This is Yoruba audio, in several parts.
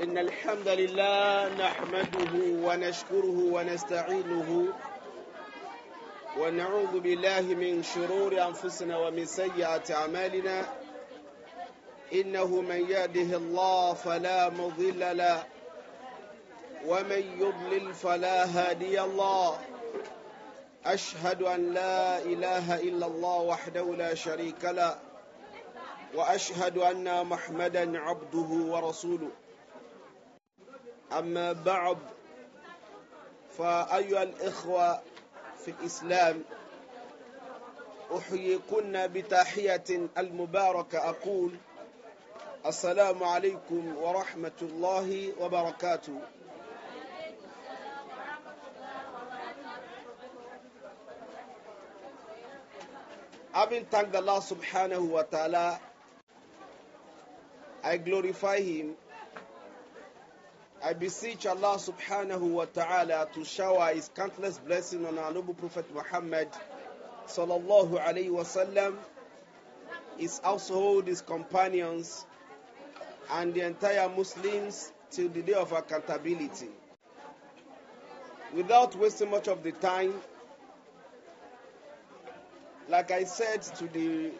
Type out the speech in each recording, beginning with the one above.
إن الحمد لله نحمده ونشكره ونستعينه ونعوذ بالله من شرور أنفسنا ومن سيئات أعمالنا إنه من يهده الله فلا مضل له ومن يضلل فلا هادي الله أشهد أن لا إله إلا الله وحده لا شريك له وأشهد أن محمدا عبده ورسوله أما بعد فأيها الإخوة في الإسلام أحييكن بتحية المباركة أقول السلام عليكم ورحمة الله وبركاته Having thanked Allah subhanahu wa ta'ala, I glorify Him I beseech Allah subhanahu wa ta'ala to shower His countless blessings on our noble Prophet Muhammad sallallahu alayhi wasallam, his household, his companions, and the entire Muslims till the day of accountability. Without wasting much of the time, like I said to the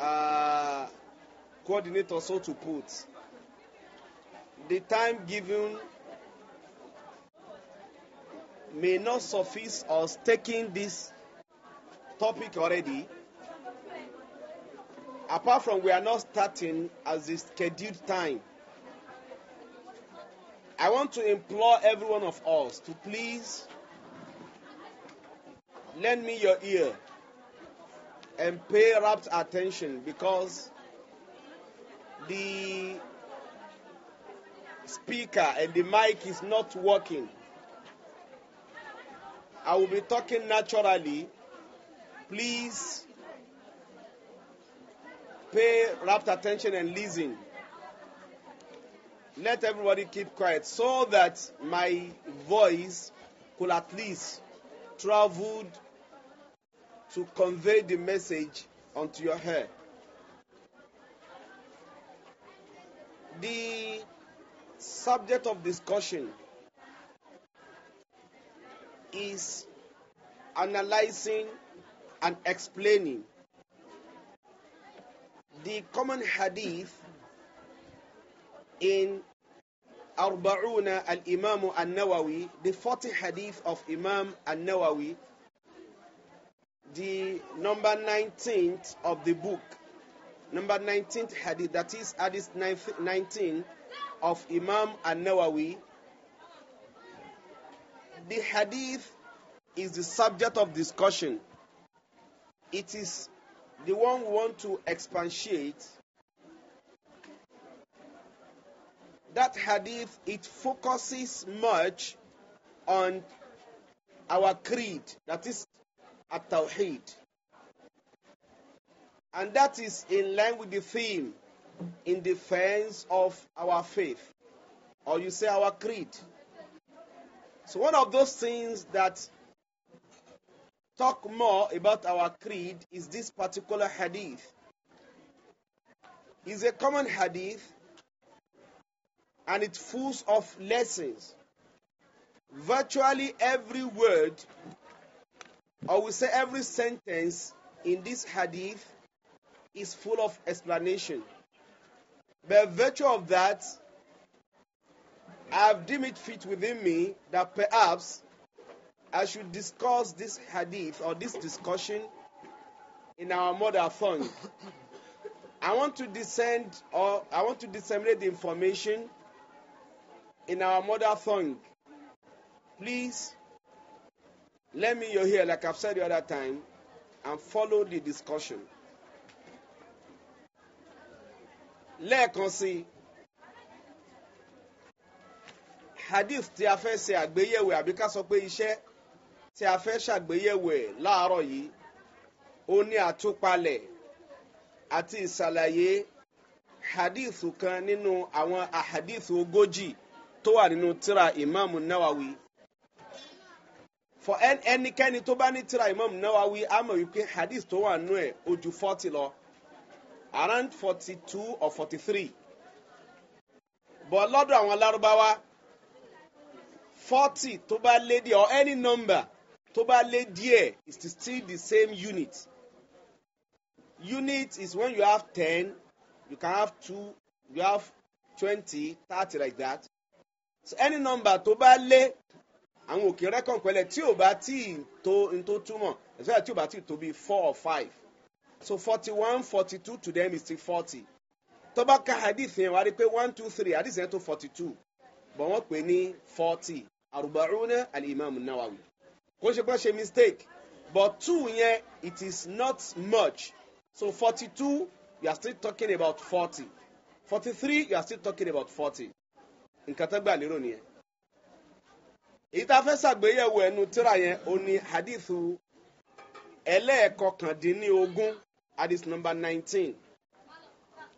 uh, coordinator, so to put, the time given may not suffice us taking this topic already. Apart from we are not starting as the scheduled time. I want to implore every one of us to please lend me your ear and pay rapt attention because the speaker and the mic is not working, I will be talking naturally. Please pay rapt attention and listen. Let everybody keep quiet so that my voice could at least travel to convey the message onto your head. The subject of discussion is analyzing and explaining the common hadith in Arba'una al-Imam al-Nawawi, the 40 hadith of Imam al-Nawawi, the number 19th of the book, number 19th hadith, that is hadith 19 of Imam An-Nawawi, the hadith is the subject of discussion. It is the one we want to expatiate. That hadith it focuses much on our creed, that is at Tawheed. And that is in line with the theme in defense of our faith, or you say our creed. So, one of those things that talk more about our creed is this particular hadith. It's a common hadith and it's full of lessons. Virtually every word, or we say every sentence in this hadith, is full of explanation. By virtue of that, I have deemed it fit within me that perhaps I should discuss this hadith or this discussion in our mother tongue. I want to descend or I want to disseminate the information in our mother tongue. Please let me your ear, like I've said the other time, and follow the discussion. lẹ́ẹ̀kan sí i hadith tí a fẹ́ ṣe àgbéyẹ̀wò àbí ká sọ pé iṣẹ́ tí a fẹ́ ṣàgbéyẹ̀wò ẹ̀ láàárọ̀ yìí ó ní àtúpalẹ̀ àti ìsàlàyé hadith kan nínú àwọn ahadith ogójì tó wà nínú tírà imaamu nawawi for ẹnikẹ́ni tó bá ní tírà imaamu nawawi á mọ̀ wípé hadith tó wà nínú ẹ̀ ó ju forty lọ around forty two or forty three but lọ́dọ̀ àwọn lárúbáwá forty tó bá lé díẹ̀ or any number tó bá lé díẹ̀ is still the same unit unit is when you have ten you can have two you have twenty thirty like that so any number tó bá lé àwọn òkè rẹ́kọ̀n pẹ̀lẹ́ tí ò bá tí tó n tó túmọ̀ especially tí ò bá tí tó bí four or five so forty one forty two to them is still forty tó ka hadith yẹn wá rí pé one two three hadith yẹn tó forty two bọ̀ wọ́n pè ní forty arubauna alimami nawawi kò ṣe pé ṣe mistake but two yẹn it is not much so forty two you are still talking about forty forty three you are still talking about forty nǹkan tó gbà lérò nìyẹn èyí tá a fẹ́ ṣàgbéyẹ̀wò ẹnu tíra yẹn ó ní hadithu ẹlẹ́ẹ̀kọkàndínlógún hadith number nineteen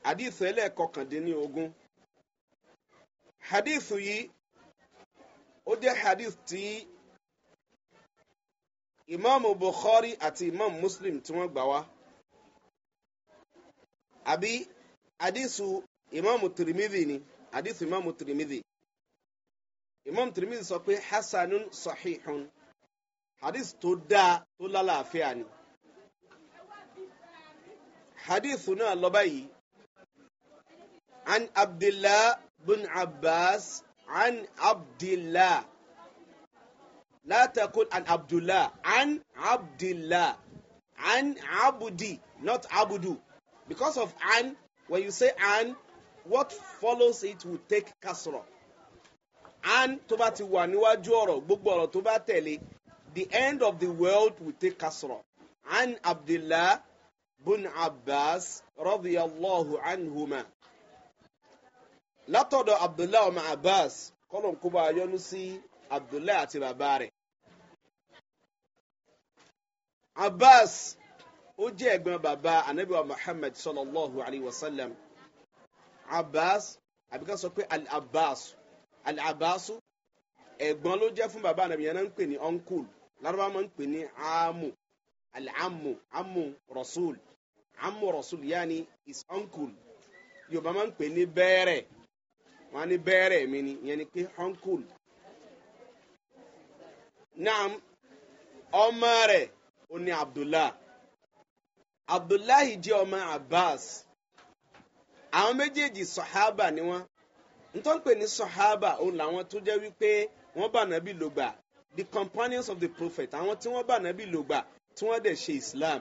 hadith ẹlẹ́ẹ̀kọkàndínlógún hadith yìí ó jẹ́ hadith tí imaamu bukhari àti imaamu muslim tí wọ́n gbà wá àbí hadith imaamu tirimidhi ni hadith imaamu tirimidhi imaamu tirimidhi sọ pé hasanun sahihun hadith tó dáa tó lálàáfíà ni. عن عبد الله بن عباس عن عبد الله لا تقول عن عبد الله عن عبد الله عن عبدي not abudu because of عن when you say عن what follows it will take كسرة عن tó bá ti wà níwájú ọ̀rọ̀ gbogbo ọ̀rọ̀ the end of the world will take كسرة عن عبد الله bun abbas radiyallahu anhuma látọ̀dọ̀ abdullahi ọmọ abbas kọ́lọ̀n kó bá a yọnu sí abdullahi àti bàbá rẹ̀ abbas ó jẹ́ ẹ̀gbọ́n bàbá anabiwa muhammad sallallahu alayhi wa sallam abbas àbíká sọ pé al-abbas al-abbas ẹ̀gbọ́n ló jẹ́ fún bàbá anabi náà ń pè ní uncle lárúbáwá máa ń pè ní amu al-amu amu rasul. amú rasul n'i is uncle yoruba máa ń n'i bere bẹ́ẹ̀rẹ̀ wọn á ní ya ni ìyẹn onkul uncle naam o rẹ̀ ó abdullah abdullahi ji ọmọ abbas àwọn méjèèjì sahaba ni wọ́n ntọ́ ń pè ní sọ̀hábà òun làwọn tó jẹ́ wípé wọ́n bá nàbí lògbà the companions of the prophet àwọn tí wọ́n bá nàbí lògbà tí wọ́n dẹ̀ ṣe islam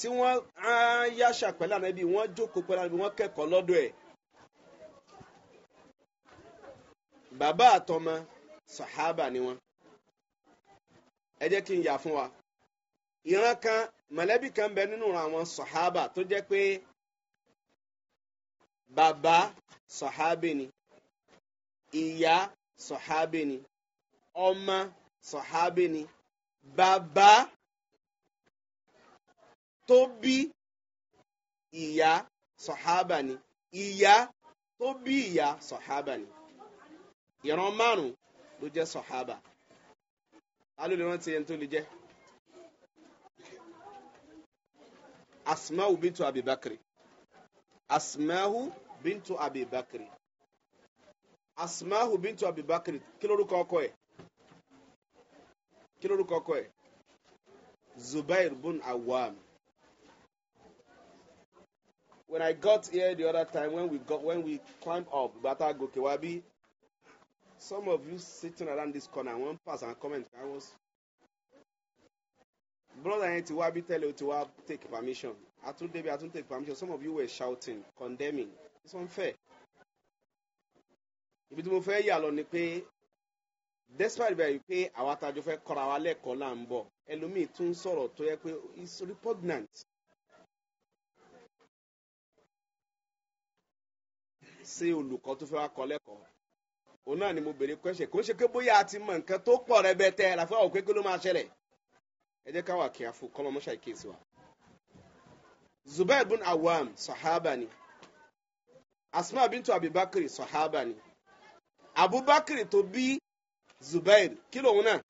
tí wọ́n á yáṣà pẹ̀lú ànábì wọ́n jókòó pẹ̀lú ànábì wọ́n kẹ́kọ̀ọ́ lọ́dọ̀ ẹ̀. bàbá àtọmọ sàhábà ni wọn. ẹ jẹ́ kí n yà fún wa. ìran kan mọ̀lẹ́bí kan bẹ nínú àwọn sàhábà tó jẹ́ pé bàbá sàhábì ni ìyá sàhábì ni ọmọ sàhábì ni bàbá tó bí ìyá sọ̀hábà ni ìyá tó bí ìyá sọ̀hábà ni ìran márùn ló jẹ́ sọ̀hábà alóòlù rántí ẹni tó lè jẹ́ asmahu bintu abibakiri asmahu bintu abibakiri asmahu bintu abibakiri kí lórúkọ ọkọ ẹ̀ kí lórúkọ ọkọ ẹ̀ zubair bun awam when I got here the other time when we got when we climbed up Bata Gokewabi, some of you sitting around this corner, one person comment, I was brother yẹn tell you to tẹ́lẹ̀ o ti wá take permission àtúndé bí àtúndé take permission some of you were shouting condemning it's unfair. If tí mo fẹ́ yà lọ ni pé despite bẹ̀rẹ̀ pé àwa tajọ fẹ́ kọ́ra wa lẹ́kọ̀ọ́ là ń bọ̀ ẹlòmíì tún sọ̀rọ̀ tó yẹ pé it's repugnant sí olùkọ́ tó fẹ́ wá kọ́ lẹ́kọ̀ọ́ òun náà ni mo bèrè kọ́ṣẹ̀ kó ń ṣe pé bóyá a ti mọ nǹkan tó pọ̀ rẹbẹtẹ làfẹ́ àwọn kékeré ló máa ṣẹlẹ̀ ẹ jẹ́ ká wà kí a fún kọ́mọ mọ́ṣá wa. zubair bin awam sahaba ni asma bintu abibakiri sahaba ni abubakiri tó bí zubair kí lòun náà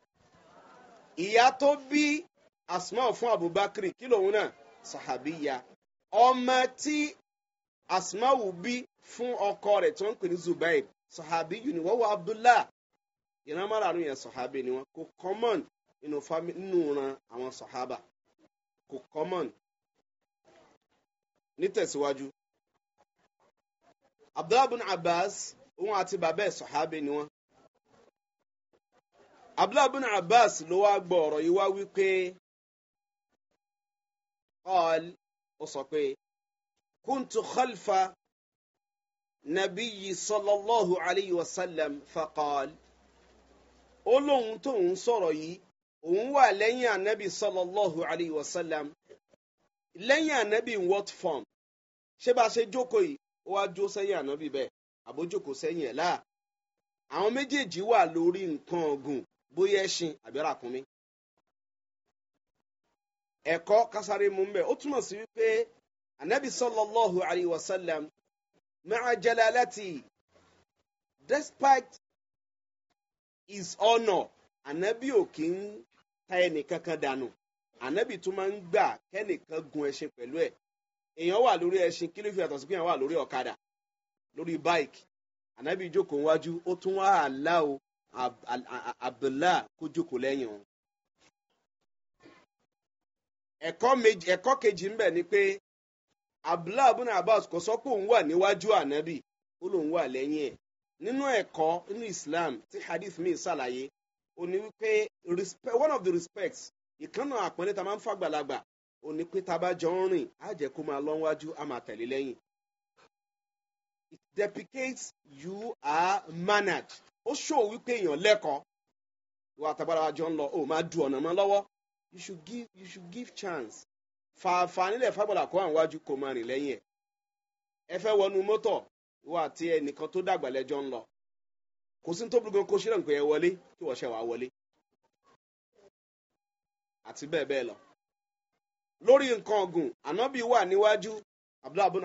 ìyá tó bí asma fún abubakiri kí lòun náà sahabiya ọmọ tí asma wù bí fún ọkọ rẹ̀ tí wọ́n ń pè ní zubair sahabi yìí ni wọ́n wọ abdullah ìran márààrún yẹn sahabi ni wọ́n kò common nínú nínú ran àwọn sahaba kò common nítẹ̀síwájú abdullah bin abbas òun àti bàbá ẹ̀ sahabi ni wọ́n abdullah bin abbas ló wá gbọ́ ọ̀rọ̀ yìí wá wípé qal sọ pé kuntu khalfa nàbíyí sọlọ́lọ́hu alayhi wa sallam faqal ó lóun tóun sọ̀rọ̀ yìí òun wà lẹ́yìn ànábì sọlọ́lọ́hu alayhi wa sallam lẹ́yìn ànábì in what form ṣé bá a ṣe jókòó yìí ó wá jó sẹ́yìn ànábì bẹ́ẹ̀ àbójókòó sẹ́yìn ẹ̀ láà àwọn méjèèjì wà lórí nǹkan ọ̀gùn bóyá ẹṣin àbí ràkúnmí. ẹ̀kọ́ kásáré mú mbẹ́ ó túmọ̀ sí wípé ànábì sọlọ́lọ́hu alayhi wa sallam jela lati despite his honor anabi ò kí ń ta kankan dànù anabi tún máa ń gbà kan gun ẹṣin pẹ̀lú ẹ̀ èèyàn wà lórí ẹṣin kí ló fi àtọ̀ pé wà lórí bike anabi jókòó wájú ó o abdullah kó jókòó lẹ́yìn o. ẹ̀kọ́ kejì ń abdullahi abu abbas kò sọ pé òun wà níwájú ànábì ó lóun wà lẹ́yìn ẹ̀ nínú ẹ̀kọ́ nínú islam tí hadith mi ṣàlàyé ó ní wípé one of the respects ìkànnà àpẹẹrẹ tá máa ń fàgbàlagbà ó ní pé a jọ ń rìn á kó it deprecates you are managed ó ṣòwò wípé èèyàn lẹ́kọ̀ọ́ ìwà wa jọ ń lọ ó máa du ọ̀nà mọ́ you should give chance fàǹfààní nile fàgbọ́dà kó àwọn iwájú kó máa rìn lẹ́yìn ẹ̀ ẹ fẹ́ wọnú mọ́tọ̀ ìwọ àti ẹnìkan tó dàgbà lẹ́jọ́ ń lọ kò sí tó burúkú kó ṣílẹ̀ nǹkan yẹn wọlé kí wọ́n ṣe wàá wọlé àti bẹ́ẹ̀ bẹ́ẹ̀ lọ. lórí nǹkan ọ̀gùn ànábì wà níwájú abdullahi abu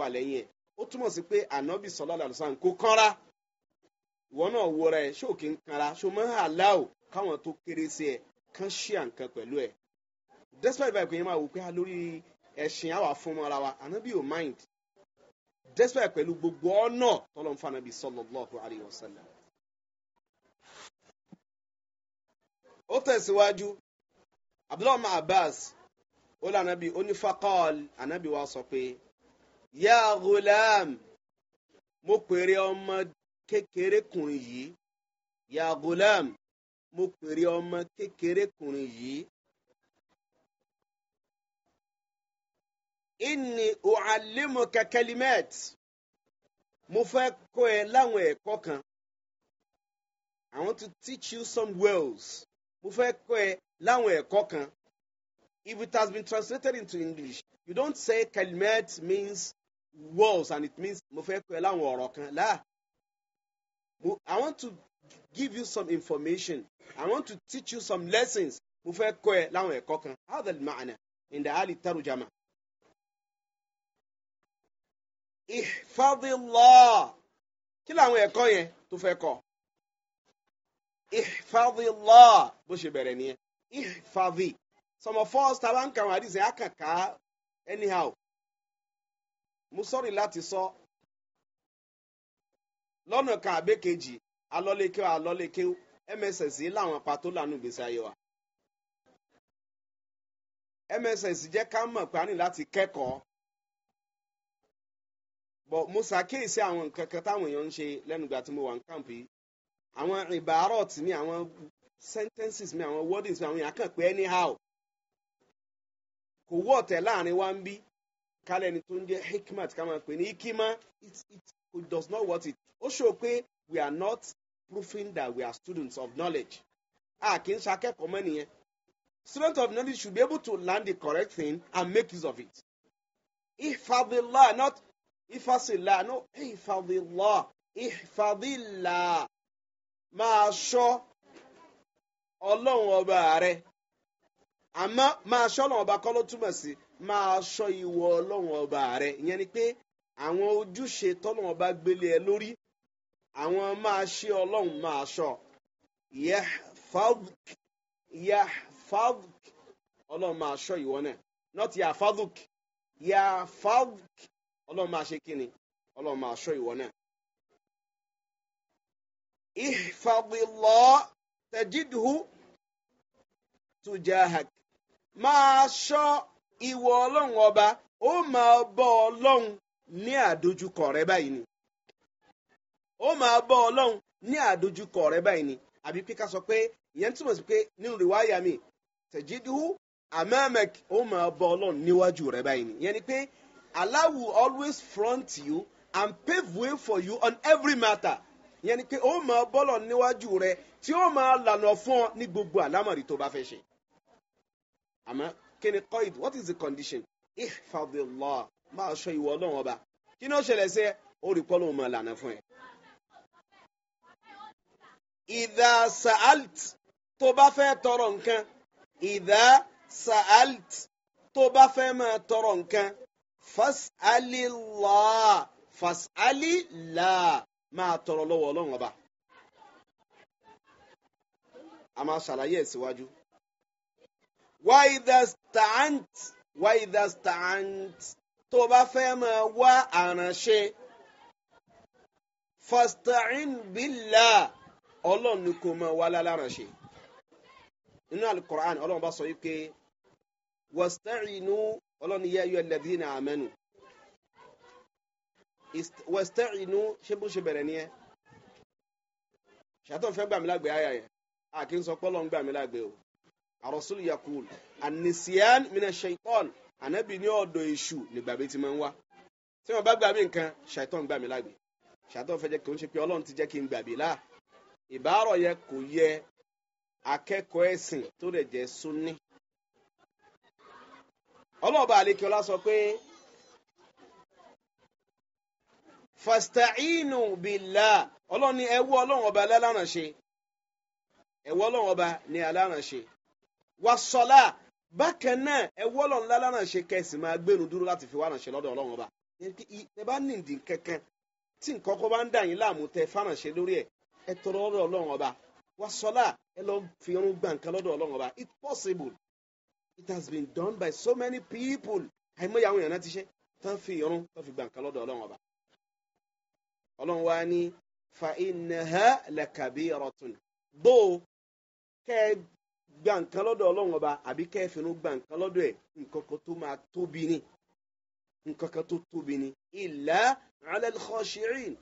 wà lẹ́yìn ẹ̀ ó túmọ̀ sí pé ànábì sọlá làlùsàn kó kánra ìwọ náà wọra ẹ kí n ṣó o despite báyìí pé yẹn máa wò pé a lórí ẹ̀sìn àwa fún ara wa bi o mind despite pẹ̀lú gbogbo ọ̀nà tọ́lọ́n fún ànábì sallallahu alayhi wa sallam. ó tẹ̀síwájú siwaju abbas ó na bi ó bi wa sọ pé ya ghulam mo pèrè ọmọ kékeré kùnrin yìí inni u'allimuka kalimat mo fẹ́ kọ́ ẹ láwọn ẹ̀kọ́ kan I want to teach you some words mo fẹ́ kọ́ ẹ láwọn ẹ̀kọ́ kan if it has been translated into English you don't say kalimat means words and it means mo fẹ́ kọ́ ẹ láwọn ọ̀rọ̀ kan láà I want to give you some information I want to teach you some lessons mo fẹ́ kọ́ ẹ láwọn ẹ̀kọ́ kan هذا المعنى عند أهل الترجمة ihfadillah kí làwọn ẹ̀kọ́ yẹn tó fẹ́ kọ́ ihfadillah bó ṣe bẹ̀rẹ̀ nìyẹn ihfadhi some of us tá bá ń kàwọn àdìsẹ́ àkàkà anyhow mo sọ̀rọ̀ láti sọ lọ́nà kan àbẹ́kejì alọ́lékéw alọ́lékéw mss láwọn pàtó lànà ìgbésí ayé wa mss jẹ́ ká mọ̀ pé a ní bọ̀ mo ṣàkíyèsí àwọn nǹkan kan táwọn èèyàn ń ṣe lẹ́nugba tí mo wà ní kàmpù yìí àwọn ìbárọ̀t mi àwọn sentences mi àwọn wordings mi àwọn èèyàn kàn pé anyhow kò wọ́ ọ̀tẹ̀ láàrin wa ń bí kálẹ̀ ni tó ń jẹ́ hikmat ká máa pè ní ikima it it does not worth it ó ṣòro pé we are not proving that we are students of knowledge a kì í ṣakẹ́kọ̀ọ́ mọ́ nìyẹn students of knowledge should be able to learn the correct thing and make use of it ifadillah not ìfàsílà no ìfàdílà ìfàdílà máa ṣọ́ ọlọ́run ọba rẹ àmọ́ máa ṣọ́ ọlọ́run ọba kọ́ ló túmọ̀ sí máa ṣọ́ ìwọ ọlọ́run ọba rẹ ìyẹn ni pé àwọn ojúṣe tọ́lọ́run ọba gbélé ẹ lórí àwọn máa ṣe ọlọ́run máa ṣọ́ yahfaduk yahfaduk ọlọ́run máa ṣọ́ ìwọ náà not yahfaduk yahfaduk. ọlọ́run máa ṣe kíni ọlọ́run máa ṣọ́ ìwọ náà. ihfadillah tajidhu tujahak máa ṣọ́ ìwọ ọlọ́run ọba ó máa bọ ọlọ́run ni ó máa ọlọ́run ní àdójúkọ rẹ báyìí ni àbí sọ pé ìyẹn túmọ̀ sí pé nínú mi ó máa níwájú ni ìyẹn Allah will always front you and pave way for you on every matter yẹn ni pé ó máa bọ́lọ̀ níwájú rẹ tí ó máa lànà fún ọ ní gbogbo àlámọ̀rí tó bá fẹ́ ṣe. àmọ́ kí ni qaid what is the condition? ihfadillah máa ṣọ ìwọ ọlọ́run ọba kí ni ó ṣẹlẹ̀ sí ẹ ó rí pọ́lọ́ máa lànà fún ẹ. ìdá sa'alt tó bá fẹ́ tọrọ nǹkan ìdá sa'alt tó bá fẹ́ máa tọrọ nǹkan fasalillah fasalillah máa tọrọ lọ́wọ́ ọlọ́run ọba a máa ṣàlàyé ẹ̀ síwájú. wá ìdástáàǹt wá ìdástáàǹt tó o bá fẹ́ máa wá àránṣe fasta'in billah ọlọ́run ni kò máa wá láláránṣe. nínú alukur'an ọlọ́run bá sọ yìí pé wasta'inu ọlọ́ni yẹ ayọ́ alladhina amanu wasta'inu ṣé bó ṣe bẹ̀rẹ̀ ni ẹ ṣàtọ̀ fẹ́ gbàmí lágbè ayà yẹn àkí ń sọ pé ọlọ́run gbàmí lágbè o àròsùn yakul anisiyan mina shaitan anabi ní ọ̀dọ̀ èṣù nígbàgbé ti máa ń wá tí wọn bá gbàmí nǹkan shaitan gbàmí lágbè shaitan fẹ́ jẹ́ kí n ṣe pé ọlọ́run ti jẹ́ kí n gbàgbé láà ìbárọ̀ yẹ kò yẹ akẹ́kọ̀ọ́ ẹ̀sìn tó rẹ̀ jẹ́ sunni ọlọ́ọ̀bá àlekíọ́lá sọ pé fasta'inu billah ọlọ́run ni ẹwọ́ ọlọ́run ọba alárànṣe ẹwọ́ ọlọ́run ọba ni alárànṣe wasọ́lá bákan náà ẹwọ́ ọlọ́run kẹsì máa dúró láti fi wá lọ́dọ̀ ọlọ́run ọba ẹ bá nìdí kankan tí nǹkan kan bá ń dà yín láàmú tẹ fáránṣẹ́ lórí ẹ ẹ tọrọ ọlọ́run ọba ẹ lọ fi irun gbà nǹkan lọ́dọ̀ ọlọ́run ọba it's possible it has been done by so many people àìmọye àwọn èèyàn náà ti ṣe tán fi irun tán fi gbà nǹkan lọ́dọ̀ ọlọ́run ọba ọlọ́run wa ní fa innaha lakabiratun bó kẹ́ ẹ gbà nǹkan lọ́dọ̀ ọlọ́run ọba àbí kẹ́ ẹ finú gbà nǹkan lọ́dọ̀ ẹ̀ nǹkan kan tó máa tóbi ni nǹkan kan tó tóbi ni illa ala al-khashi'in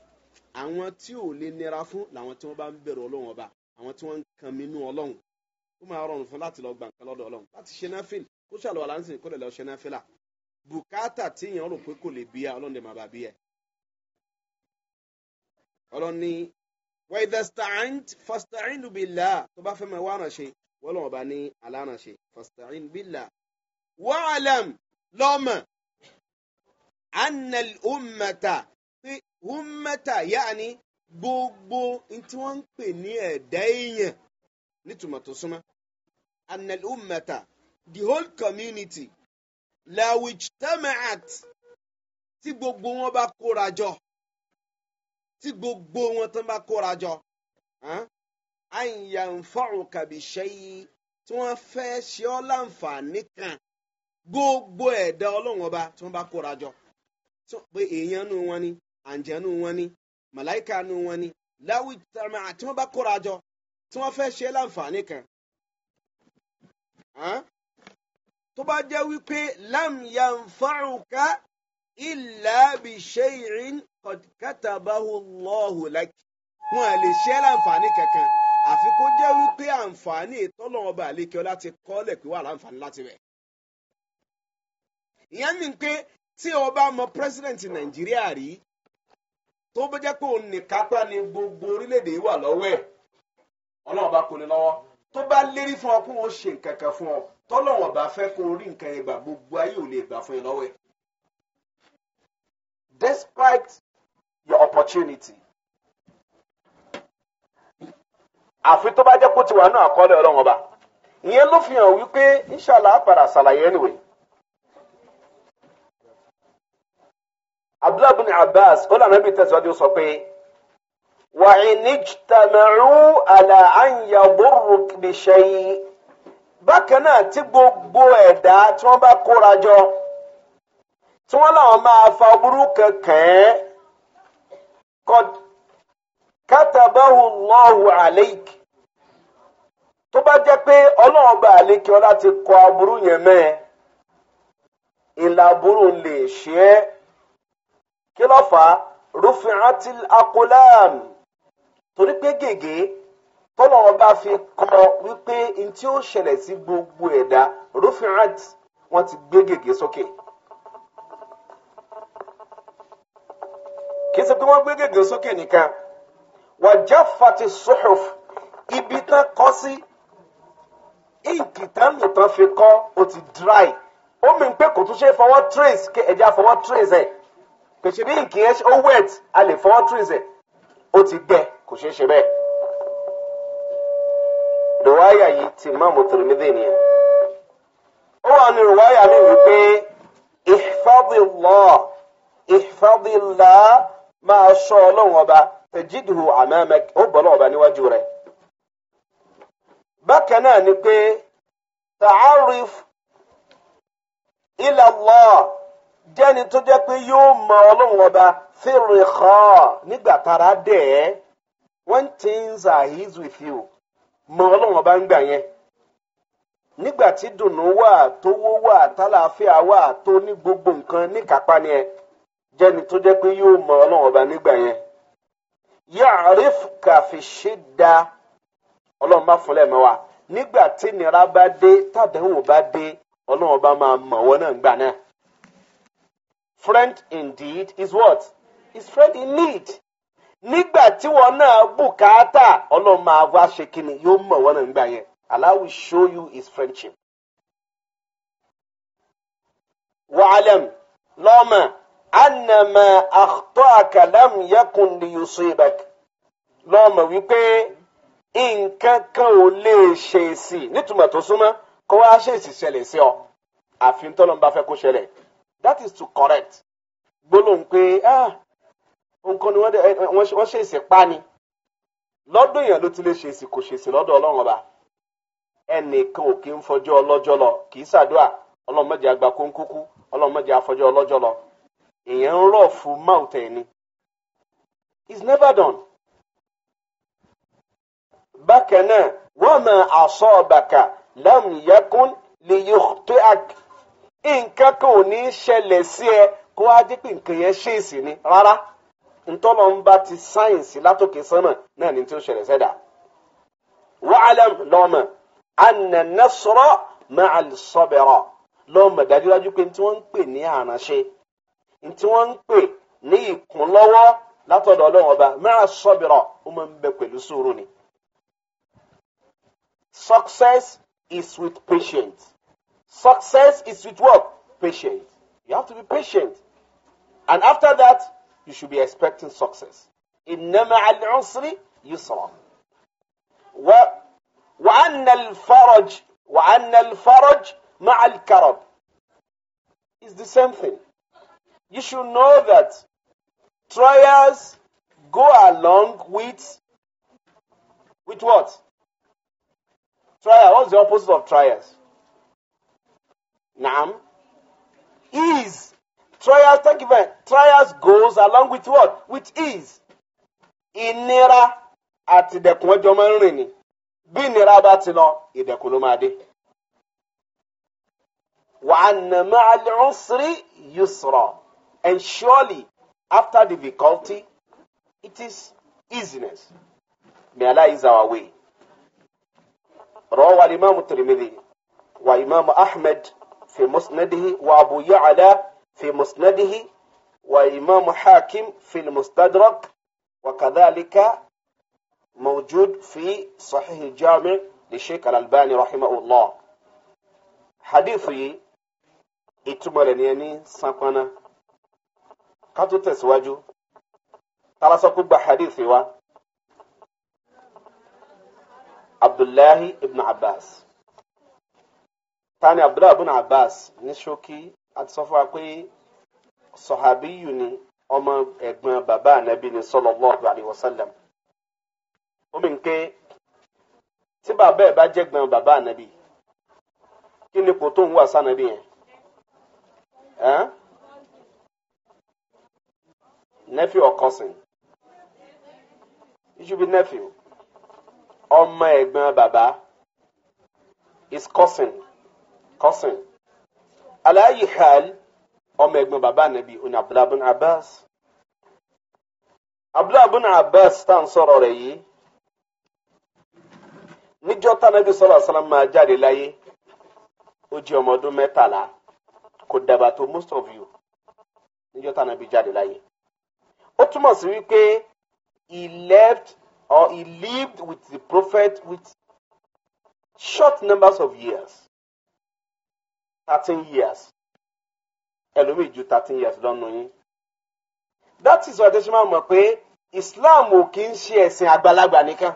àwọn tí ò lè nira fún làwọn tí wọ́n bá ń bẹ̀rù ọlọ́run ọba àwọn tí wọ́n ń kan minú ọlọ́run ó máa rọrùn fún láti lọ gba nǹkan lọ́dọ̀ ọlọ́run láti ṣe náfìlì kó ṣàlọ́ wà láǹsìn kó lè lọ ṣe náfìlà bùkátà tí èèyàn rò pé kò lè bí ẹ ọlọ́run lè máa bá bí ẹ. ọlọ́run ní wẹ́ẹ́dẹ́sítàáńt fàstàáńdù bìlà tó bá fẹ́ máa wá ọ̀nà wọ́n lọ́wọ́ bá ní àlànà ṣe bìlà wàhálàm lọ́mọ annal ummata pé ummata yaani gbogbo ntí wọ́n ń pè ní ẹ̀dá èèyàn nítumọ̀ tó súnmọ́ أن الأمة the whole community لو اجتمعت tí gbogbo wọn bá kóra jọ tí gbogbo wọn tán bá kóra jọ àyànfọ̀rùkà bí ṣẹ́yí tí wọ́n fẹ́ ṣe ọ́ láǹfààní kan gbogbo ẹ̀dá ọlọ́run ọba tí wọ́n bá kóra jọ pé èèyàn nu wọn ni àǹjẹ̀nu wọn ni màláìka nu wọn ni láwùjọ tí wọ́n bá kóra jọ tí wọ́n fẹ́ ṣe láǹfààní kan tó bá jẹ́ wípé lam yanfa'uka illa bi shay'in qad katabahu Allahu lak wọn lè ṣe láǹfààní kankan àfi kó jẹ́ wípé àǹfààní ìtọ́lọ́wọ́ba àlékẹ́ láti kọ́lẹ̀ pé wà láǹfààní láti rẹ̀. ìyẹn ni pé tí ọba mọ pírẹsidẹ̀ntì nàìjíríà rí tó bá jẹ́ pé òun nìkápá ni gbogbo orílẹ̀-èdè tó bá lérí fún ọ kó o ṣe nǹkan kan fún ọ tọ́lọ́wọ̀n bá fẹ́ kó o rí nǹkan yẹn gbà gbogbo ayé ò lè gbà fún yẹn lọ́wọ́ ẹ̀. despite your opportunity àfi tó bá jẹ́ kó ti wà ní àkọọ́lẹ̀ ọlọ́wọ́n bá ìyẹn ló fi hàn wípé inṣàlá àpàrà ṣàlàyé anyway. abdullahi bin abbas ó lànà bí tẹ̀síwájú sọ pé. وإن اجتمعوا على أن يضرك بشيء bákan náà tí gbogbo ẹ̀dá tí wọ́n bá kóra jọ tí wọ́n láwọn máa fa burú kankan qad katabahu Allahu alayk tó bá jẹ́ pé ọlọ́run bá àlékè ọ láti kọ aburú yẹn mẹ́ ìlà aburú lè ṣe é kí ló fà á rufi'atil aqlam torí pé gègé tọ́lọ́wọ́ bá fi kọ wípé n tí ó ṣẹlẹ̀ sí gbogbo ẹ̀dá rufirat wọ́n ti gbé gègé sókè. kì í ṣe pé wọ́n gbé gègé sókè nìkan wàjà fati suhuf ibi tán kọ́ sí íǹkì tán lò tán fi kọ́ ó ti dry ó mi pé kò tún ṣe fọwọ́ trace kí ẹja fọwọ́ trace ẹ̀ kò ṣe bí íǹkì yẹn ó wet a lè fọwọ́ trace ẹ̀ ó ti gbẹ kò ṣeé ṣe bẹ́ẹ̀. rìwáyà yìí ti Imam Tirmidhi nìyẹn. ó wà ní rìwáyà mi wípé ihfadillah ihfadillah máa ṣọ́ ọlọ́run ọba tajidhu amamak ó bọ́ lọ́wọ́ ọba níwájú rẹ̀. bákan náà ni pé ta'arif ila jẹ́ni tó jẹ́ pé yóò mọ ọlọ́run ọba fírìkọ́ nígbà tára dẹ̀ ẹ́. when things are his with you mọ ọlọ́run ọba ń gbà yẹn nígbà tí dùnnú wà tówó wà tálàáfíà wà tó ní gbogbo nǹkan níkápá ni ẹ jẹni tó jẹ pé yóò mọ ọlọ́run ọba nígbà yẹn yaarif kàfíṣe da ọlọ́run bá fúnlẹ̀ mọ́ wa nígbà tí nira bá dé tàdánwò bá dé ọlọ́run ọba máa mọ̀ wọ́n náà gbà náà friend indeed is what is friend in need. nígbà tí wọn náà bùkátà ọlọ́run máa wá ṣe kíni yóò mọ̀ wọn náà nígbà yẹn Allah will show you his friendship. wàhálẹ̀m lọ́mọ anamọ àtọ́ àkàlàm yẹkùn ní yusibak lọ́mọ wípé nǹkan kan ò lè ṣe èsì nítumọ̀ tó súnmọ́ kó wá ṣe èsì ṣẹlẹ̀ sí ọ àfi fẹ́ kó ṣẹlẹ̀ that is to correct gbólóhùn pé ah. nǹkan ni wọ́n ṣe èsì pa ni lọ́dún èèyàn ló ti lè ṣe èsì kò ṣe èsì lọ́dọ̀ ọlọ́run ọba ẹnìkan ò kí ń fọjọ́ ọlọ́jọ́ lọ kì í ṣàdúrà ọlọ́run mọ̀jẹ̀ àgbà kónkókú ọlọ́run mọ̀jẹ̀ àfọjọ́ ọlọ́jọ́ lọ èèyàn ń rọ̀ fún mouth ẹ̀ ni it's never done. bákan náà wọ́n mọ àṣọ ọ̀bàkà láàmì yẹkùn lè yọ tó àk nǹkan kan ò ní ṣẹlẹ̀ sí ẹ kó wá dípò nǹkan yẹn ṣèèsì ni rárá. ntọ́lọ̀ ń bá ti sáyẹ̀nsì látòkè sánmà náà ni tí ó ṣẹlẹ̀ sẹ́dà. wàhálàm lọ́mọ àna nasọ̀rọ̀ máa sọ̀bẹ̀rọ̀ lọ́mọ dájúdájú pé tí wọ́n ń pè ní àránṣe tí wọ́n ń pè ní ìkúnlọ́wọ́ látọ̀dọ̀ ọlọ́run ọba máa sọ̀bẹ̀rọ̀ ó máa ń bẹ pẹ̀lú sùúrù ni. success is with patience success is with what patience you have to be patient and after that you should be expecting success. إنما على العسر يسرا و... وأن الفرج وأن الفرج مع الكرب It's the same thing. You should know that trials go along with with what? Trial. What's the opposite of trials? Naam. Ease. trials thank take event trials goes along with what with ease ìnira àti ìdẹ̀kùn ọjọ́ máa ń rìn ni bí ìnira bá ti lọ ìdẹ̀kùn ló máa dé. wa anna ma'al usri yusra and surely after difficulty it is easiness may Allah ease our way. روى الإمام الترمذي وإمام أحمد في مسنده وأبو يعلى في مسنده وإمام حاكم في المستدرك وكذلك موجود في صحيح الجامع لشيخ الألباني رحمه الله حديثي إتمرن يعني سقنا كاتو تسواجو ترى سكوب حديثي و عبد الله ابن عباس ثاني عبد الله ابن عباس نشوكي àti sọ fún wa pé sọ̀hábíyù ni ọmọ ẹ̀gbọ́n bàbá ànábì ni sọlọ́lọ́ọ̀bù àríwọ̀sálẹ̀m. omi nke tí bàbá ẹ̀ bá jẹ́ gbọ́n bàbá ànábì kí ni kò tó ń wà sànábì yẹn? nephew or cousin? it should be nephew. ọmọ ẹ̀gbọ́n bàbá is cousin cousin aláyì hàl ọmọ ẹ̀gbọ́n bàbá nàbí oní abdullahi bin abbas abdullahi bin abbas tá à ń sọ̀rọ̀ rẹ̀ yìí níjọ́ tánàbí sọlá sálám máa jáde láyé ó jẹ́ ọmọ ọdún mẹ́tàlá kò dàgbà tó most of you níjọ́ tánàbí jáde láyé ó túmọ̀ sí wípé he left or he lived with the prophet with short numbers of years thirteen years ẹlòmíì ju thirteen years lọ́nu yín that is why tẹ́sí máa mọ̀ pé Islam ò kì í ṣe ẹ̀sìn àgbàlagbà nìkan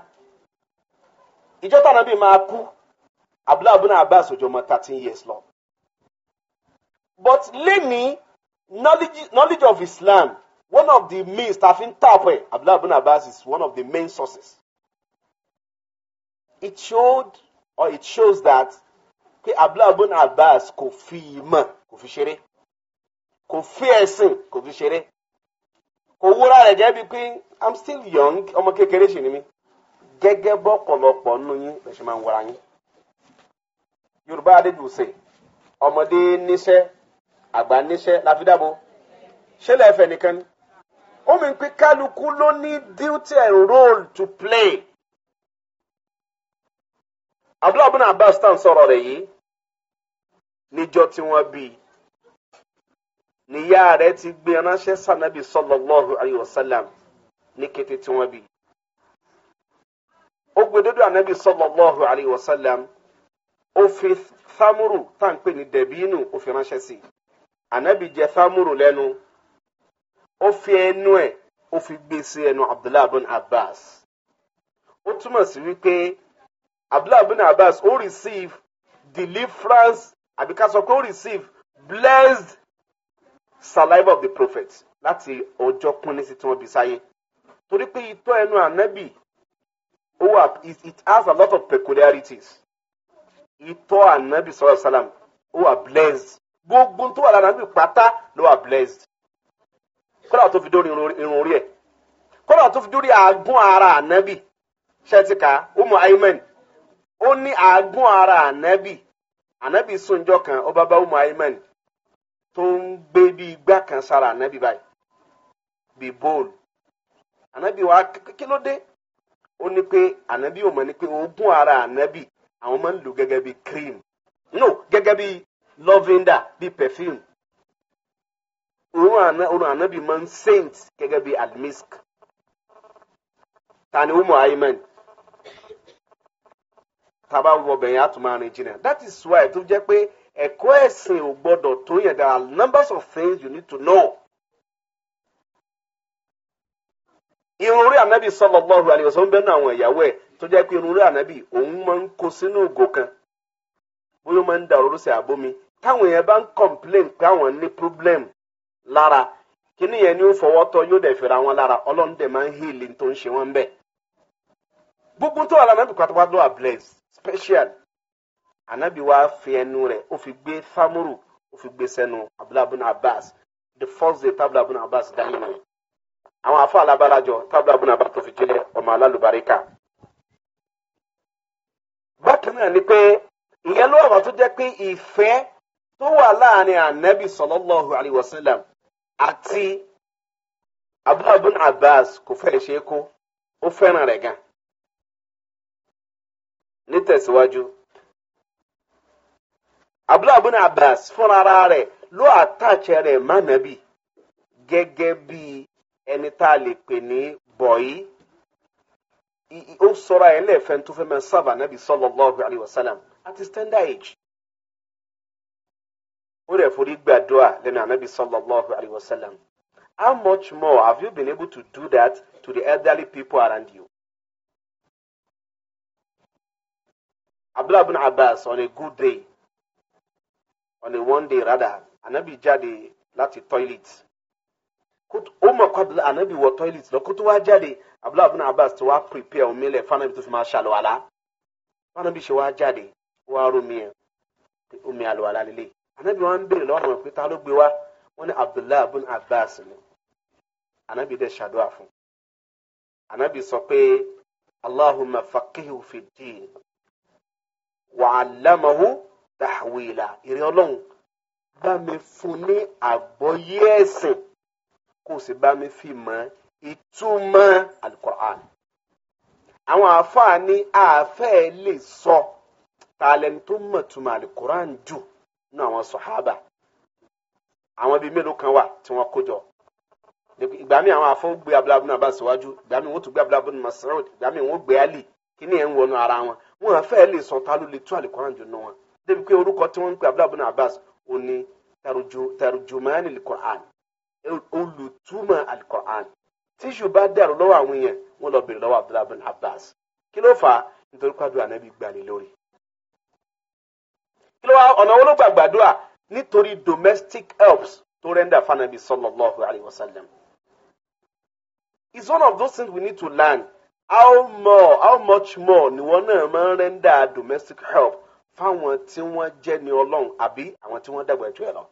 ìjọ tànà bíi máa kú Abdullahi ibn Abbas òjò mọ thirteen years lọ but lẹ́ni knowledge, knowledge of Islam one of the means ta fi ń tàpẹ̀ Abdullahi ibn Abbas is one of the main sources it showed or it shows that pé abdullahi ibn abbas kò fi ìmọ̀ kò fi ṣeré kò fi ẹ̀sìn kò fi ṣeré kò wúra rẹ̀ jẹ́ bíi pé i'm still young ọmọ kékeré ṣì ni mí gẹ́gẹ́ bọ́ pọ̀lọpọ̀ nínú yín lè ṣe máa ń wọra yín yorùbá adéjúṣe ọmọdé níṣẹ́ àgbà níṣẹ́ la fi dáàbò nìkan ni ó mi pé kálukú ló ní duty and role to play abdullahi bin abbas tan sọ̀rọ̀ rẹ̀ yìí níjọ́ tí wọ́n bí i níyà rẹ̀ ti gbé ránṣẹ́ sànàbí sallallahu alayhi wa sallam ní kété tí wọ́n bí i. ó gbé dúdú ànábì sallallahu alayhi wa sallam ó fi thamuru tá n pè ní dẹ̀bínú ó fi ránṣẹ́ sí i. ànábì jẹ thamuru lẹ́nu ó fi ẹnu ẹ̀ ó fi gbé sí ẹnu abdullahi bin abbas. ó túmọ̀ sí wípé abdullahi bin abbas ó receive deliverance àbí ká sọ pé ó receive blessed saliva of the prophet láti ọjọ́ pínlẹ̀ sí tí wọ́n bí sáyé torí pé itọ́ ẹnu ànábì ó wà it has a lot of peculiarities itọ́ ànábì sọ́ọ́ sálàm ó wà blessed gbogbo tó wà lára ànábì pátá ló wà blessed kódà tó fi dórí irun orí ẹ̀ kódà tó fi dórí àágún ara ànábì ṣẹ́tìkà ó mọ ayman ó ní àágún ara ànábì anabi sunjọ kan ọba bá umu aiman tó ń gbé bí igbá kan sára anabi báyìí bí bóòlù anabi wa kí ló dé ó ní pé anabi ò mọ̀ ní pé oògùn ara anabi àwọn máa ń lò gẹ́gẹ́ bí cream no gẹ́gẹ́ bí lọ́fíńdà bí perfume òun anabi máa ń saint gẹ́gẹ́ bí admisk tani umu aiman. tá bá wọ ọbẹ̀ yẹn jìnnà that is why tó jẹ́ pé ẹ̀kọ́ ẹ̀sìn ò gbọ́dọ̀ tó yẹn there are numbers of things you need to know. irun orí ànábì sallallahu alaihi wasallam ń bẹ́nu àwọn ìyàwó ẹ̀ tó jẹ́ pé irun orí kan bóyá ó máa ń da òróró sí bá ń complain pé àwọn ní problem lára ni ó fọwọ́ tọ́ yóò dẹ̀ fẹ́ra wọn lára ọlọ́run dẹ̀ máa ń gbogbo tó wà lánàá bí pátápátá special anabi wa fi ẹnu rẹ̀ ó fi gbé samuru ó fi abdulabun abbas the first day tabulabun abbas dání nù àwọn afọ alábàlájọ tabulabun abbas tó fi jẹlẹ ọmọ alálùbáríkà bákan náà ni pé ìyẹn ló wà tó jẹ́ pé ìfẹ́ tó wà láàrin anabi sallallahu alayhi wa sallam àti abdulabun abbas kò fẹ́ ṣe é kó ó fẹ́ràn rẹ̀ gan nítẹ̀síwájú. abdullahi bin abbas fúnra rẹ̀ ló àtàchẹ rẹ̀ mánàbí gẹ́gẹ́ bí ẹni tá a lè pè ní bọ̀yì ó sọra ẹ̀ lẹ́ẹ̀fẹ́ tó fẹ́ mẹ́ sábà nàbí sallallahu alayhi wa sallam àti standard age ó rẹ̀ forí gbàdúrà lẹ́nu ànábì sallallahu alayhi wa sallam how much more have you been able to do that to the elderly people around you? Abdullah bin Abbas on a good day on a one day rather anabi jáde láti toilet umar kọbìlì anabi wọ toilet lọ kó tó wá jáde Abdullah bin Abbas to wa prepare omi lẹ fanabi tó fi máa ṣàlùwàlá fanabi wa wá jáde wá romi ẹ omi àlùwàlá lélẹ anabi wọn béèrè lọ́wọ́ àwọn pé ta ló gbé Abdullah bin Abbas ni anabi dẹ ṣàdúrà fún anabi sọ pé Allahumma faqihu fi ddin wàhálàmọ́hó tàwílà ìrẹ́ ọlọ́run bá mi fún ní àgbọ́yé ẹ̀sìn kó o sì bá mi fi mọ̀ ìtumọ̀ alukur'an. àwọn àáfàá ní àáfẹ́ lè sọ tààlẹ́ni tó mọ̀ túmọ̀ alukur'an jù ní àwọn sọ̀hábà àwọn bíi mélòó kan wà tí wọ́n kó jọ ìgbà mi àwọn afọ gbé abúlábùnú abá síwájú ìgbà mi wọ́n tún gbé abúlábùnú masarod ìgbà mi wọ́n gbé ali kí ni ẹ̀ ń wọnú ara wọn wọn àfẹ́ lè sọ ta ló lè tú àlìkọ́rán jù nù wọn débi pé orúkọ tí wọ́n ń pè abdullahi bin abbas ò ní tarujumani alikọ́rán olùtúmọ̀ alikọ́rán tíṣù bá dàrú lọ́wọ́ àwọn èèyàn wọn lọ bèrè lọ́wọ́ abdullahi bin abbas kí ló fà á nítorí pàdùn ànábì gbani lórí kí ló wá ọ̀nà wọn ló gbàgbàdúrà nítorí domestic helps tó rẹ́ndà fanabi sallallahu alayhi wa It's one of those things we need to learn how more how much more ni wọn náà máa ń rẹ́ńdà domestic help fáwọn tí wọ́n jẹ́ ní ọlọ́run àbí àwọn tí wọ́n dàgbà jù ẹ lọ.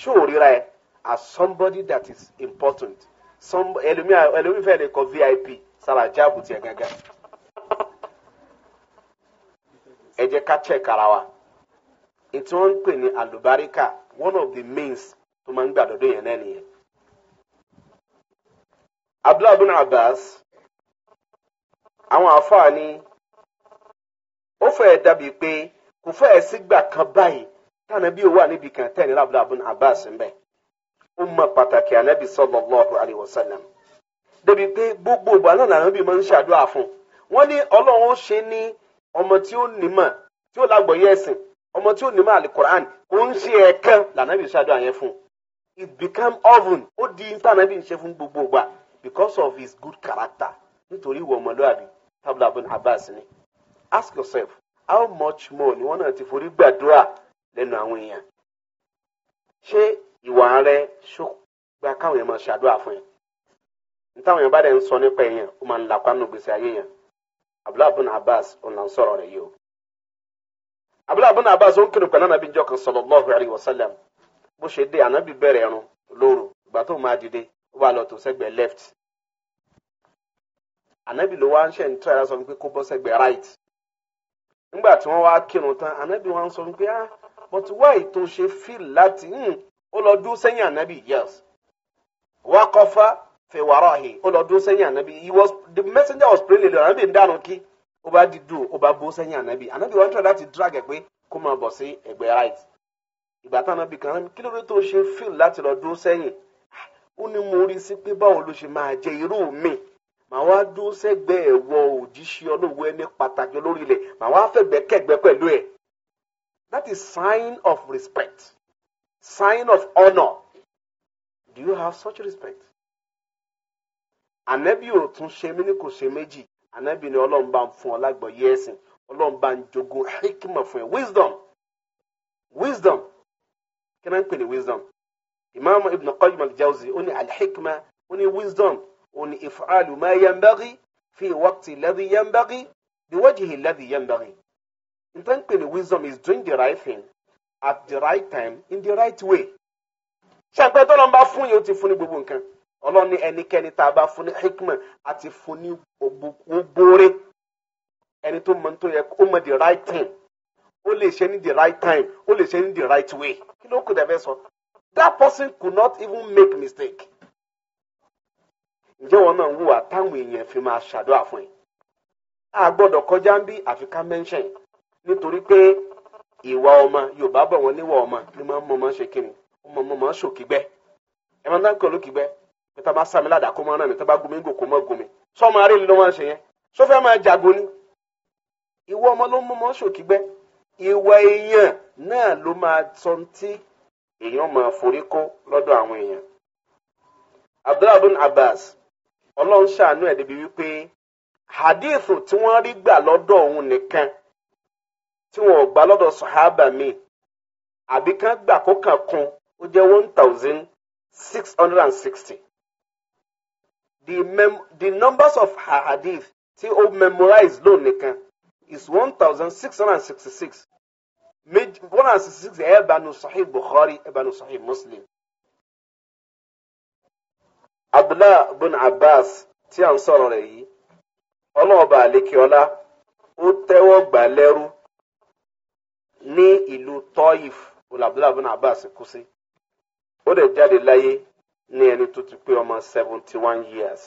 ṣó ẹ as somebody that is important some ẹlòmíà ẹlòmífẹ́ lè kọ vip sára jáàbù tiẹ̀ gángan. ẹ jẹ́ ká check ara wa ètò wọn ń pè ní alubarika one of the means tó máa ń gbàdọ̀dọ̀ yẹn náà nìyẹn. abdullahi bin abbas. àwọn àáfàá ni ó fẹ́ẹ́ dàbí pé kò fẹ́ẹ́ sígbà kan báyìí tànàbí wà níbi kan tẹ́ni abdulhabu abbas ń bẹ̀ ó mọ pàtàkì anabi sallallahu alayhi wa sallam pé gbogbo ìgbà náà làwọn bíi máa ń ṣàdúrà fún wọn ní ọlọ́run ó ṣe ní ọmọ tí ó nímọ̀ tí ó lágbọ̀ọ́yé ọmọ tí ó nímọ̀ alukur'an kò ń ṣe ṣàdúrà yẹn fún it became oven ó di ń ṣe fún gbogbo because of his good character nítorí ọmọlúwàbí Abdullah bin Abbas ni ask yourself how much more ni wọ́n náà ti forí gbàdúrà lẹ́nu àwọn èèyàn ṣé ìwà rẹ ṣó gba káwọn èèyàn máa ṣàdúrà fún ya. nítawọn èèyàn bá dẹ̀ ń sọ nípa èèyàn ó máa ń làpá nù gbèsè ayé yẹn Abdullah bin Abbas òun là ń sọ̀rọ̀ rẹ̀ yìí o Abdullah bin Abbas ó anabi kan bó ṣe anabi bẹ̀rẹ̀ ẹ̀rùn lóru ìgbà tó máa dìde ó anabi ló wá ń ṣe ń tọ́ ẹ̀rọ sọ pé kó bọ́ sẹ́gbẹ̀ẹ́ right nígbà tí wọ́n wá kírun tán anabi wọn sọ pé ah but why tó ṣe feel láti hmm, ó lọ dúró sẹ́yìn anabi yes waqafa fi warahi ó lọ dúró sẹ́yìn anabi he was the messenger was praying lele anabi ń dànù kí ó bá di dùn ó bá bó sẹ́yìn anabi anabi wọn tọ́ láti drag ẹ̀ pé kó máa bọ̀ sí ẹ̀gbẹ́ right ìgbà táwọn anabi kan kí ló dé tó ṣe feel láti lọ dúró sẹ́yìn ah, ó ní mo rí sí pé báwo ló ṣe máa jẹ irú mi màá wá dúró sẹ́gbẹ̀ẹ́ ẹ̀wọ̀ òjíṣẹ́ olówó ẹni pàtàkì olórí ilẹ̀ màá wá fẹ̀gbẹ́ kẹ̀gbẹ́ pẹ̀lú ẹ̀ that is sign of respect sign of honour do you have such respect ànábì ò tún ṣe mí ní kò ṣe méjì ànábì ni ọlọ́run bá ń fún ọ lágbọ̀ọ́yé ẹ̀sìn ọlọ́run bá ń jogún hikima fún ẹ wisdom wisdom kí náà ń pè ní wisdom Imam ibn qayyim al-jawzi ó ní al-hikma ó ní wisdom òní ìfàlù máa yanbaghi fi waqti ladhi yanbaghi bi wajhi ladhi yanbaghi. nǹkan pè ní wisdom is doing the right thing at the right time in the right way. ṣàpẹ́ tó lọ́n bá fún yìí ó ti fún ní gbogbo nǹkan ọlọ́run ní ẹnikẹ́ni tá a bá fún ní hikma àti fún ní gbóore ẹni tó mọ tó yẹ kó mọ the right thing ó lè ṣe ní the right time ó lè ṣe ní the right way kí ló kù dẹ́fẹ́ sọ that person could not even make mistake ǹjẹ́ wọn náà ń hùwà táwọn èèyàn fi máa ṣàdúrà fún ẹ. a gbọ́dọ̀ kọjá ń bí àfi mẹ́ńṣẹ̀n nítorí pé ìwà ọmọ yorùbá bọ̀ wọ́n níwà ọmọ ni máa ń mọ̀ máa ń ṣe kíni ọmọ ọmọ máa ń ṣòkígbẹ́ ẹ máa ń dáńkọ̀ lókígbẹ́ bí tá bá sàmì ládàá kó máa ràn mí tá bá gumi ń gò kó máa gumi sọ ọmọ arẹ́lẹ̀ ló máa ń ṣe yẹn sọ máa jago ni ìwà ọmọ ló mọ̀ máa ń ṣòkígbẹ́ ìwà èèyàn náà ló máa sọ tí èèyàn máa forí kó lọ́dọ̀ àwọn èèyàn abdullahi abbas ọlọ́run ṣàánú ẹ̀ débi wípé hadithu tí wọ́n rí gbà lọ́dọ̀ òun nìkan tí wọn gbà lọ́dọ̀ sahaba mi àbí kan gbà kó kàn kún ó jẹ́ one thousand six hundred and sixty. The, mem the numbers of hadith tí ó memorize ló nìkan is one thousand six hundred and sixty-six one hundred and sixty-six ẹ̀ bá sahih Bukhari ẹ̀ bá sahih Muslim abdullahi bin abbas tí à ń sọ̀rọ̀ rẹ̀ yìí ọlọ́ọ̀bà àlekèọ́lá ó tẹ́wọ́ gbà lẹ́rú ní ìlú tọ́yìf abdullahi bin abbas kú sí ó dẹ̀ jáde láyé ní ẹni tó ti pé ọmọ seventy one years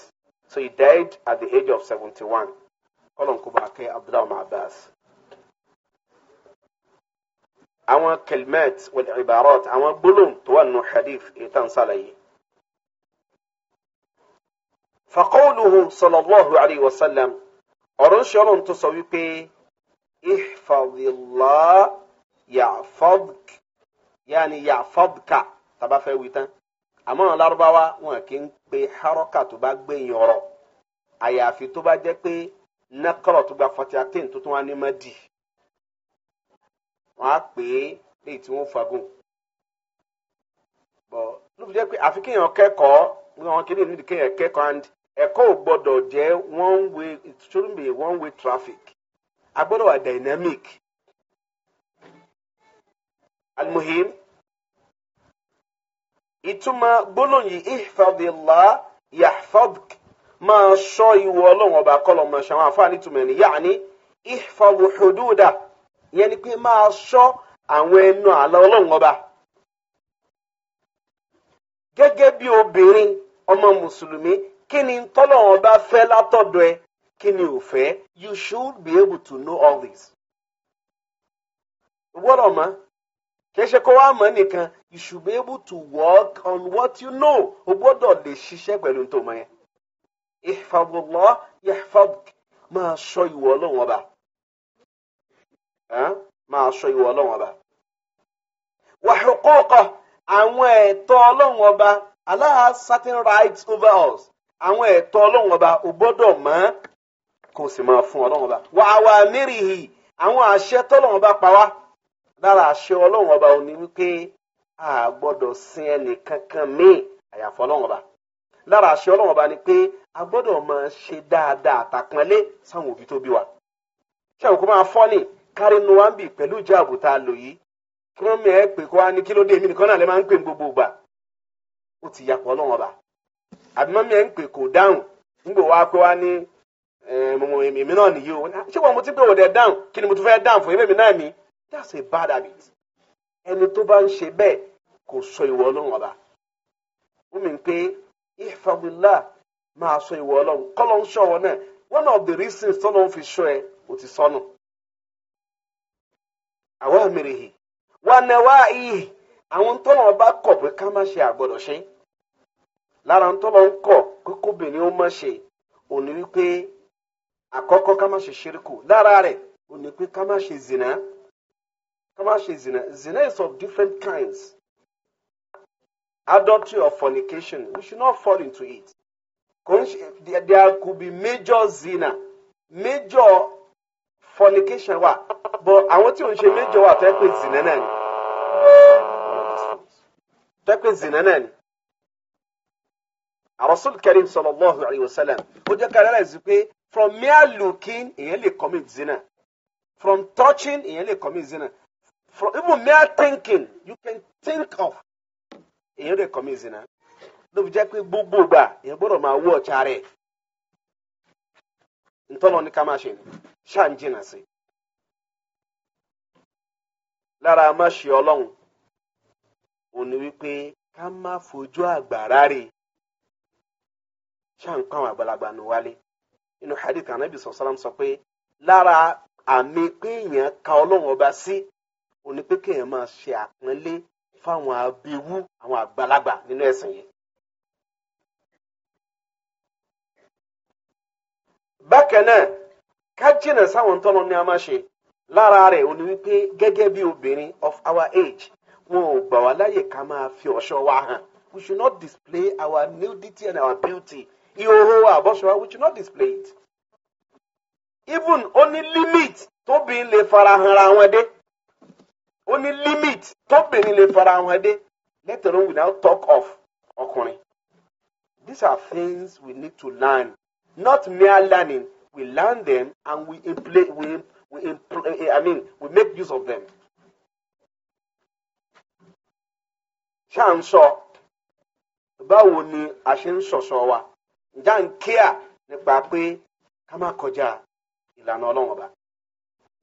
so he died at the age of seventy one ọlọ́nkúba akẹ́ abdullahi bin abbas àwọn kelmet wal ibarat àwọn gbólóhùn tó wà nù hadith ètò ànsálàyé. فقوله صلى الله عليه ọ̀rọ̀ ń tó sọ wípé ihfadilá yàfọ́dk tàbá fẹ́ wí tán àmọ́ lárúbáwá wọn kì í pe harọ́kà tó bá gbé yín ọ̀rọ̀ àyàfi tó bá jẹ́ pé nẹ́kọ̀rọ̀ tó gba forty eight tó tún wá ní wọ́n á pè é léyìí tí wọ́n fagùn ló fi jẹ́ pé àfi kéèyàn kẹ́kọ̀ọ́ ẹ̀kọ́ gbọdọ gbọ́dọ̀ one way it shouldn't one way traffic a wa dynamic almuhim ìtumọ̀ gbólóhùn yìí yahfadk máa ṣọ́ ìwọ ọlọ́run ọba kọ́lọ̀ máa ṣe àwọn àfáàní a ẹni yáà ní hududa yẹn ni pé máa ṣọ́ àwọn ẹnu àlọ́ ọlọ́run ọba gẹ́gẹ́ bí obìnrin ọmọ mùsùlùmí Kini tolo tọ́lọ́wọ́n bá fẹ́ látọ̀dọ̀ ẹ ofe? ni you should be able to know all this. gbọ́dọ̀ mọ̀ kìí ṣe kó wá nìkan you should be able to work on what you know o gbọ́dọ̀ lè ṣiṣẹ́ pẹ̀lú tó mọ̀ yẹn. ihfadullah yahfaduk máa ṣọ́ ìwọ ọlọ́run ọba máa ṣọ́ ìwọ ọlọ́run ọba. wa huquqah àwọn ẹ̀tọ́ ọlọ́run ọba Allah has certain rights over us àwọn ẹ̀tọ́ ọlọ́run ọba ò gbọ́dọ̀ mọ́ kó o sì máa fún ọlọ́run ọba wà á wà nírìhì àwọn àṣẹ tọ́lọ́run ọba pa wá lára àṣẹ ọlọ́run ọba ò ní wípé a gbọ́dọ̀ sin ẹnì kankan míì àyàfọ́ ọlọ́run ọba lára àṣẹ ọlọ́run ọba ni pé a gbọ́dọ̀ máa ṣe dáadáa àtàpọ́nlé sáwọn òbí tó bí wa ṣé àwọn kò máa fọ́ ni kárí nu wa ń bì pẹ̀lú ìjà àbùtà lò yìí kí wọ́n mẹ́ pè kó wa ní kí ló nìkan náà lè máa ń pè gbogbo ìgbà ó ti yàpọ̀ ọlọ́run ọba àdúmọ́mí ẹ̀ kò dáhùn ńgbò wá pé wá ní èmi náà nìyí o ah, ṣé wọn mo ti wò dé dáhùn kí ni mo tún fẹ́ dáhùn fún èmi náà ni bad habit ẹni tó bá ń ṣe bẹ́ẹ̀ kò sọ ìwọ ọlọ́run ọba ó mì pé ìfàbílà máa sọ ìwọ ọlọ́run kọ́lọ́ ń one of the reasons fi ẹ ti sọnù àwọn àmì rèé wà ọba kọ̀ pé ká má ṣe lára ń tọ́lọ́ ń kọ̀ kókóbìnrin ó mọ̀ ṣe òní wípé àkọ́kọ́ ká má ṣe ṣíríkù lára rẹ̀ òní pé ká má ṣe zina ká má ṣe is of different kinds adultery or fornication we should not fall into it there could be major zina major fornication wa but àwọn tí ò ń ṣe major wa fẹ́ pé zina náà ni pé zina náà ni. àròsùn karim sallallahu alayhi wa sallam ó jẹ́ ká realize pé from mere looking èèyàn lè commit zina from touching èèyàn lè commit zina from even mere thinking you can think of èèyàn lè commit zina ló fi jẹ́ pé gbogbo gbà èèyàn gbọ́dọ̀ máa wú ọ̀chá rẹ̀ ntọ́lọ́ ní ká máa ṣe ṣáà ń sí lára má ọlọ́run òní wípé ká má fojú àgbàrá rèé ṣáà ń pọ́n àwọn àgbàlagbà nù wálé nínú hadith anabi sọ sọlá sọ pé lára àmì pé èèyàn ka ọlọ́run ọba sí òní pé kéèyàn máa ṣe àpọ́nlé fáwọn abewú àwọn àgbàlagbà nínú ẹ̀sìn yìí. bákan náà ká jìnnà sáwọn tọ́lọ ní a máa ṣe lára rẹ̀ òní wípé gẹ́gẹ́ bí obìnrin of our age wọn ò gbà wá láyè ká máa fi ọ̀ṣọ́ wa hàn we should not display our nudity and our beauty ìhòòhò àbọ̀ṣọ we should not display it. even ó ní limit tóbìnrin lè farahàn ra wọn dé ó ní limit tóbìnrin lè farahàn dé let alone without talk of ọkùnrin. these are things we need to learn not mere learning we learn them and we implement we we impl eh, eh, I mean we make use of them. ṣáà ń sọ báwo ni a ṣe ń ṣọ̀ṣọ́ wa. nja nke a kíà nípa pé ká má kọjá ìlànà ọlọ́run ọba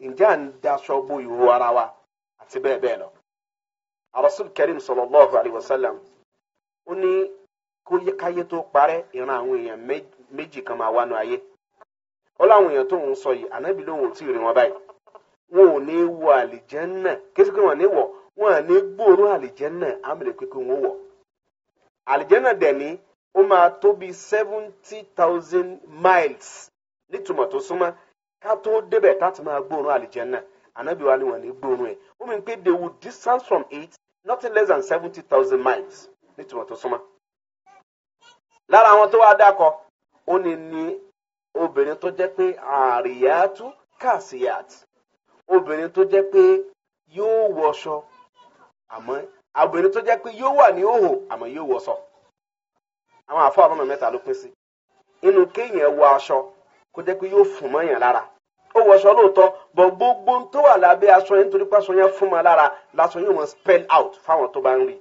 ǹjẹ́ à ń daṣọ bo ara wa àti bẹ́ẹ̀ bẹ́ẹ̀ lọ. sallallahu alayhi wa sallam ó ní tó parẹ́ ìran àwọn èèyàn méjì kan máa wá nu ayé ó láwọn èèyàn tó ń sọ yìí ànábì lóun tí ì wọn báyìí wọn ò ní wọ wọn ní wọ wọn à ní ó máa tó 70000 seventy thousand miles nítumọ̀ tụmatụ súnmọ́ ká debe débẹ̀ agba máa gbóòórùn àlìjẹ́nà ànábì ni wọ́n ní gbóòórùn ẹ̀ distance from it nothing less than seventy miles àwọn tó dákọ ó ní ní obìnrin tó jẹ́ pé àríyáàtú kàṣíyàtì obìnrin tó jẹ́ pé yóò wọṣọ àmọ́ tó pé yóò wà ní òhò yóò wọṣọ. àwọn àfọ àbọ̀mọ̀ mẹ́ta ló pín sí inú kéèyàn wọ aṣọ kó jẹ́ pé yóò fún mọ́yàn lára ó wọṣọ lóòótọ́ bọ̀ gbogbo tó wà lábẹ́ aṣọ yẹn nítorí pàṣọ yẹn fún laso lára láṣọ yóò spell out fáwọn tó bá ń rí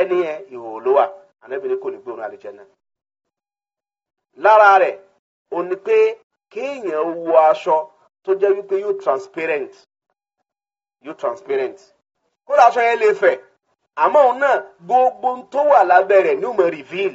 ẹni yẹn ìhòòhò ló wà ànábìrin kò ní gbóòórùn àlìjẹ́nà lára rẹ̀ ò ní pé kéèyàn wọ aṣọ tó jẹ́ wípé yóò transparent yóò transparent yẹn lè fẹ̀ àmọ́ gbogbo tó wà lábẹ́ ni reveal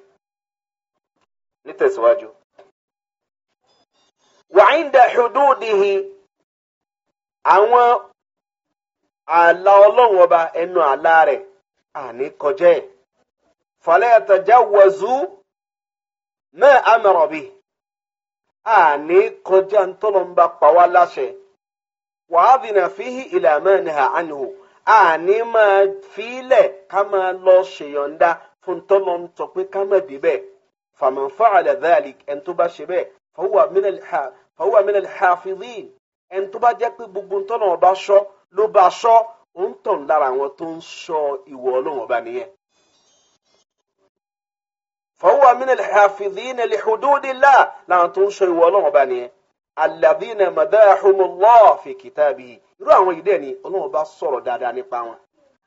nítẹ̀síwájú. wàhíndà hududihi àwọn ààlà ọlọ́run ọba ẹnu ni rẹ̀ àní kọjá ẹ̀ fala yatajawwazu ma amara bi àní kọjá ntọ́lọ́mba pàwá láṣẹ wàhádìnà fíhí ila ma naha àní máa fílẹ̀ ká máa lọ ṣèyọ̀ǹda fún tọ́lọ́m pé ká kama débẹ̀. فمن فعل ذلك ẹni tó bá ṣe bẹ́ẹ̀ فهو من الح فهو من الحافظين ẹni tó bá jẹ́ pé gbogbo ntọ́nà ọba ṣọ́ ló bá ṣọ́ ó ń tàn lára àwọn tó ń ṣọ́ ìwọ ọlọ́run ọba nìyẹn. فهو من الحافظين لحدود الله لأن تنشي ولون باني الذين مداحهم الله في كتابه irú àwọn yìí dẹ̀ ni ọlọ́run bá sọ̀rọ̀ dáadáa nípa wọn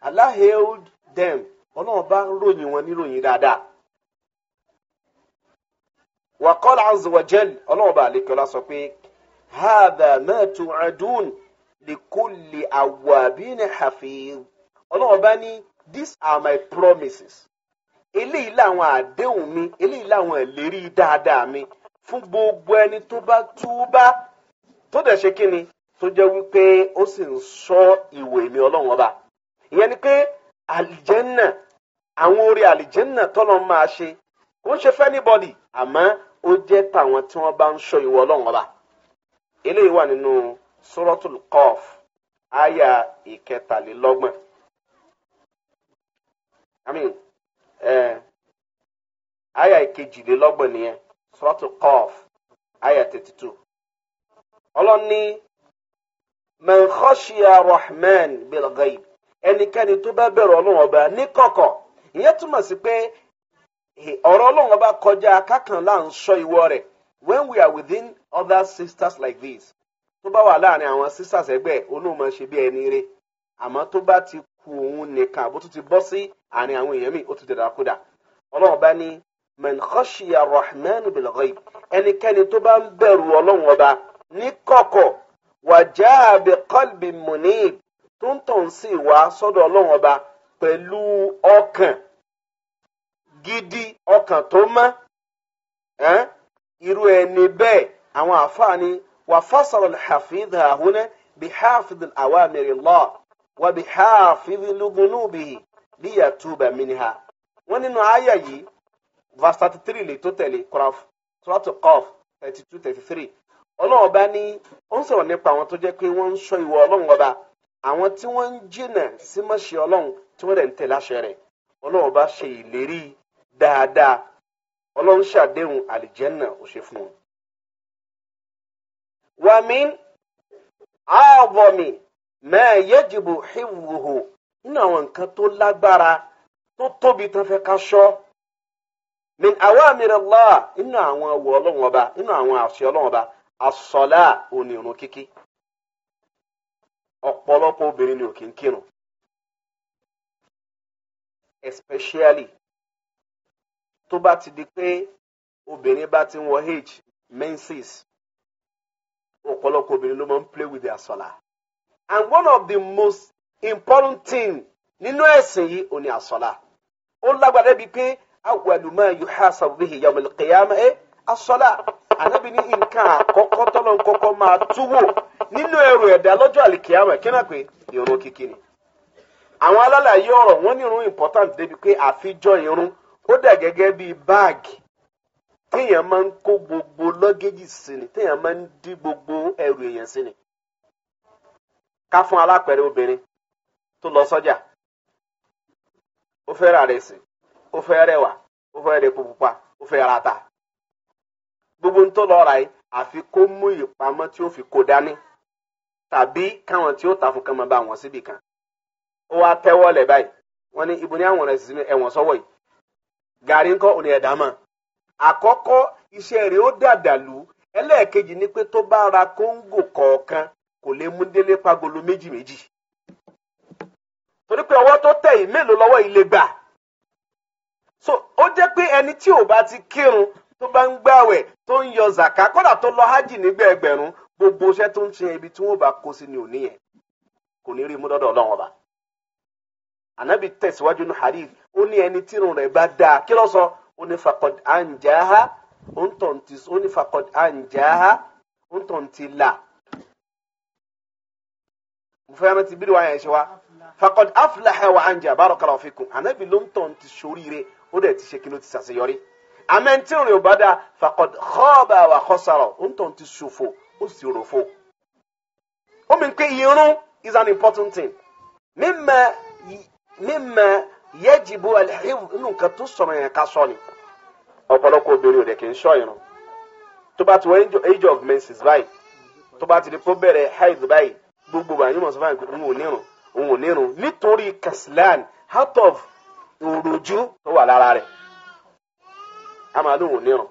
Allah hailed them ọlọ́run bá ròyìn wọn níròyìn dáadáa وقال عز وجل الله بالك لا سوبي هذا ما تعدون لكل أوابين حفيظ الله باني these are my promises eléyìí làwọn àdéhùn mi eléyìí làwọn ìlérí dáadáa mi fún gbogbo ẹni tó bá túbá tó dẹ̀ ṣe kí ni tó jẹ́ wípé ó sì ń sọ ìwé mi ọlọ́run ọba ìyẹn ni pé àlìjẹ́nà àwọn orí àlìjẹ́nà tọ́lọ́ máa ṣe kò ń ṣe fẹ́ níbọ̀dì àmọ́ ó jẹ́ tàwọn tí wọ́n bá ń sọ ìwọ ọlọ́run ọba eléyìí wà nínú suratul Qaf àyà ìkẹtàlélọ́gbọ̀n I mean àyà ìkejìlélọ́gbọ̀n nìyẹn suratul Qaf àyà thirty two ọlọ́ni man khashiya rahman bil ghaib ẹnikẹ́ni tó bá bẹ̀rù ọlọ́run ọba níkọ̀kọ̀ ìyẹn túmọ̀ sí pé ọ̀rọ̀ ọlọ́run ọba kọjá kákànlá ń sọ ìwọ rẹ̀ when we are within other sisters like this tó bá wà láàrin àwọn sisters ẹgbẹ́ olóòmọ ṣe bí ẹni rẹ̀ àmọ́ tó bá ti ku òun nìkan àbótú ti bọ́ sí àárín àwọn èèyàn mi ó ti dẹ̀dà kúdà ọlọ́run ọba ní man khashiya rahman bil ghaib ẹnikẹ́ni tó bá ń bẹ̀rù ọlọ́run ọba ní kọ̀kọ̀ wàjá bi qalbi munib tó ń tàn sí ìwà sọ́dọ̀ ọlọ́run ọba pẹ̀lú ọkàn gidi ọkàn tó mọ́ irú ẹni bẹ́ẹ̀ àwọn àfààní wà fásọ̀rọ̀ hafidh bí hafidh awamiri Allah wà bí hafidh lugunubihi bí yatuba minha wọ́n nínú àyà yìí verse thirty three lè tó tẹ̀lé Qaf Suratu Qaf thirty two thirty three ní ó ń sọ̀rọ̀ nípa àwọn tó jẹ́ pé wọ́n ń ọba àwọn tí wọ́n ń tí wọ́n dẹ̀ ń tẹ̀lé rẹ̀ ọba ṣe ìlérí dáadáa ọlọ́run ṣàdéhùn àlìjẹ́nà ó ṣe fún wọn. wàmí ààbọ̀mì máa yajibu hifdhuhu nínú àwọn nǹkan tó lágbára tó tóbi tó fẹ́ ká min awamir Allah inú àwọn ọwọ́ ọlọ́run ọba inú àwọn àṣẹ ọlọ́run ọba onírun kíkí ọ̀pọ̀lọpọ̀ obìnrin ni especially tó bá ti di pé obìnrin bá ti wọ h menses ọ̀pọ̀lọpọ̀ obìnrin ló máa ń play with their and one of the most important thing nínú ẹ̀sìn yìí ò ní ó lágbára bíi pé awàlùmọ̀ yóò há sàbíhì yàmùlù kìyàmù ẹ̀ àsọ̀la ànábì ní nǹkan àkọ́kọ́ tọ́lọ̀ máa túwò nínú ẹrù ẹ̀dá lọ́jọ́ kí náà pé ó dà gẹ́gẹ́ bíi báàgì téèyàn máa ń kó gbogbo lọ́gẹ́jì sí ni téèyàn máa ń gbogbo ẹrù èèyàn sí ni. ká fún alápẹ̀rẹ obìnrin tó lọ sọ́jà ó fẹ́ ra rẹ̀ sí ó fẹ́ rẹwà ó fẹ́ pupa fẹ́ ra ta. gbogbo ń tó lọ ra yìí àfi kó mú ìpamọ́ tí ó fi kó dání tàbí káwọn tí ó wọn àwọn ẹ̀wọ̀n sọ́wọ́ gàrí ńkọ́ òní ẹ̀dá mọ̀ àkọ́kọ́ iṣẹ́ rẹ̀ ó dàdàlú ẹlẹ́ẹ̀kejì ni pé tó bá ra kóńgò kọ̀ọ̀kan kò lè mú délé pagolo méjì méjì torí pé ọwọ́ tó tẹ̀ yìí mélòó lọ́wọ́ yìí lè gbà so ó jẹ́ pé ẹni tí ò bá ti kírun tó bá ń gbàwẹ̀ tó ń yọ zàká kódà tó lọ hajj nígbà ẹgbẹ̀rún gbogbo iṣẹ́ tó ń ṣe ibi tí wọ́n bá kó sí ni ò níyẹn kò ní rí mú dọ́dọ̀ ọlọ́run ọba ànábì tẹ̀síwájú ní hadith ó ní ẹni tírun rẹ̀ bá dáa kí ló sọ ó ní fakọd anjaha ó ń tàn ti ó ní fakọd anjaha ó ń tàn ti là. mo fẹ́ rántí bí wàá yẹn ṣe wá fakọd aflaha wa anja barakallahu fikum anabi ló ń tàn ti soríire ó dẹ̀ ti ṣe kí ló ti ṣàṣeyọrí àmọ́ tírun bá dáa fakọd khaba wa khasara ó ń tàn ti ṣòfò ó sì ròfò. ó mi pé irun is an important thing mímọ mímọ. yẹjibu alihiu inú nǹkan tó sọ̀rọ̀ yẹn ká sọ ni ọpọlọpọ obere ò dẹ̀ kì í sọ irun tó bá ti wọ age of menses báyìí tó bá ti di pé ó haid báyìí gbogbo banyere yín mọ̀ sọ́fà nǹkan òun ò nírun òun nírun nítorí kaslan out of òròjú tó wà lára rẹ̀ a máa nírun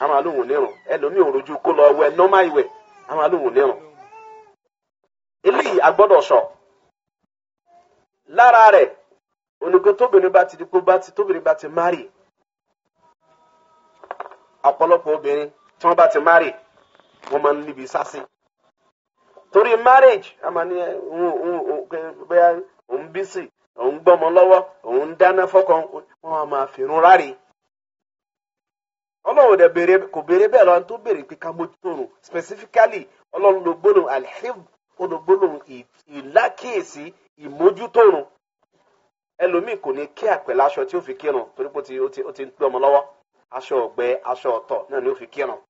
a máa nírun ẹlòmíì òròjú kó lọ wẹ normal ìwẹ̀ a máa nírun eléyìí agbọdọ sọ lára onígbó tóbìnrin bá ti di bá ti tóbìnrin bá ti mari tí ti mari máa ń níbi marriage a máa ní o òun bísí òun gbọ́mọ lọ́wọ́ òun dáná fọ́kàn wọ́n á máa fìrun ráre ọlọ́run dẹ̀ béèrè kò béèrè bẹ́ẹ̀ lọ́wọ́ tó béèrè pé ká mójútó specifically ọlọ́run ló ó ló ẹlòmíì kò ní kí àpẹ̀lẹ̀ aṣọ tí ó fi kírun torí pé ó ti ń pé ọmọ lọ́wọ́ aṣọ ọ̀gbẹ aṣọ ọ̀tọ̀ náà ni ó fi kírun.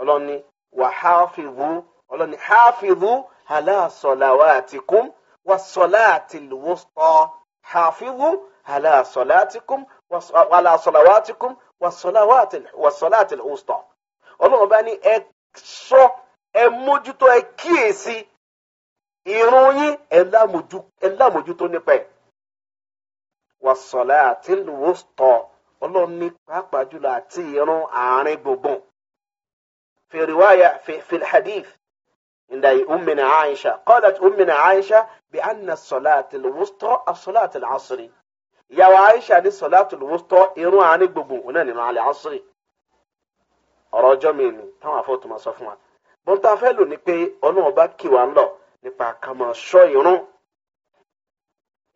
ọlọ́ni wà háfìdú ọlọ́ni háfìdú aláṣọláwà àtìkún wà sọlá àtìlúwọ́sọ háfìdú aláṣọlá àtìkún wà aláṣọláwà àtìkún wà sọlá àtìlúwọ́sọ. ọlọ́run bá ní ẹ sọ ẹ mójútó ẹ kíyèsí. irun yín ẹ lámójútó nípa ẹ̀ wàsọ̀lá àti wòsítọ̀ ọlọ́run ní pàápàá jùlọ àti irun àárín gbùngbùn fi riwaya fi hadith inda ummina aisha qalat ummina aisha bi anna salati alwusta as-salati al àti ya wa aisha ni salati alwusta irun àárín gbùngbùn ona ni ma al-asri ọ̀rọ̀ ọjọ́ mi ni táwọn afọ́tò máa sọ fún wa bọ́n tá a fẹ́ lò ní pé ọlọ́run ọba kì wá ń lọ nípa ká máa ṣọ́ ìrun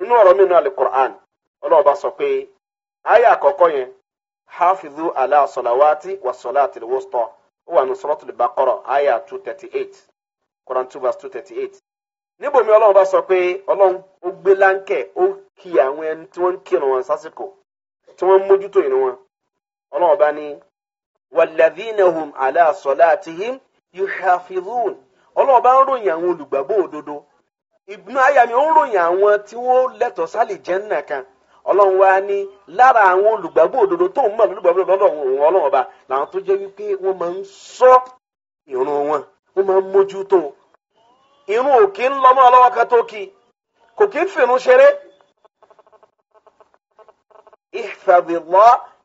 inú ọ̀rọ̀ mi náà lè Qur'an Ọlọ́run bá sọ pé àyà àkọ́kọ́ yẹn hafizu ala salawati wa salati lwusta ó wà ní suratul Baqara àyà two thirty eight Qur'an two verse two thirty eight níbòmí Ọlọ́run bá sọ pé Ọlọ́run ó gbé láńkẹ̀ ó kí àwọn ẹni tí wọ́n ń kírun wọn sásìkò tí wọ́n ń mójútó ìrun wọn Ọlọ́run bá ní walladhina hum ala salatihim yuhafizun ọlọ́run bá ń ròyìn àwọn olùgbàgbọ́ òdodo ìbùnú àyà mi ó ń ròyìn àwọn tí wọ́n sálì kan ọlọ́run wa lára àwọn olùgbàgbọ́ òdodo tó ń mọ̀ lólùgbàgbọ́ lọ́dọ̀ òun làwọn tó jẹ́ wípé wọ́n máa ń sọ wọn wọ́n máa ń mójútó ń ọlọ́wọ́ kan tó kì kò ṣeré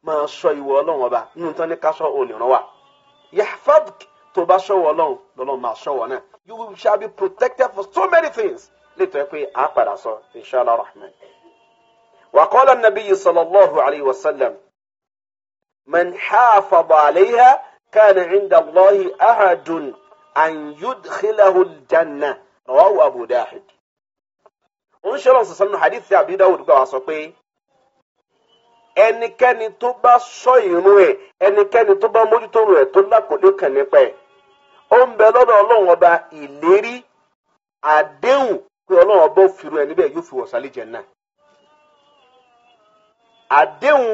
máa sọ ìwọ ọlọ́run ọba tó bá ṣọ̀wọ́ ọlọ́run lọ́lọ́run máa ṣọ̀wọ́ náà you shall be protected for so many things lẹ́tọ̀ ẹ pé a padà sọ inshallah rahman. وقال النبي صلى الله عليه وسلم من حافظ عليها كان عند الله أحد أن يدخله الجنة رواه أبو داود ń ṣe lọ́sọ̀ sọ́nù hadith tí Abi Dawud gbà wá sọ pé ẹnikẹ́ni tó bá ṣọ́ ìrun ẹ̀ ẹnikẹ́ni tó bá mójútó rẹ̀ tó lákòólé kàn nípa ẹ̀ ó ń bẹ lọ́dọ̀ ọlọ́run ọba ìlérí àdéhùn pé ọlọ́run ọba òfìrú ẹ níbẹ̀ yóò fi wọ̀ sálẹ̀ jẹ̀ náà. àdéhùn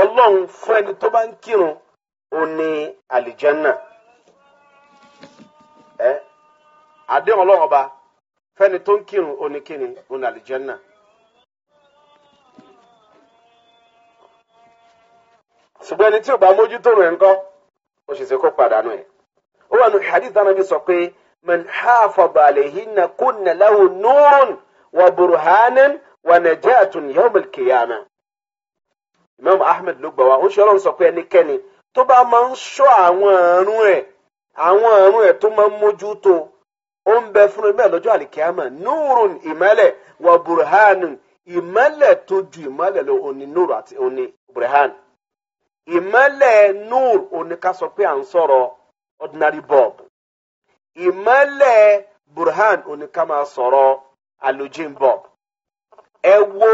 ọlọ́run fún ẹni tó bá ń kírun ẹ àdéhùn ọlọ́run ọba fẹ́ni tó ń kírun ó ní kíni ó ní ṣùgbọ́n ẹni tí ò ó wà lórí hadith dáná bí sọ pé man hafaza alayhinna kunna lahu nurun wa burhanan wa najatun yawmal qiyamah. Imam Ahmed ló gbà wá ó ń ṣe ọlọ́run sọ pé ẹnikẹ́ni tó bá máa ń ṣọ́ àwọn àrùn ẹ̀ àwọn àrùn ẹ̀ tó máa ń mójútó ó ń bẹ fún ẹgbẹ́ lọ́jọ́ àlìkíyàmà nurun ìmọ́lẹ̀ wa burhanun ìmọ́lẹ̀ tó ju ìmọ́lẹ̀ lọ òní nur àti òní burhan ìmọ́lẹ̀ nur òní ká sọ pé à ń sọ̀rọ̀ ordinary bulb ìmọ́lẹ̀ burhan Onikama Sọrọ Alojin sọ̀rọ̀ halogen bulb ẹ wo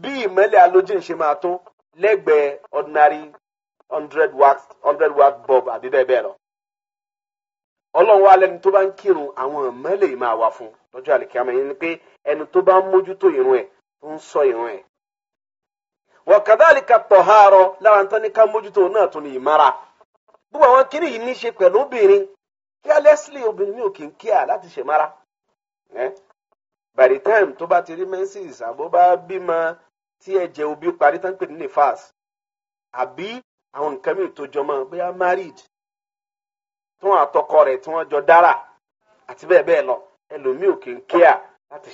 bí ìmọ́lẹ̀ halogen ṣe máa tó lẹ́gbẹ̀ẹ́ ordinary hundred watt hundred watt bulb àbí bẹ́ẹ̀ lọ ọlọ́run wa lẹ́ni tó bá ń kírun àwọn ìmọ́lẹ̀ yìí máa wà fún lọ́jọ́ àlìkíyàmọ̀ yẹn ni pé ẹni tó bá ń mójútó gbogbo àwọn kiri yìí ní í ṣe pẹ̀lú obìnrin carelessly obìnrin kì kíà láti ṣe mara by the time tó bá ti rí menses àbó bá bímọ tí ẹ̀jẹ̀ obi parí tán pè ní nefas àbí àwọn nǹkan mìíràn tó jọmọ bóyá married tí wọn àtọkọ tí wọn jọ dára àti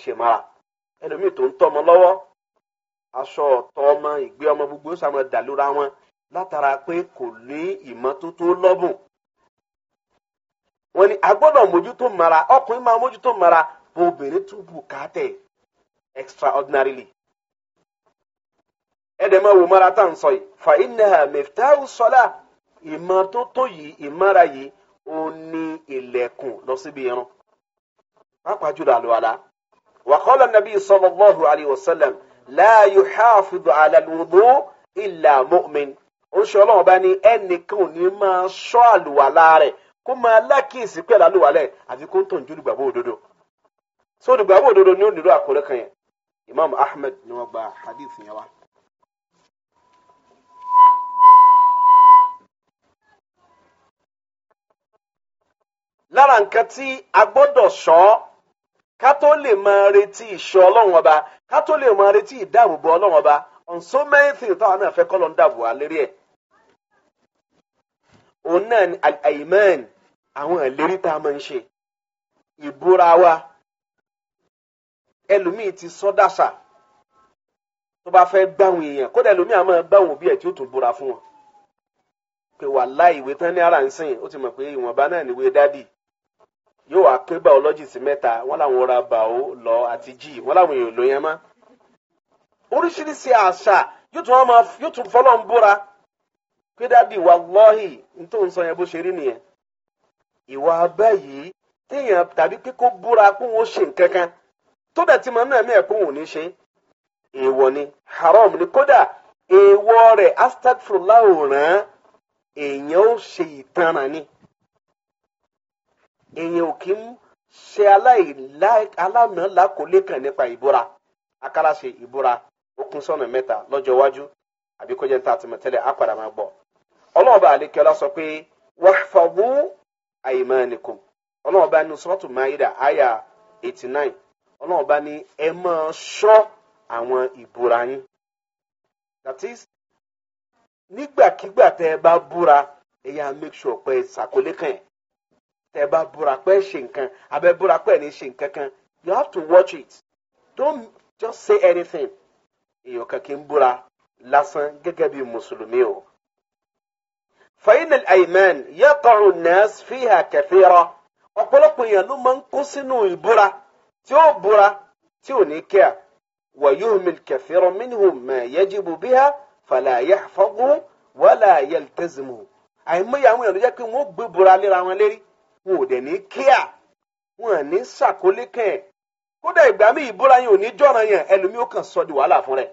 ṣe mara ẹlòmíì tó ń tọ́ ọmọ lọ́wọ́ aṣọ ọmọ ìgbé ọmọ gbogbo látara pé kò ní ìmọ́tótó lọ́bùn wọ́n ni agbọ́dọ̀ mójútó mara ọkùnrin máa mójútó mara bó obìnrin tún bù káàtẹ̀ extraordinarily ẹ̀dẹ̀mọ̀ wò mara tá à ń sọ yìí fa innaha miftahu ìmọ́tótó yìí ìmára yìí ó ní ilẹ̀kùn lọ síbi irun pàápàá jùlọ àlùwàlá wa nàbí ala oṣù ọlọ́run bá ní ẹnìkan ò ní máa ṣọ́ àlùwàlá rẹ̀ kó máa lákìsí pẹ̀lú àlùwàlá ẹ̀ àfi kó ń tàn ju olùgbàgbọ́ òdodo so olùgbàgbọ́ òdodo ni ó nílò àkórè kan yẹn Imam Ahmed ni wọ́n gba hadith yẹn wá. lára nǹkan tí a gbọ́dọ̀ ṣọ́ ká tó lè máa retí ìṣọ́ ọlọ́run ọba ká tó lè máa nsọmẹ́ntì táwọn náà fẹ́ kọ́lọ̀ ń dàbò àlérí ẹ̀ òun náà ni àìmẹ́ẹ̀n Amen. I want a to ń ṣe ìbúra wa Elumi ti sọ́dàṣà tó bá fẹ́ gbáwọn èèyàn kódà ẹlòmíì àmọ́ gbáwọn òbí ẹ̀ tí ó tún búra fún wọn pé wà láì ìwé tán ní ara ń sìn ó ti mọ̀ pé ìwọ̀nba náà níwé dádì yóò wá pé báwo lọ́jì sí mẹ́ta wọ́n làwọn ra bàó lọ àti jì wọ́n làwọn èèyàn ló yẹn mọ́ oríṣiríṣi àṣà yóò tún fọlọ́ búra pé dáàdi wàlọ́hì nítorí òun sọ yẹn bó ṣe rí nìyẹn ìwà báyìí téèyàn tàbí pé búra kó wọn ṣe nǹkan kan tó dẹ̀ ti mọ̀ náà mí ẹ̀ kó ní ṣe èèwọ̀ ni haram ni kódà èèwọ̀ rẹ̀ astagfirullah òràn èèyàn ó ṣe ìtanràn ni èèyàn ò kí ń ṣe aláìláàkólé kan nípa ìbúra ìbúra okun sọ́nà mẹ́ta lọ́jọ́ iwájú àbí kó jẹ́ ní tààtìmọ̀ tẹ́lẹ̀ á padà máa gbọ́. ọlọ́ọ̀bá àlekẹ́lá sọ pé wàhfàbù àyèmánìkùn ọlọ́ọ̀bá ní sọ́ọ̀tù máyídà àyà eighty nine ọlọ́ọ̀bá ní ẹ máa ṣọ́ àwọn ìbúra yín. that is nígbàkigbà tẹ́ ẹ bá búra ẹ yà make sure pé ṣàkólé kàn ẹ̀ tẹ́ ẹ bá búra pé ẹ ṣe nǹkan abẹ́ búra pé ẹ ní ṣe nǹkan kan you have to watch it don't just say anything. èèyàn kan kì í búra lásán gẹ́gẹ́ bí mùsùlùmí o. فإن الأيمان يقع الناس فيها كثيرا ọ̀pọ̀lọpọ̀ èèyàn ló máa ń kó sínú ìbúra tí ó búra tí ò ní kíá ويهمل كثير منهم ما يجب بها فلا يحفظه ولا يلتزمه àìmọye àwọn èèyàn ló jẹ́ pé wọ́n gbé búra léra wọn lérí wọn ò dẹ̀ ní kíá wọn ò ní ṣàkólé kẹ́ ẹ̀ kódà ìgbà míì ìbúra yẹn ò ní jọ̀ràn yẹn ẹlòmíì ó kàn sọ di wàhálà fún rẹ̀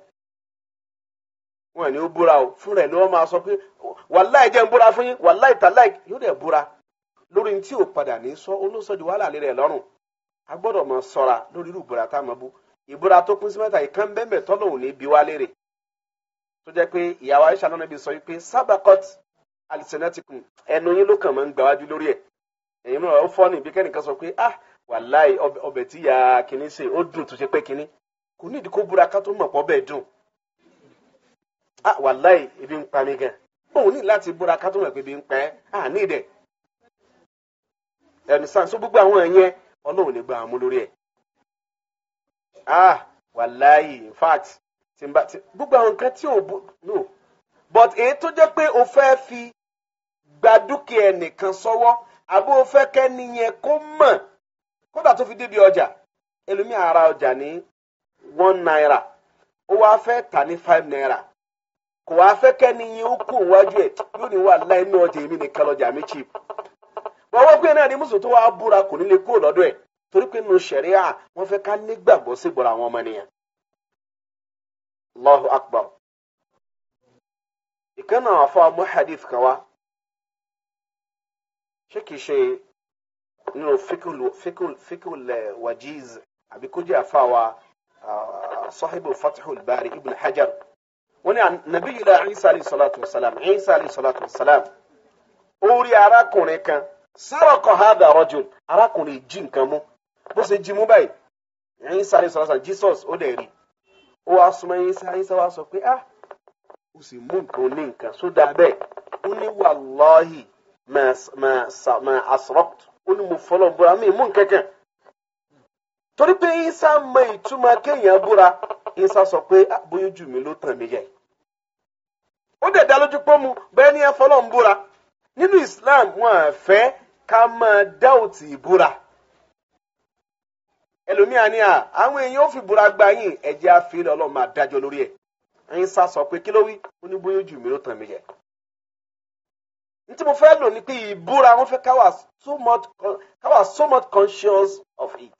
wọn ni ó búra o fún rẹ ni wọn máa sọ pé wàláì jẹ́ ń búra fún yín wàláì tàláì yóò dẹ̀ búra lórí ní tí ò padà ní sọ olóṣọ di wàhálà lé rẹ lọ́rùn a gbọ́dọ̀ mọ ṣọ́ra lórí irú ìbúra tá a mọ bú ìbúra tó kún sí mẹ́ta ìkan bẹ́ẹ̀ tọ́lọ̀ ò ní bí wá lérè tó jẹ́ pé ìyàwó Aisha lọ́nà ibi sọ pé sábàkọ́t alisanatikun ẹnu yín ló kàn máa ń gbáwájú lórí ẹ̀ èyí náà ó fọ́ níbi kẹ́nìkan sọ pé ah wàláì ọbẹ̀ tí ya kìnní se ó dùn tó ṣe pé kìnní kò nídìí kó búra ká tó mọ̀ pọ̀ bẹ́ẹ̀ dùn ah wàláì ibi ń pa mí gan òun ní láti búra ká tó mọ̀ pé ibi ń ìdẹ̀ so gbogbo àwọn ẹ̀yẹn ọlọ́run ní gba àmú ẹ̀ ah wàláì in fact tí n ti gbogbo àwọn nǹkan no but èyí tó jẹ́ pé o fẹ́ fi gba dúkìá ẹnìkan sọ́wọ́ àbí o fẹ́ kẹ́ni yẹn kó mọ̀ fi débi ọjà ẹlòmíà ara ọjà ní one naira ó fẹ́ ta ní five naira kò wá fẹ́ kẹ́ni yín ó kó wájú ẹ̀ yóò ní wà láì náà èmi nìkan lọ́jà mi chip. wọ́n pé náà ní mùsùlùmí tó wá búra kò ní lè kó lọ́dọ̀ ẹ̀ torí pé nínú ṣẹ̀ríà wọ́n fẹ́ ká nígbàgbọ́ sí akbar. hadith kan wá ṣé kìí ṣe nínú wajiz àbí kó jẹ́ àfa wa ah, ibn hajar. wọ́n ní nabi ilà isa alayhi salatu wa salam isa alayhi salatu wa salam ó rí kan sárọkọ hada rọjò arákùnrin ji nǹkan mu. bó ṣe jí mú báyìí isa alayhi salatu wa salam jesus ó dẹ̀ rí ó wá súnmọ́ isa isa wá sọ pé ah ó sì mú nǹkan ní nǹkan sódà bẹ́ẹ̀ ó ní wàláhì mà asrọ́t ó ní mo fọlọ́ búra mi mú nǹkan kan torí pé isa mọ ìtumọ̀ kéèyàn búra isa sọ pé ah, bóyá ojú mi ló mí yẹ ó dẹ̀ lójú pé mu bẹ́ẹ̀ ni ẹ fọlọ́ nínú Islam wọn à fẹ́ ká máa dá òtì ìbúra ẹlòmíà ni à àwọn èèyàn ò fi búra gba yín ẹjẹ àfihàn Ọlọ́run máa dájọ́ lórí ẹ̀ ẹ̀yin sá sọ pé kí ló wí ó ní bóyá ojú mi ló tàn mí yẹ mo fẹ́ much conscious of it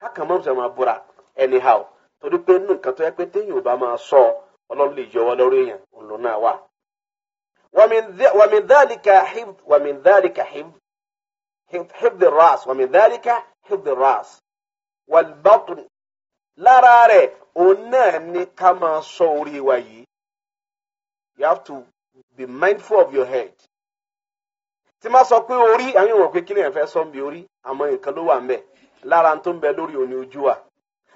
ká kàn mọ́ ma torí pé nǹkan tó yẹ pé téèyàn ò bá máa sọ ọlọ́run lè yọ wọ́n lórí èèyàn òun náà wà. wàmí dálíkà hib ras wàmí dálíkà ras wàlbàtún lára rẹ̀ òun náà ní ká máa sọ orí wa yìí you have to be mindful of your head. tí máa sọ pé orí àwọn èèyàn pé kí lèèyàn fẹ́ sọ ń bi orí àmọ́ nǹkan ló wà ń bẹ̀ lára tó ń bẹ lórí òní ojú wa.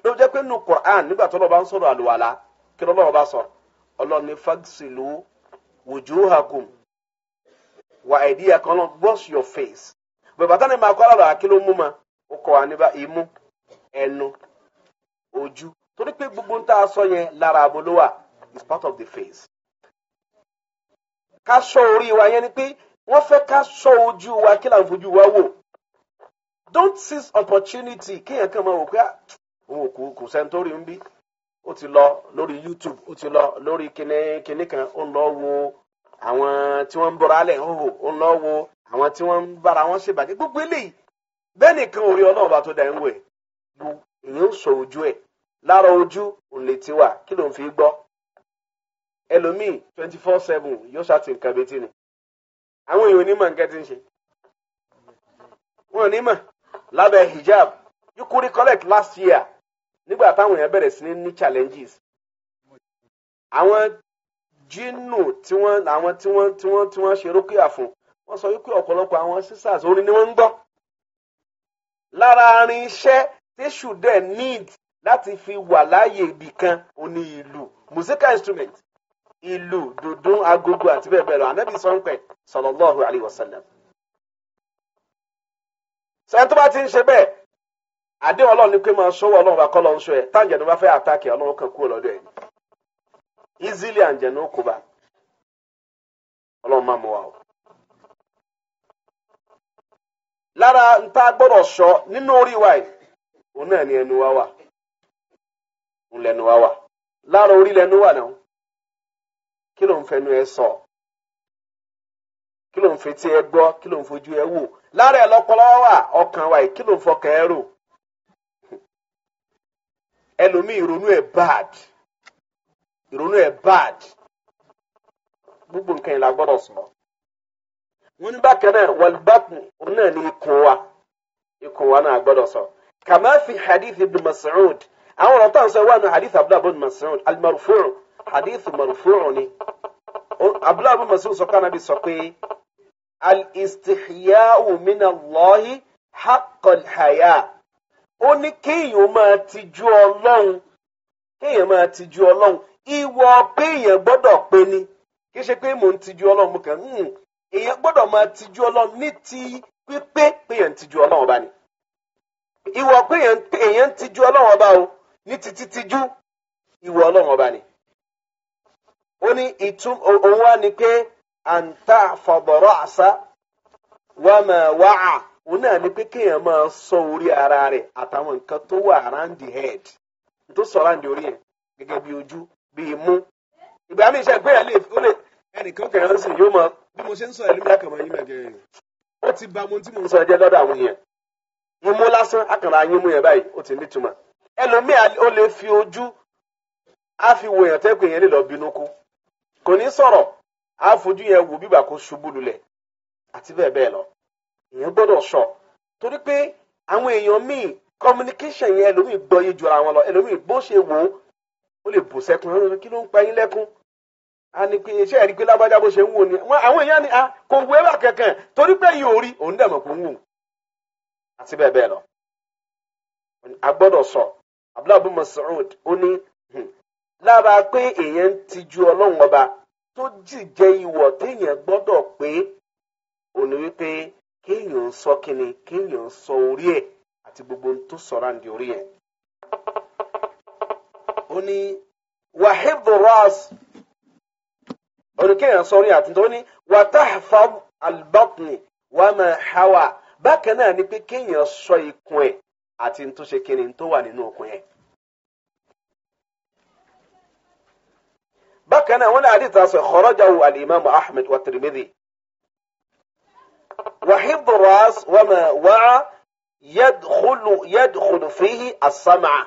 n'oge jẹ́ pé nínú Qur'an nígbà tó lọ́ba ń sọ̀rọ̀ àlùwàlá kí lọ́lọ́wọ́ bá sọ ọlọ́run ní fagsilu wujuhakum wà àìdíyà kan lọ wash your face bàbá tani máa kọ́ àlọ́ àkí ló mú ma ó kọ́ wa níbà imú ẹnu ojú torí pé gbogbo ń tá a sọ yẹn lára is part of the face ká sọ orí wa yẹn ni pé wọ́n fẹ́ ká sọ ojú wa kí fojú wa wò don't seize opportunity kéèyàn kàn máa wò pé ah, òun òkú kò sẹ́ńtórì ń bí ó ti lọ lórí youtube ó ti lọ lórí kinní kan ó ń lọ wo àwọn tí wọ́n ń bọ̀rọ̀ alẹ̀ hóhò ó ń lọ wo àwọn tí wọ́n ń bára wọn ṣèbàjẹ́ gbogbo eléyìí bẹ́ẹ̀ nìkan ò ọlọ́run bá tó dá ń wò ẹ̀ èyí ń sọ ojú ẹ̀ lára ojú òun lè ti wà kí ló ń fi gbọ́ ẹlòmíì twenty four seven yóò ṣàti nǹkan bẹ́tì ni àwọn èèyàn onímọ̀ nǹkan ti ń ṣe wọn onímọ̀ lábẹ́ hijab you could recollect last year nígbà táwọn èèyàn bẹ̀rẹ̀ sí ní ní challenges àwọn jínù tí wọ́n àwọn tí wọ́n tí wọ́n tí wọ́n ṣe rókìá fún wọ́n sọ wípé ọ̀pọ̀lọpọ̀ àwọn sisters orin ni wọ́n ń gbọ́ lára arin iṣẹ́ tíṣù dẹ̀ need láti fi wà láàyè ibì kan òní ìlú musical instrument ìlú dùndún agogo àti bẹ́ẹ̀ bẹ́ẹ̀ lọ ànábì sọ́npẹ̀ sallallahu alaihi wasallam. sẹ́ńtọ́ bá ti ń ṣe bẹ́ẹ̀ ade ọlọ́run ni pé máa sọ́wọ́ ọlọ́run bá kọ́ lọ́n sọ ẹ̀ táǹjẹ̀nu bá fẹ àtàkì ọlọ́run kan kúrò lọ́dọ̀ ẹ̀ easily àǹjẹ̀nu kò bá ọlọ́run máa mú o. lára nta gbọ́dọ̀ sọ nínú orí wa yìí òun náà ni ẹnu wa wà òun lẹnu wa wà lára orí lẹnu wà náà kí ló ń fẹnu ẹ sọ kí ló ń wa yìí kí ẹlòmíì ìrònú ẹ̀ bad ìrònú ẹ̀ bad gbogbo nǹkan yìí la gbọ́dọ̀ sùnmọ́. wọ́n ní bákan náà wàlúbàtù òun náà ní ikùn wa ikùn wa náà gbọ́dọ̀ sọ. kàmá fi hadith ibn Mas'ud àwọn ọ̀rọ̀ táwọn sọ wà ní hadith abdullahi ibn Mas'ud al hadith marfu' ni abdullahi ibn Mas'ud sọ kánà bí sọ pé al-istihya'u min Allahi haqqal haya'. ó ní kéèyàn máa tijú ọlọ́run kéèyàn máa tijú ọlọ́run ìwọ pé gbọ́dọ̀ pé ni kí ṣe pé mò ń tijú ọlọ́run mo hmm, èèyàn gbọ́dọ̀ máa tijú ọlọ́run ní ti pípé pé ń tijú ọlọ́run ọba ni ìwọ pé èèyàn ń tijú ọlọ́run ọba o ní ti títíjú ìwọ ọlọ́run ọba ni ó ní ìtum òun a ni pé kéèyàn máa sọ orí ara rẹ̀ àtàwọn nǹkan tó wà around the head tó sọ around the orí yẹn oju bí ojú bí imú ìgbà mi ìṣe ìgbéyàn lè ó lè ẹnìkan kẹrin sì yóò mọ bí mo ṣe ń sọ ìlú mi àkàmọ yín mẹgẹ ó ti ba mo ti mo sọ jẹ lọ́dọ̀ àwọn èèyàn imú lásán àkàrà ayé mú yẹn báyìí ó ti nítumọ̀ ẹlòmíì ó lè fi ojú á fi wo lọ bínú kú kò ní á fojú yẹn wò bíbà èèyàn gbọ́dọ̀ sọ torí pé àwọn èèyàn míì communication yẹn ẹlòmíì gbọ́ yé ju ara wọn lọ ẹlòmíì bó ṣe wò ó ó lè bù sẹ́kùn ẹ̀rọ kí ló ń pa yín lẹ́kùn a ní pé iṣẹ́ ẹ̀rí pé lágbájá bó ṣe ń wò ni àwọn èèyàn ni kò wé wà kankan torí pé yìí ò rí òun dẹ̀ mọ̀ kó ń wò àti bẹ́ẹ̀ bẹ́ẹ̀ lọ. a gbọ́dọ̀ sọ abdullahi masoud ó ní hmm, lára pé èèyàn ń tijú ọlọ́run ọba tó jì ìwọ̀ téèyàn gbọ́dọ̀ pé òní wípé kéèyàn sọ kíni kéèyàn sọ orí àti gbogbo ohun tó sọ̀rọ̀ àǹdí orí ẹ̀. ó ní wàhíbù oníkéèyàn sọ orí àti tó ní wàtáfàb albatni wàmà hawa bákan náà ni pé kéèyàn sọ ikùn àti tó ṣe tó wà nínú okùn bákan náà wọn ní sọ ahmed wa وحب الرأس وما وعى يدخل يدخل فيه السمع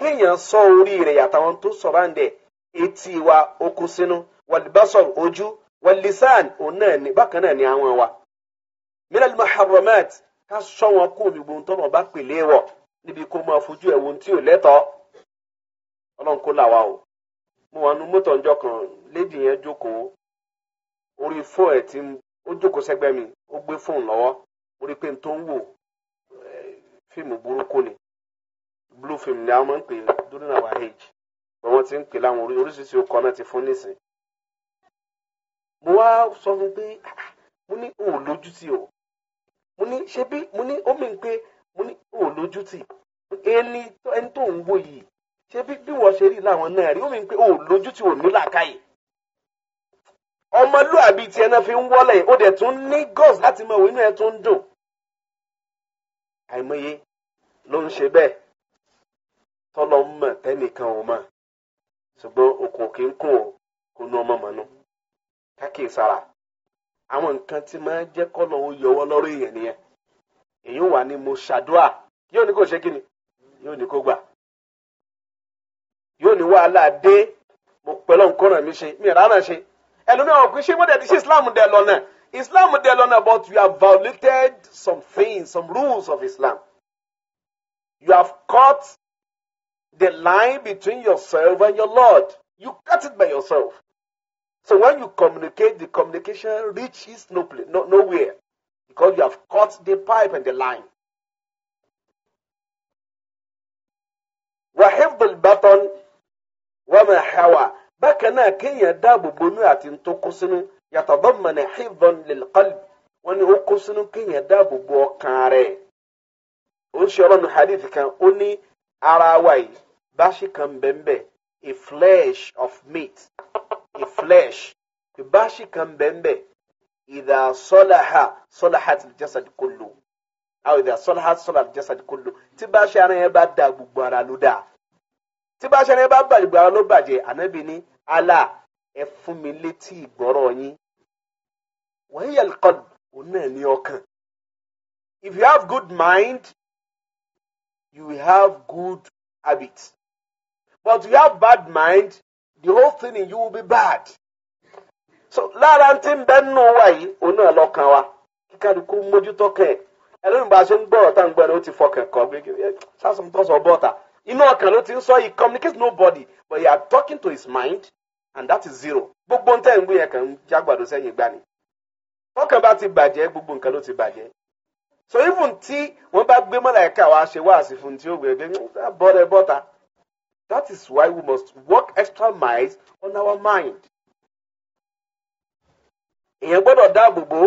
kéèyàn sọ orí rẹ̀ yàtàwọn tó sọ bá ń dẹ̀ etí wa okú sínú wàlbásọ̀rọ̀ ojú wàlísàn òun náà ni bákan náà ni àwọn wa. mílẹ̀ muharramat ká sọ wọn kó omi gbóhùn tọ́nà bá pèlè wọ̀ níbi kó máa fojú ẹ̀wọ̀n tí ò lẹ́tọ̀ọ́ ọlọ́run kó là wá o. mo wà nú mọ́tò ọjọ́ kan lédi yẹn jókòó orí fóònù ẹ̀ ti ń ó jókòó sẹ́gbẹ́ mi ó gbé fóònù lọ́wọ́ mo rí i pé n tó ń wò eh, fíìmù burúkú ni blue film ni a máa ń pè during our age pé wọ́n ti ń pè láwọn oríṣiríṣi okọ̀ náà ti fún nísìn. mo wá sọ fún pé ah, ah, mo ní òun lójú tì o mo ní ṣe bí mo ní ó mìíràn pé mo ní òun lójú tì ẹni tó ń wò yìí ṣe bí bí wọ́n ṣe rí làwọn náà rí ó mìíràn pé òun lójú tì ò ní làákàyè ọmọlúàbí tiẹ̀ náà fi ń wọ́lẹ̀ ó dẹ̀ tún ní gọ́ọ̀sì láti mọ òwe inú ẹ̀ tún dùn àìmọye ló ń ṣe bẹ́ẹ̀ tọ́lọ́ ń mọ̀ tẹ́nìkan ò mọ̀ ṣùgbọ́n okùn kì í kùn ó kó nu ọmọ mọ̀nú káàkiri àwọn nǹkan tí máa ń jẹ́ kọ́lọ̀ ó yọwọ́ lọ́rọ̀ èèyàn nìyẹn èyí wà ní mo ṣàdúrà yóò ní kó ṣe kí ni yóò ní kó gbà yóò ní wàhálà dé mo pẹ̀lú nǹkan rẹ̀ mi ṣe mi rárá ṣe ẹlòmí àwọn pé ṣé wọ́n islam dẹ̀ lọ́nà islam dẹ̀ lọ́nà but you have violated some things some rules of islam you have cut the line between yourself and your lord you cut it by yourself so when you communicate the communication reaches no place no nowhere because you have cut the pipe and the line. وحفظ البطن وما حوى bákan náà kéèyàn dáàbò bonú àti tó kó sínú yatadammana hifdhan lilqalb wọn ni ó kó sínú kéèyàn dáàbò bo ọkàn rẹ̀ ó ń ṣe ọlọ́nu hadith kan ó ní ara wa yìí báṣì kan bẹ́ẹ̀ a flesh of meat a flesh báṣì kan bẹ́ẹ̀ idha salaha salahat al-jasad kullu aw idha salahat salaha al-jasad kullu tí báṣì ara yẹn bá da gbogbo ara ló dáa. tí bá ṣẹlẹ̀ bá bàjẹ́ gbàrà ló bàjẹ́ ànábì ní Allah ẹ fún mi létí ìgbọ́rọ̀ yín wọ́n if you have good mind you will have good habits but if you have bad mind the whole thing in you will be bad so lára tí ń wa yìí òun náà lọ́kàn wa kíkàdùkú mójútó kàn ẹ lónìí bá a ṣe ń gbọ́rọ̀ tá ń gbọ́ ẹ ló ti fọkàn kọ́ eh, sọ inú ọkàn ló ti ń sọ he communicates nobody but he are talking to his mind and that is zero gbogbo ń ń gbé yẹn kàn ń jágbàdo sẹ́yìn gbà bá ti bàjẹ́ gbogbo nǹkan ló ti bàjẹ́ so even tí wọ́n bá gbé mọ́láyìíká wa ṣe wáàsí fún tí ó gbé gbé ah, bọ́dẹ bọ́ta that is why we must work extra miles on our mind èèyàn gbọ́dọ̀ dáàbò bò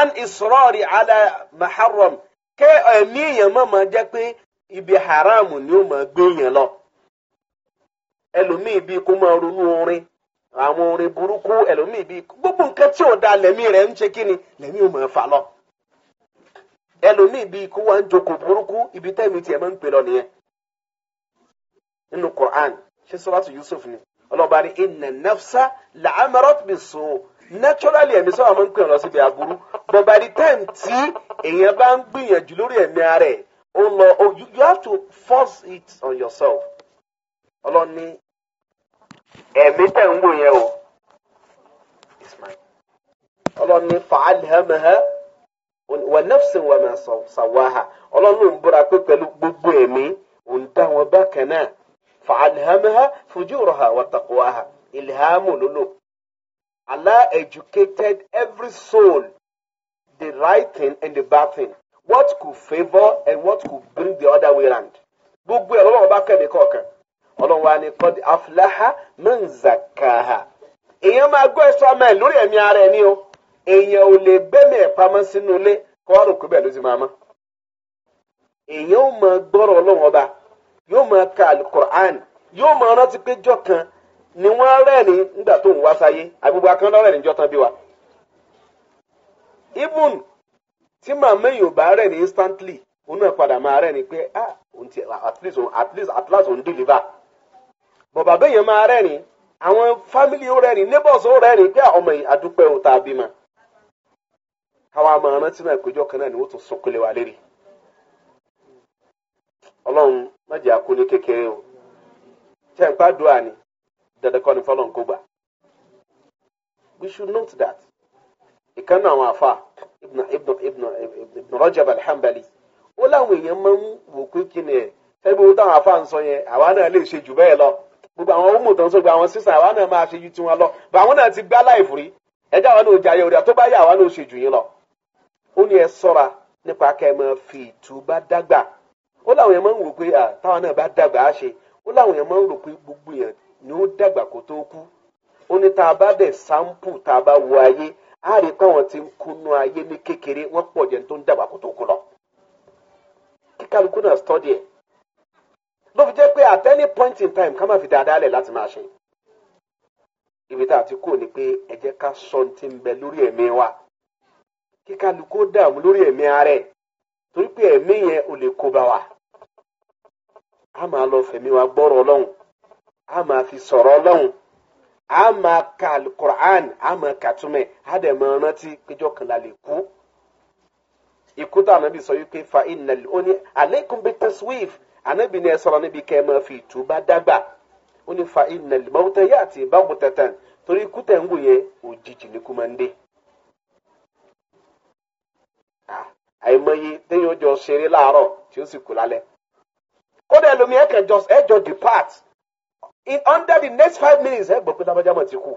an israri ala maharam kẹ́ ẹ̀mí èèyàn mọ̀ mọ́ jẹ́ pé ibi haramu ni ó máa gbé yẹn lọ ẹlòmíì bíi kó máa ronú orin àwọn orin burúkú ẹlòmíì bíi gbogbo nǹkan tí ò da lẹ́mí rẹ̀ ń ṣe kí ni lẹ́mí ò máa fà lọ ẹlòmíì bíi kó wá ń burúkú ibi tẹ́mi tiẹ̀ máa ń pè lọ nìyẹn nínú Quran ṣé sọ́wọ́tò Yusuf ni ọlọ́ba ní nafsa la'amarat bisu naturally ẹ̀mí sọ́wọ́ máa ń pè lọ síbi bọ̀bá ní tí èèyàn bá ń gbìyànjú ó oh, lọ oh you, you have to force it on yourself ọlọ́run ní ẹ̀mí tẹ̀ ń wò yẹn o ọlọ́run ní fàálìhàmẹ́hẹ́ wọ́n nẹ́fṣì wọ́n mẹ́ sàwáhà ọlọ́run ló ń búra pé pẹ̀lú gbogbo ẹ̀mí òun dá wọn bákan náà fàálìhàmẹ́hẹ́ fujuraha wa taqwaha ìlhàmù lólò Allah educated every soul the right thing and the bad thing. what could favour and what could bring the other way round gbogbo ẹ̀ ọba kẹ́mi kọ̀ọ̀kan ọlọ́run wa ni kọ́dí afúláhà mẹ́ǹzàkàhà èèyàn máa gbọ́ ẹ̀ṣọ́ ọmọ ẹ̀ lórí ẹ̀mí ara ẹ̀ ní o èèyàn ò lè gbẹ́mí ẹ̀ pamọ́ sínú ilé kọ́ ọ́rùn kú bẹ́ẹ̀ ló máa mọ́ èèyàn ò ọba yóò ka yóò rántí pé jọ kan ni wọ́n nígbà tó ń tí màmá yìí ò bá rẹ̀ ní instantly òun náà padà máa rẹ̀ ní pé ah òun at least òun at least at last òun deliver bọ̀ bàbá yẹn máa rẹ̀ ní àwọn family ó rẹ̀ ní neighbors ó rẹ̀ ní pé ah, ọmọ yìí adúpẹ́ òun tá a bímọ káwa máa rántí náà ìpéjọ kan náà ni wọ́n tún sunkún lé wa lérí ọlọ́run má jẹ́ àkó ní kékeré o tẹ̀ ń pa dùn àní dandan kọ́ ni fọlọ́n kó gbà we should note that ìkànnì àwọn afa Ibn Rajab al-Hanbali ó láwọn èèyàn máa ń wò pé kí ni ẹ̀ ẹgbẹ́ wọn táwọn afa ń sọ yẹn àwa náà lè ṣe jù gbogbo àwọn ọmọ tó ń sọ gbogbo àwọn sísan àwa náà máa ṣe ju tiwọn lọ ti gbá láìfù rí ẹjẹ́ àwọn náà ò jayé òde àtọ́ bá yà àwa náà ṣe jù yín lọ. ó ní ẹ sọ́ra nípa ẹ máa fi dàgbà ó láwọn máa ń pé táwọn náà bá dàgbà á ṣe ó gbogbo ni ó dàgbà kó tó kú ó ní tá a bá dẹ̀ sáńpù á rí táwọn ti ń kúnú ayé ní kékeré wọ́n pọ̀ jẹ́ tó ń dàgbà kó tó kú lọ. kíkálukú náà stọ́dì ẹ̀ ló fi jẹ́ pé at any point in time ká má fi dáadáa lẹ̀ láti máa ṣe. ibi tá a ti kú ni pé ẹ jẹ́ ká sọ ti ń bẹ lórí ẹ̀mí wa kíkálukú dààmú lórí ẹ̀mí ara ẹ̀ torí pé ẹ̀mí yẹn ò lè kó bá wa. a máa lọ fẹ̀mí wa gbọ́rọ̀ ọlọ́run a máa fi sọ̀rọ̀ ọlọ́run a máa ka alukur'an a máa ka túmẹ̀ a dẹ̀ máa rántí péjọ kan la lè kú ikú sọ yi pé fa iná ó ní bi taswif ànábì ni ẹ sọ̀rọ̀ níbi kẹ́ ẹ máa fi ìtúbà dàgbà ó ní fa iná mọ́tẹ́ yá àti ìbáwò tẹ̀tẹ̀ torí ikú tẹ̀ ń wò yẹn òjijì ni kú máa ń dé. àìmọye téèyàn jọ ṣeré láàárọ̀ depart. in under the next five minutes ẹ gbọ́ pé lábájá mọ̀ ti kú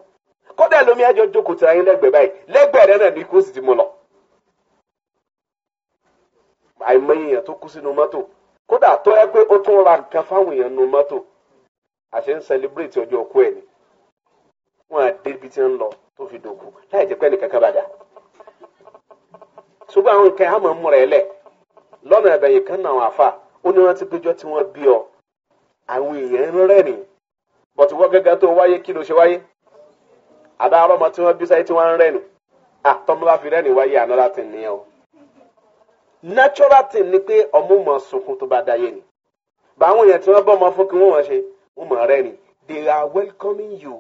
kódà lómi ẹjọ jókòó tira yín lẹ́gbẹ̀ẹ́ báyìí lẹ́gbẹ̀ẹ́ rẹ náà ni kó sì ti mú lọ. àìmọye èèyàn tó kú sínú mọ́tò kódà tó yẹ pé ó tún ra nǹkan fáwọn èèyàn nínú mọ́tò àṣẹ ń sẹlẹbírèètì ọjọ́ ọkú ẹ̀ ni wọn á débi tí ń lọ tó fi dòkú láì jẹ́ pé ẹnì kankan bá dà. ṣùgbọ́n àwọn nǹkan àmọ́ ń múra ẹ lẹ̀ lọ́nà ẹ̀bẹ̀yìn kan náà àfà ó ní wọ́n ti péjọ tí wọ́n bí ọ àwọn èèyàn rẹ́rìn-ín bọ̀tù wọ́n gẹ́gẹ́ tó wáyé kí ló ṣe wáyé àdá ọlọ́mọ tí wọ́n bí sáyé tí wọ́n ń rẹ́nu àtọ́mú bá fi rẹ́nu wáyé another thing nìyẹn o natural thing ni pé ọmú mọ̀ sunkún tó bá dáyé ni báwọn èèyàn tí wọ́n bọ́ ọmọ fún kí wọ́n mọ̀ ṣe wọ́n mọ̀ rẹ́ni they are welcoming you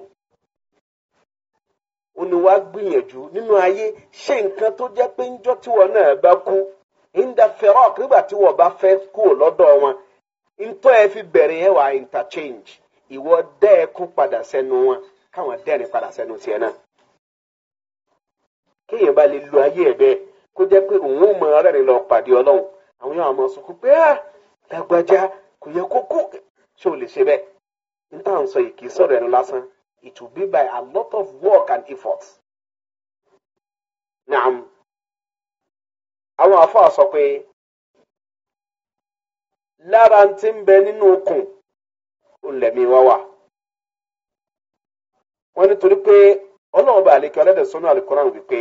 oníwà gbìyànjú nínú ayé ṣe nǹkan tó jẹ́ pé ńjọ́ tí wọ́n náà bá kú ìndà fẹ́rọ̀ nígbà tí wọ́n bá fẹ́ kú lọ́dọ̀ wọn ntọ́ ẹ fi bẹ̀rẹ̀ ẹwà interchange ìwọ dẹ́ẹ̀kún padà sẹ́nu wọn káwọn dẹ́rìn padà sẹ́nu tiẹ̀ náà. kéèyàn bá lè lu ayé ẹ̀ bẹ́ẹ̀ kó jẹ́ pé òun ò mọ ọ̀rẹ́rin lọ pàdé ọlọ́run àwọn yóò máa sunkún pé ah lágbájá kò yẹ kó kú ṣé o lè ṣe bẹ́ẹ̀. n à ń sọ yìí kì í sọ̀rọ̀ ẹnu lásán it will be by a lot of work and effort. naam àwọn àfáà sọ pé lára ti ń bẹ nínú okùn. ńlẹ̀mí wọn wà. wọ́n nítorí pé ọlọ́run bá àlekè ọlẹ́dẹ̀ sọ́nù àlùkòrán wípé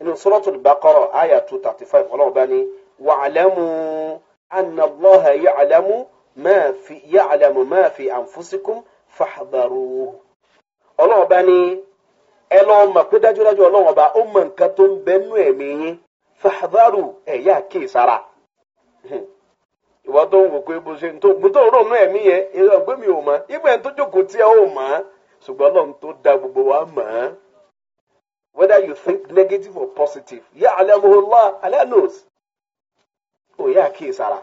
inú suratul Baqara àyà two thirty five ọlọ́run bá ní wa'lamu anna Allaha ya'lamu ma fi ya'lamu ma fi anfusikum fahdharuhu ọlọ́run bá ní ẹ lọ́ọ́ mọ̀ pé dájúdájú ọlọ́run ọba ó mọ nǹkan tó ń bẹ́nu ẹ̀mí yín fahdharu ẹ̀yà kí sára. ìwà tó ń wò pé bó ṣe ń tó gbótó rònú yẹn mi ò mọ̀ ibẹ̀ tó jókòó tí ẹ ò mọ̀ ṣùgbọ́n ọlọ́run tó gbogbo wa mọ̀ whether you think negative or positive yà alẹ́ lọ́wọ́lá alẹ́ nose ò yà kí ìsara.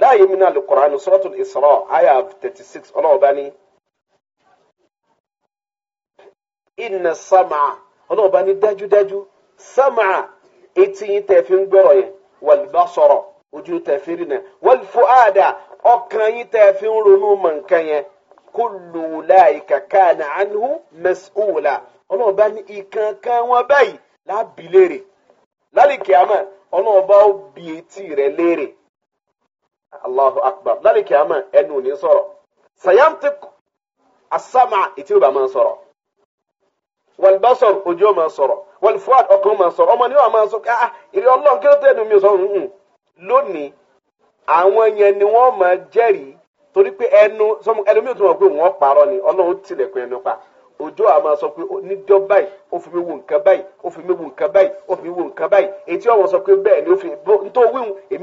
láàyè mi náà Al-Qur'an Suratul Isra àyà thirty six ọlọ́ọ̀bá inna sama ọlọ́ọ̀bá ni dájúdájú sama etí yín tẹ̀ fi ń ojú tẹ fi rí náà wal fuada ọkàn yín tẹ fi ń ronú mọ̀ nǹkan yẹn kullu ulaika kana anhu mas'ula ọlọ́run bá ní ìkankan wọn báyìí lábì léèrè lálìkí àmọ́ ọlọ́run bá ó bi etí rẹ̀ léèrè allahu akbar lálìkí àmọ́ ẹnu ò ní sọ̀rọ̀ sayamtik asama etí ó bá máa sọ̀rọ̀ walbasar ojú ó máa sọ̀rọ̀ walfuad ọkàn ó máa sọ̀rọ̀ ọmọ ni ó máa sọ ká ìrì ah, ọlọ́run kí ló tẹ̀ ẹnu mi sọ̀rọ̀ nùhùn. lónìí àwọn yẹn ni wọn máa jẹ́rìí torí pé ẹnu sọmọ ẹlòmíì tó mọ̀ pé wọ́n ni ọlọ́run ẹnu pa òjò a sọ pé níjọ́ báyìí ó fi mi wo nǹkan báyìí ó fi mi wo nǹkan báyìí ó fi mi wo nǹkan báyìí sọ pé ni ó fi èmi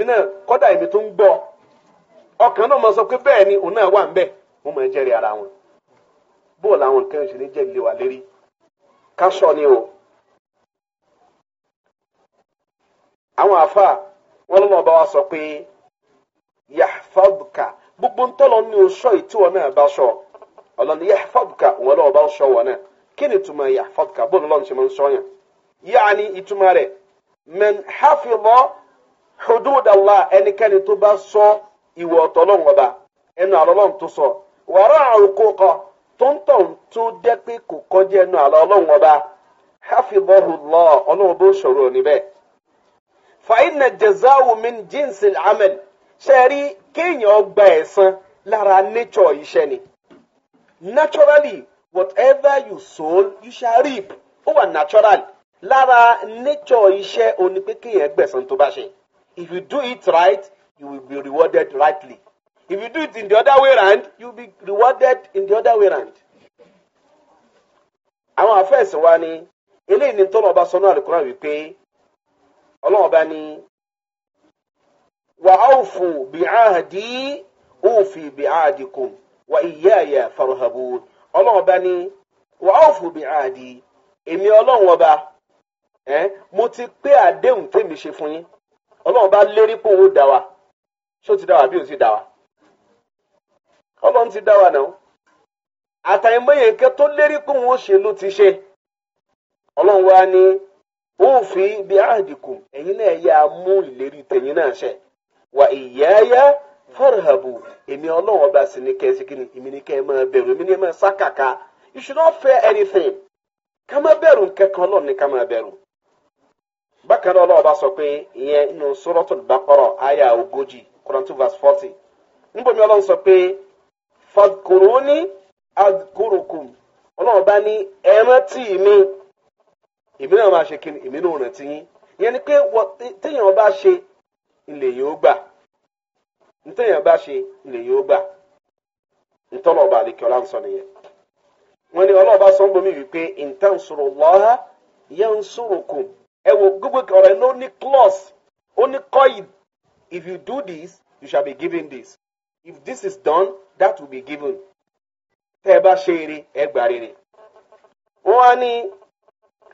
náà èmi tó ara wọn bóòlù àwọn nǹkan ní ni o. wọ́n lọ́nà ọba wa sọ pé yahfadka gbogbo ntọ́lọ ní oṣọ yìí tí wọn náà bá ṣọ ọlọ́ni yahfadka wọn lọ́wọ́ bá ń ṣọ wọn náà kí ni ìtumọ̀ yahfadka bó lọ́nà ṣe máa ń ṣọ yàn yaani ìtumọ̀ rẹ̀ man hafidha hudud Allah ẹnikẹ́ni tó bá ṣọ ìwọ̀ ọ̀tọ̀lọ́wọ̀n ọba ẹnu àlọ́lọ́n tó sọ wàrà àrùkọ́kọ tó ń tó jẹ́ kò kọjá ẹnu àlọ́lọ́wọ̀n ọba hafidhahu Allah ọlọ́wọ́n bó ṣòro níbẹ̀ fàyínà jazaawu min jinsil amel ṣẹ́ẹ̀rí kéèyàn gba ẹ̀san lára nature iṣẹ́ ni naturally whatever you sow you shall reap ó wà natural lára nature iṣẹ́ oní pé tó bá ṣe if you do it right you will be rewarded rightly if you do it in the other way round you will be rewarded in the other way round. àwọn àfẹ́sìn wa ni eléyìí ni tọ́lọ̀ ọba sọ náà lè kúrò wípé. ọlọ́run bá ní wà áwùfù bí áhàdí òfì bí áhàdìkùn wà ìyáàyà farhabu ọlọ́run bá ní wà áwùfù bí áhàdí èmi ọlọ́run ọba mo ti pé àdéhùn tèmi ṣe fún yín ọlọ́run bá lérí pé òun ó dá wa ṣó ti dá wa bí òun ti dá wa ọlọ́run ti dá wa náà àtàìmọye nǹkan tó lérí pé òun ó ṣe ló ti ṣe ọlọ́run wa ní. òfin bí àdìkù ẹ̀yin náà yà á ìlérí tẹ̀yin náà ṣẹ wà ìyáyá farhabu èmi ọlọ́run ọba sì ni kẹ́ kí ni èmi ni kẹ́ ẹ máa bẹ̀rù èmi ni ẹ máa sá should not fear anything ká bẹ̀rù ni ká bẹ̀rù. bákan náà sọ pé ìyẹn nínú suratul baqara àyà ogójì Quran verse forty níbomi sọ pé fagoroni agorokun ní èmi náà máa ṣe kíni èmi náà rántí yín ìyẹn ni pé téèyàn bá ṣe ilẹ̀ yìí ó gbà téèyàn bá ṣe ilẹ̀ yìí ó gbà ntọ́lọ̀ ọba àlekí ọlá ń sọ nìyẹn wọn ni ọlọ́ọ̀bá sọ ń bomi wípé intansurullaha yansurukum ẹ wo gbogbo ọ̀rọ̀ ẹ̀ ló ní clause ó ní kọ́yìn if you do this you shall be given this if this is done that will be given tẹ́ ẹ bá ṣe eré ẹ gbà rere wọn á ní.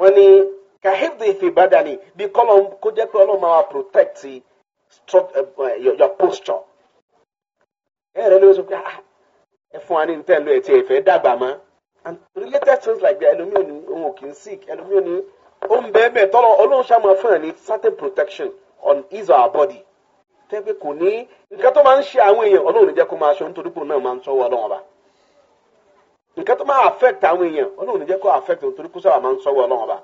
wọ́n ní kahibdi fibadani bí kọ́lọ̀ kó jẹ́ pé protect eh, eh, your posture ẹ rẹ lóye sọ pé ah, ẹ fún wa ní ní tẹ́lẹ̀ tí and related things like that ẹlòmíì ni òun ò kì í sick ẹlòmíì ni ó bẹ́ẹ̀ bẹ́ẹ̀ certain protection on his or body tẹ́ pé kò ní nǹkan tó máa ń ṣe àwọn èèyàn ọlọ́run jẹ́ kó máa ṣe nítorí náà máa nke tó máa affect àwọn èèyàn ọlọ́run níjẹ́ kó affect nítorí kó sábà máa ń sọ́wọ́ ọlọ́run ọba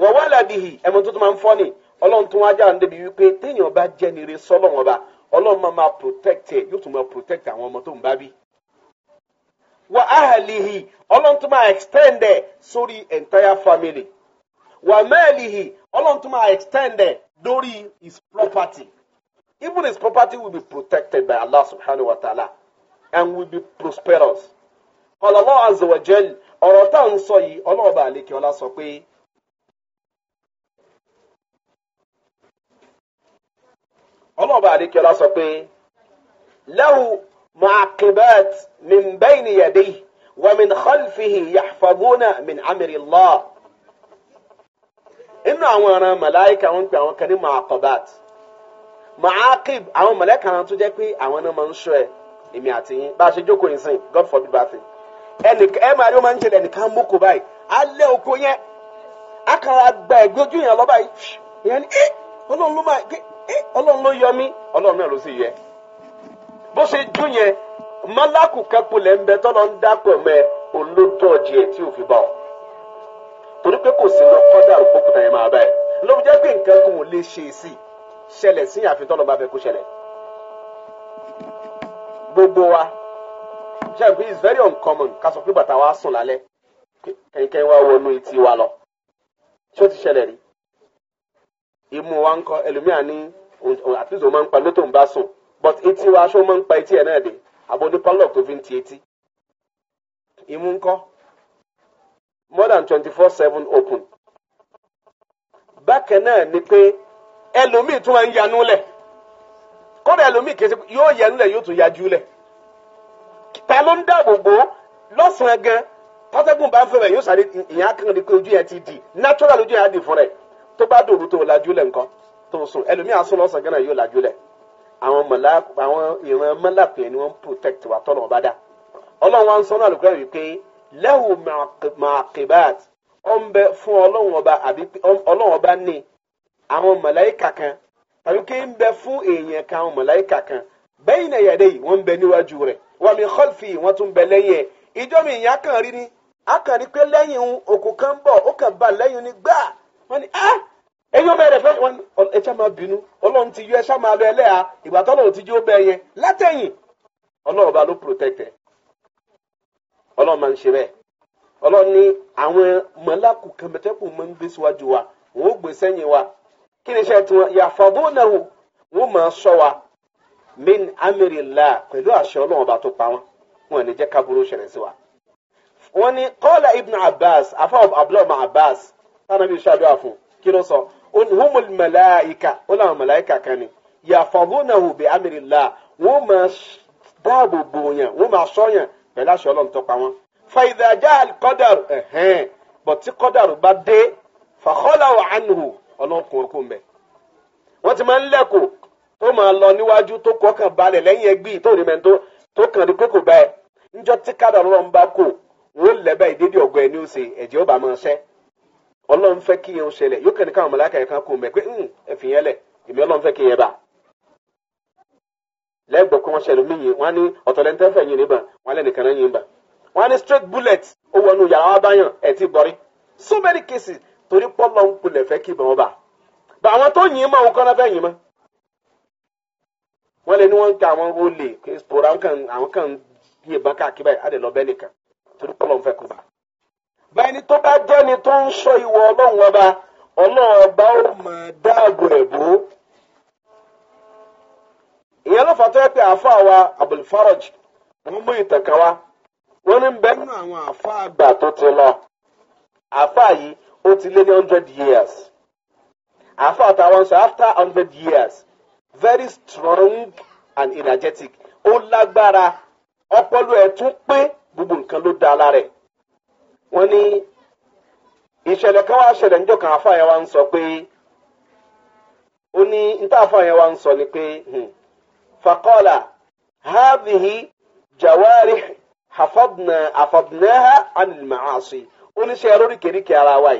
wọ́n wá làbìhì ẹ̀mọ tó tó ni ọlọ́run tó wájà ń débi wípé téèyàn bá jẹ́ nire sọ́lọ́run ọba ọlọ́run máa máa protect ẹ̀ yóò tún máa protect àwọn ọmọ tó ń bá bí. wà á hàlìhì ọlọ́run tó máa extend ẹ̀ sórí entire family wà mẹ́ẹ̀lìhì ọlọ́run tó máa extend ẹ̀ lórí his property even his property will be protected by Allah subhanahu wa ta'ala and will be prosperous. Allah azza wa jal ọ̀rọ̀ tá à ń sọ yìí ọlọ́ọ̀bà àlekè ọlá sọ pé. ọlọ́ọ̀bà àlekè ọlá sọ pé lahu mu'aqibat min bayni yadihi wa min khalfihi yahfaduna min amri Allah. inú àwọn ọ̀ràn màláìka wọn pe àwọn kan ní mu'aqibat àwọn màláìka wọn tó jẹ́ pé àwọn náà máa ń sọ ẹ̀ èmi àti yín bá a ṣe jókòó yìí sìn God forbid bá a ẹ máa rí ọmọ angel ẹnìkan mú kó báyìí alẹ́ oko yẹn akara gba ẹgbẹ́jú yẹn lọ́ba yìí ni ẹ ọlọ́run ló máa ẹ ọlọ́run ló yọ mí ọlọ́run náà ló sì yẹ bó ṣe dún yẹn tọ́lọ́ ń mẹ́ tí ò fi bá ọ torí pé kò sí lọ kọ́dà òkúta yẹn máa jẹ́ pé nǹkan lè ṣe sí ṣẹlẹ̀ sí bá fẹ́ gbogbo wa ṣe pé very uncommon ká sọ bàtà wa sùn lálẹ́ kẹ̀kẹ́ wa wọnú etí wa lọ ṣé ti ṣẹlẹ̀ rí imú wa ń kọ ẹlòmíà ní at least máa ń pa lótò ń bá sùn but etí wa aṣọ máa ń pa etí ẹ̀ náà dé àbò ní more than twenty four open náà ni pé ẹlòmíì tún máa ń yanú lẹ̀ ẹlòmíì kejì yóò yanú lẹ̀ yóò ta ló ń dáàbò bò lọ́sàn-án gan pátákùn bá ń fẹ́ rẹ̀ yóò sáré ìyẹn akẹ́kọ̀ọ́ ni pé ojú yẹn ti di natural ojú yẹn á di fún rẹ̀ tó bá dòru tó lajú lẹ̀ nǹkan tó sùn ẹlòmíì àsùn lọ́sàn-án yóò lajú lẹ̀ àwọn mọ̀lá àwọn ìran mọ́làpẹ̀ ni wọ́n protect wa tọ́nà ọba dá ọlọ́run wa ń sọ náà lùkúrẹ́ yìí pé lẹ́hùn màkìbáàt ọ̀nbẹ fún ọlọ́run ọba àbí ọlọ́run ọba ní àwọn mọ̀láyìkà kan tàbí kí ń bẹ fún èèyàn kan àwọn mọ̀láyìkà kan bẹ́yìn náà yàdé yìí wọ́n ń bẹ níwájú rẹ̀ wà mí kọ́lfì wọ́n tún bẹ lẹ́yìn ẹ̀ ìjọ mi ìyá kan rí ni a kàn rí pé lẹ́yìn òkú kan bọ̀ ó kàn bá lẹ́yìn ní gbà wọ́n ní ah ẹ̀yin ọmọ ẹ̀rẹ̀ fẹ́ wọn ẹ ṣá máa bínú ọlọ́run ti yọ ẹ ṣá máa lọ ẹlẹ́yà ìgbà tọ́lọ́run ti jó bẹ́ẹ̀ yẹn látẹ̀yìn ọlọ́run bá ló protect ẹ̀ ọlọ́run ń ṣe bẹ́ẹ̀ ọlọ́run ní àwọn mọ̀láàkù kẹmẹtẹ́kù máa ń gbé síwájú wa wọ́n ó gbé sẹ́yìn wa kí ni iṣẹ́ tiwọn yàfọ̀ bó min amirila pẹ̀lú àṣẹ ọlọ́run ọba tó pa wọn wọn ní jẹ́ kábúrú ṣẹlẹ̀ sí wa. wọ́n ní kọ́lá ibn abbas afa abdulhamid abbas tánà bí ṣàdúrà fún kí ló sọ onihumul malaika ó láwọn malaika kan ni yàfọ̀gúnnàhù bí amirila wọ́n máa dáàbò bò yàn wọ́n máa sọ yàn pẹ̀lú àṣẹ ọlọ́run tó pa wọn. fàyìdàjà kọ́dàrú ẹ̀hẹ́n bọ̀ tí kọ́dàrú bá dé fàkọ́lá wà ánìhù ọlọ́run kùn ọkùn bẹ̀. wọ́n ti máa ń lẹ́kọ̀ọ́ tó máa lọ níwájú tó kọ́ kàn balẹ̀ lẹ́yìn ẹgbẹ́ tó rí mẹ́tò tó kàn ní kókò tí ọlọ́run bá kò wọ́n lẹ́bẹ̀ ọ̀gọ́ ẹni ó ṣe ẹ̀jẹ̀ ó bá máa kan kò mẹ́ pé yẹn lẹ̀ èmi ọlọ́run fẹ́ kí yẹn bá lẹ́gbọ̀ọ́ kí wọ́n ṣẹlẹ̀ mí wọ́n ní ọ̀tọ̀lẹ́ntẹ́fẹ̀ ní wọ́n ni ní wọ́n ń ka àwọn olè pòrò àwọn kan àwọn kan yé ban káàkiri báyìí àdè lọ́bẹ̀ nìkan torí kọ́lọ̀ ń kó báyìí tó bá jẹ́ ni tó ń sọ ìwọ ọlọ́run ọba ọlọ́run ọba ó máa dáàbò ẹ̀ bò ó. ìyẹn ló fàtọ́ pé àáfà wa abulfaraj wọ́n mú ìtàn kan wá wọ́n ní bẹ́ẹ̀ nínú àwọn àáfà àgbà tó ti lọ àáfà yìí ó ti lé ní hundred years àáfà táwọn sọ after hundred years very strong and energetic ó lágbára ọpọlọ ẹ tún pé gbogbo nǹkan ló da lára ẹ̀ wọ́n ní ìṣẹ̀lẹ̀ kan wá ṣẹlẹ̀ níjọ́ kan àfààyàn wa ń sọ pé ó ní níta wa ń sọ ni pé hmm, fàkọ́là hábìhì jawari hafadna hafadnaha anil maasi oníṣẹ́ lóríkèéríkèé ara wa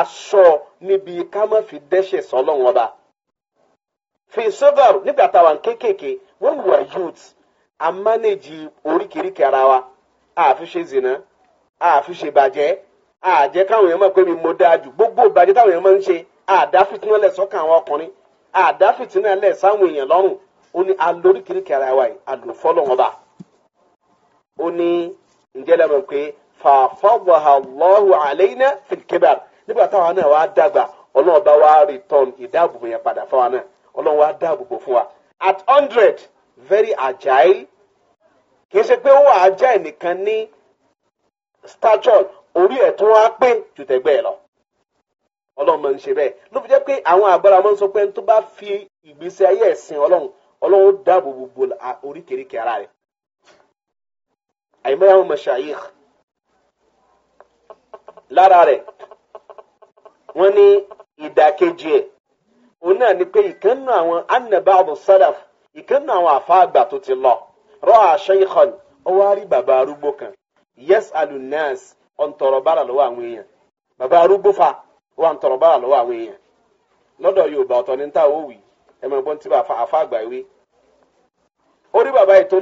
aṣọ níbi ká fi dẹ́ṣẹ̀ fi sọ́gàr nígbà táwọn kéékèèké when we were youths a oríkèéríkèé ara wa a fi se zina a fi se bàjẹ́ a je káwọn èèyàn mọ̀ pé mo dáa jù gbogbo ìbàjẹ́ táwọn èèyàn máa ń ṣe a fìtínà lẹ̀ sọ́kàn àwọn ọkùnrin a fìtínà lẹ̀ sáwọn èèyàn lọ́rùn ó ní alóríkèéríkèé ara wa bá ó ní ǹjẹ́ pé alayna náà wá dàgbà ọlọ́ọ̀bá wa rìtọ́n ìdáàbòbò yẹn padà fáwọn náà. ọlọ́run wa dáàbò bò fún wa at hundred very agile kì í ṣe pé ó wà agile nìkan ní stature orí ẹ̀ tó wá pé ju tẹ̀gbẹ́ ẹ̀ lọ ọlọ́run máa ń ṣe bẹ́ẹ̀ ló fi jẹ́ pé àwọn àgbàrá máa ń sọ pé tó bá fi ìgbésí ayé ẹ̀sìn ọlọ́run ọlọ́run dáàbò bò oríkèéríkèé ara rẹ̀ àìmọ́ àwọn mashayikh lára rẹ̀ wọ́n ní ìdàkejì ẹ̀ òun náà ni pé ìkànnù àwọn sadaf salaf awon àwọn àfáàgbà tó ti lọ rọ shaykhan ó wá rí kan yes alunas ọ̀ǹtọ̀rọ̀ lọ́wọ́ àwọn èèyàn bàbá arúgbó fa wà ọ̀ǹtọ̀rọ̀ lọ́wọ́ àwọn èèyàn lọ́dọ̀ yorùbá ọ̀tọ̀ ní ta òwì ẹ mọ̀ bọ́n ti bá àfáàgbà ìwé ó rí bàbá yìí tó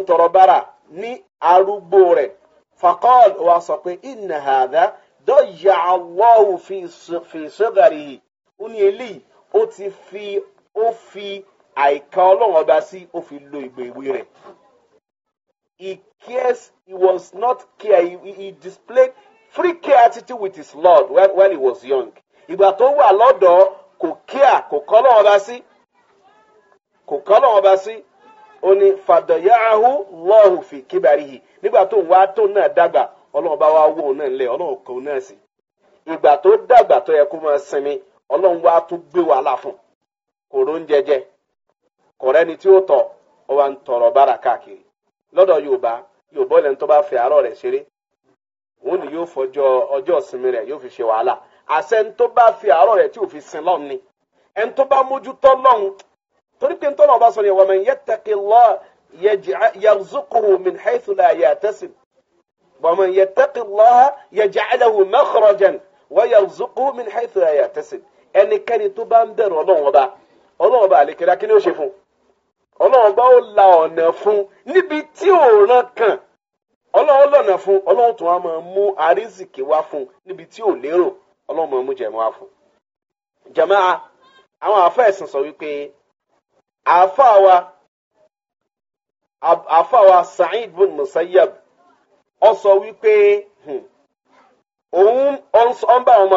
ní arúgbó rẹ̀ fakọ́ọ̀l wa sọ pé ó ti fi ó fi àìka ọlọ́run ọba sí ó fi lo ìgbè ìwé rẹ̀. He cares he was not care he, he displayed free care attitude with his Lord when, when he was young. Ìgbà tó wà lọ́dọ̀ kò care kò kọ́ ọlọ́run ọba sí kò kọ́ ọlọ́run ọba sí ó ní fàdọ̀yàáhù lọ́hùn fi kíbarihi nígbà tó ń wá tó náà dàgbà ọlọ́run bá wá wò ó náà ńlẹ̀ ọlọ́run kò náà sí. Ìgbà tó dàgbà tó yẹ kó máa sinmi ọlọ́run wa tún gbé wàhálà fún kò ró ń jẹjẹ kò rẹ́ni tí ó tọ̀ ọ wa ń tọrọ bára káàkiri lọ́dọ̀ yorùbá yorùbá ọ̀lẹ́ tó bá fẹ́ àárọ̀ rẹ̀ ṣeré òun ni yóò fọjọ́ ọjọ́ ìsinmi rẹ̀ yóò fi ṣe wàhálà àṣẹ ń tó bá fi àárọ̀ rẹ̀ tí ò fi sin lọ́run ni tó bá mójútó lọ́run torí pé ntọ́nà ọba sọ ni wa man yattaqillah yarzuquhu min haythu la yahtasib wa man yattaqillah yaj'alahu makhrajan wa yarzuquhu min haythu la ẹnikẹ́ni tó bá ń bẹ̀rù ọlọ́run ọba ọlọ́run ọba àlekèrè akíní ṣe fún ọlọ́run ọba ó la ọ̀nà fún níbi tí òòràn kàn ọlọ́run lọ̀nà fún ọlọ́run tó wá máa mú àrísìkì wá fún níbi tí ò lérò máa mú jẹ̀mọ́ wá fún. àwọn sọ wípé àáfà wa àáfà wa bin ọ sọ wípé hmm, òun ọ ń bá ọmọ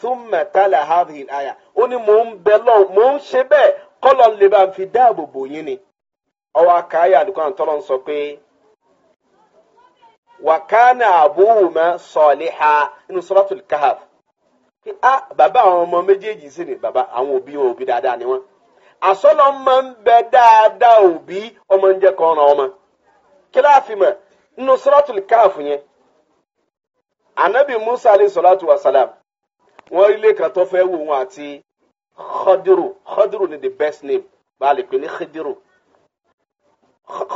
thumma tala hadhihi al-aya ó ní mò ń bẹ lọ mò ń ṣe bẹ́ẹ̀ kọ́lọ̀ lè bá fi dáàbò bò yín ni ọwọ́ akáyà àdúgbò àtọ́lọ́ ń sọ pé wàkánà àbúhùmá sọ̀lìhà nínú suratul kahf ah bàbá àwọn ọmọ méjèèjì sí ni bàbá àwọn òbí wọn òbí dáadáa ni wọn àsọlọ máa ń bẹ dáadáa òbí ọmọ ń jẹ kọ́ ọ̀ràn ọmọ kíláàfin mọ̀ nínú suratul kahf yẹn anabi musa alayhi salatu wọ́n rí lẹ́ẹ̀kan tó fẹ́ wò wọn àti khadiru khadiru ni the best name bá a lè pè ní khadiru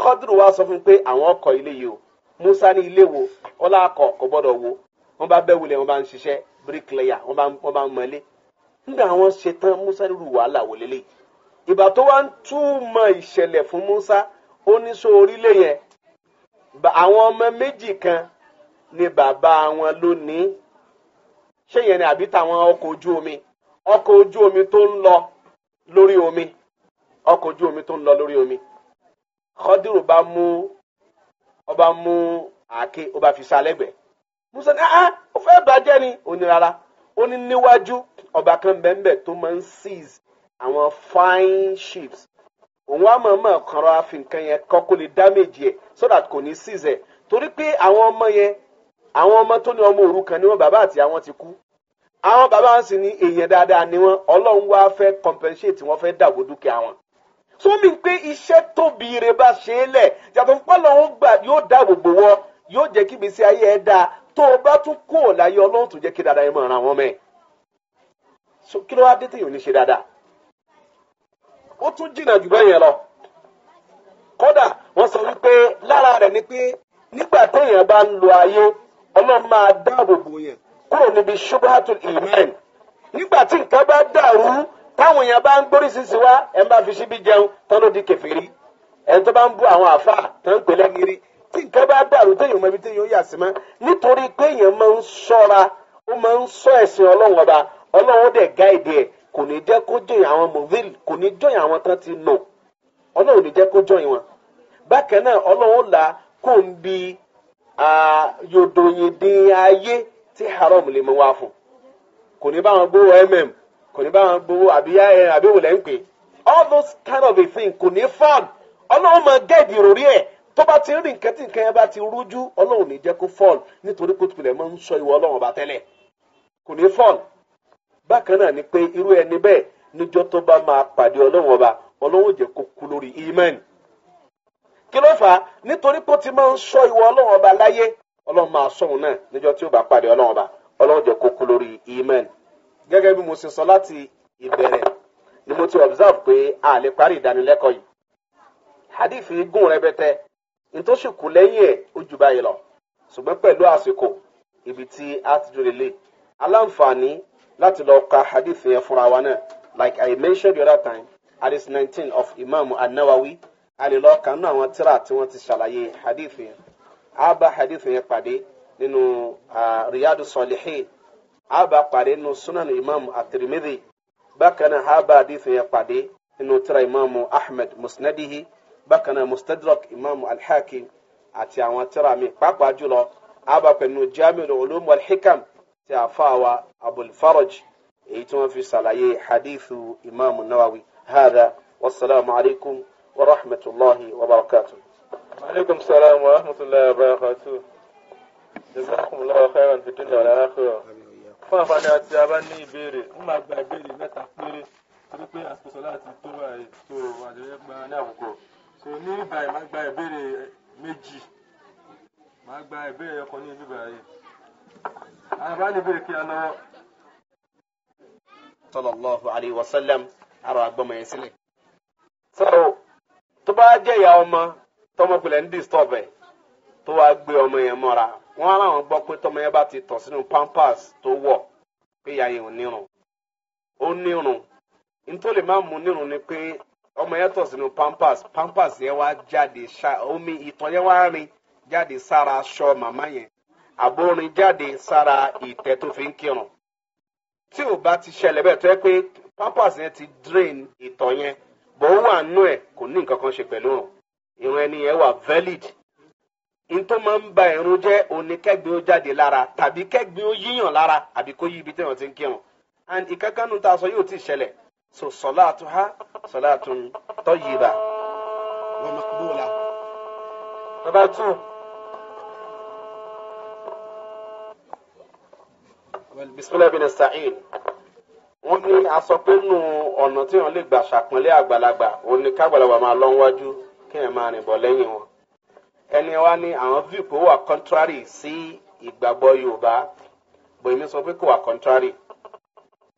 khadiru wa sọ fún mi pé àwọn ọkọ̀ ilé yìí o musa ní ilé wo ọlá akọ kò gbọ́dọ̀ wo wọ́n bá bẹ́ wulẹ̀ wọ́n bá ń ṣiṣẹ́ bricklayer wọ́n bá wọ́n bá ń mọ́lé nígbà àwọn ṣetán musa rírù wàhálà wò lélẹ̀ ìgbà tó wá ń túmọ̀ ìṣẹ̀lẹ̀ fún musa ó ní sọ orílẹ̀ yẹn àwọn ọmọ méjì kan ni bàbá wọn ló ṣé yẹn ni àbí tàwọn ọkọ̀ ojú omi ọkọ̀ ojú omi tó ń lọ lórí omi ọkọ̀ ojú omi tó ń lọ lórí omi kọ́dírù bá mú ọba mú àáké ọba fi sa lẹ́gbẹ̀ẹ́ musa ní ah, ah ó fẹ́ bàjẹ́ ni ó ní rárá ó ní níwájú ọba kan bẹ́ẹ̀ tó máa ń seize àwọn fine ships òun á mọ̀ mọ̀ kàn rọra fi nǹkan yẹn kọ́ kó lè dámèjì ẹ̀ so that kò ní seize ẹ̀ torí pé àwọn ọmọ yẹn àwọn ọmọ tó ní ọmọ òrukàn ni wọn bàbá àti àwọn ti kú àwọn bàbá wọn sì ní èèyàn dáadáa ni wọn ọlọ́run wá fẹ́ compensate wọn fẹ́ dàbò dúkìá wọn tó mi pé iṣẹ́ tóbi rẹ bá ṣe é lẹ̀ yàtọ̀ fún pálọ̀ ń gbà yóò dáàbò bò wọ́ yóò jẹ́ kí gbèsè ayé ẹ dáa tó o bá tún kó o láyé ọlọ́run tó jẹ́ kí dáadáa ẹ mọ̀ ràn wọ́n mẹ́ so kí ló wá dé téèyàn ní ṣe dáadáa ó tún jìnnà jù bẹ́ẹ̀ yẹn lọ kódà wọ́n sọ wípé lára rẹ̀ ni pé nígbà téèyàn bá ń lo ayé ọlọ́run máa dáàbò bò yẹn kúrò níbi ṣubahatul iman nígbà tí nǹkan bá dàrú táwọn èèyàn bá ń gbórí sísè wá ẹ̀ ń bá fi síbi jẹun tán ló di kèfèrí ẹ̀ ń tó bá ń bú àwọn àfa tó ń pè lẹ́gìrì tí nǹkan bá dàrú téèyàn mọ ibi téèyàn yà sí mọ́ nítorí pé èèyàn máa ń ṣọ́ra ó máa ń ṣọ́ ẹ̀sìn ọlọ́run ọba ọlọ́run dẹ̀ gáìdì ẹ̀ kò ní jẹ́ kó jọyìn àwọn mọ̀vìl kò ní jọyìn àwọn tán ti nù ọlọ́run ò ní jẹ́ kó jọyìn wọn bákan náà ọlọ́run ó là kó ń bi yòdò yìndín ayé tí haram lè mú wá fún kò ní bá wọn gbowó mm kò ní bá wọn gbowó àbíyá ẹ àbíwò lẹ́ all those kind of a thing kò ní ọlọ́run máa gẹ́ẹ̀dì ẹ̀ tó bá ti rìn kẹ́tì bá ti rújú ọlọ́run ní jẹ́ kó fall nítorí kó tilẹ̀ máa ń sọ ìwọ ọlọ́run ọba tẹ́lẹ̀ kò ní fall bákan náà ni pé irú ẹni bẹ́ẹ̀ níjọ́ tó bá máa pàdé ọlọ́run ọba ọlọ́run kí ló fà á nítorí pé ó ti máa ń sọ ìwọ ọlọ́run ọba láyé ọlọ́run máa sọ òun náà níjọ tí ó bá pàdé ọlọ́run ọba ọlọ́run jẹ́ kókó lórí imen gẹ́gẹ́ bí mo ṣe sọ láti ìbẹ̀rẹ̀ ni mo ti observe pé a lè parí ìdánilẹ́kọ̀ọ́ yìí hadith yìí gùn rẹpẹtẹ nítòsí kù lẹ́yìn ẹ̀ ó jù báyìí lọ ṣùgbọ́n pẹ̀lú àsìkò ibi tí a ti dúró lè aláǹfààní láti lọ ka hadith yẹn fúnra wa náà like i mentioned the other time hadith nineteen of imam anawawi. An a lè lọ kàn nínú àwọn tíra tí wọ́n ti ṣàlàyé hadith yẹn a bá hadith yẹn pàdé nínú riyadu salihin a bá pàdé nínú sunan imam atirimidi bákan náà a bá hadith yẹn pàdé nínú tíra imam ahmed musnadihi bákan náà mustadrak imam alhakim àti àwọn tíra mi pàápàá jùlọ a bá pẹ̀lú jamiu ulum wal hikam ti àfáàwa abul èyí tí wọ́n fi ṣàlàyé hadithu imam nawawi hada wasalaamu ورحمة الله وبركاته وعليكم السلام ورحمة الله وبركاته جزاكم الله خيرا في الدنيا والآخرة fún àǹfààní àti abá ní ìbéèrè ń máa gba ìbéèrè mẹ́ta péré torí pé àsìkò láti tó báyìí tó àjẹyẹ gba ní àkókò so ní báyìí máa gba ìbéèrè méjì máa gba ìbéèrè ọkọ ní ibi báyìí àbá ní ìbéèrè kí a lọ. sallallahu alayhi wa sallam àrò àgbọmọ yẹn sílẹ̀. sọ́rọ̀ tó bá jẹ́ ìyá ọmọ tọmọpìlẹ̀ ń disturb ẹ̀ tó wá gbé ọmọ yẹn mọ́ra wọ́n á láwọn gbọ́ pé tọmọ yẹn bá ti tọ̀ sínú pampers tó wọ̀ pé ìyá yẹn ò nírun ó nírun nítorí lè má mú nírun ni pé ọmọ yẹn tọ̀ sínú pampers pampers yẹn wá jáde omi ìtọ̀ yẹn wá rin jáde sára aṣọ màmá yẹn àbórin jáde sára ìtẹ́ tó fi ń kírun tí ò bá ti ṣẹlẹ̀ bẹ́ẹ̀ tó yẹ pé pampers yẹn ti drain ìtọ̀ yẹn bọ́ ó wà nú ẹ̀ kò ní nǹkan kan ṣe pẹ̀lú ọ̀ ìrun ẹni yẹn wà valid n tó máa ń ba ni jẹ́ òní kẹ́gbin ó jáde lára tàbí kẹ́gbin ó yíyàn lára àbí kó yí ibi tí wọ́n ti ń kírun and ìkánkánú tá a sọ yóò ti ṣẹlẹ̀ so sọláàtú ha sọláàtú tọ́yìíba wọn máa kúrò la. bàbá tún. bisimilahi bin wọ́n ní aṣọ pé nù ọ̀nà tí wọ́n lè gbà ṣàpọ́nlé àgbàlagbà òun ni kágbàlagbà máa lọ́ wájú kí ẹ̀ máa rìn bọ̀ lẹ́yìn wọn. ẹni wa ní àwọn view kò wà contrary sí ìgbàgbọ́ yorùbá bòyìnbí sọ pé kò wà contrary.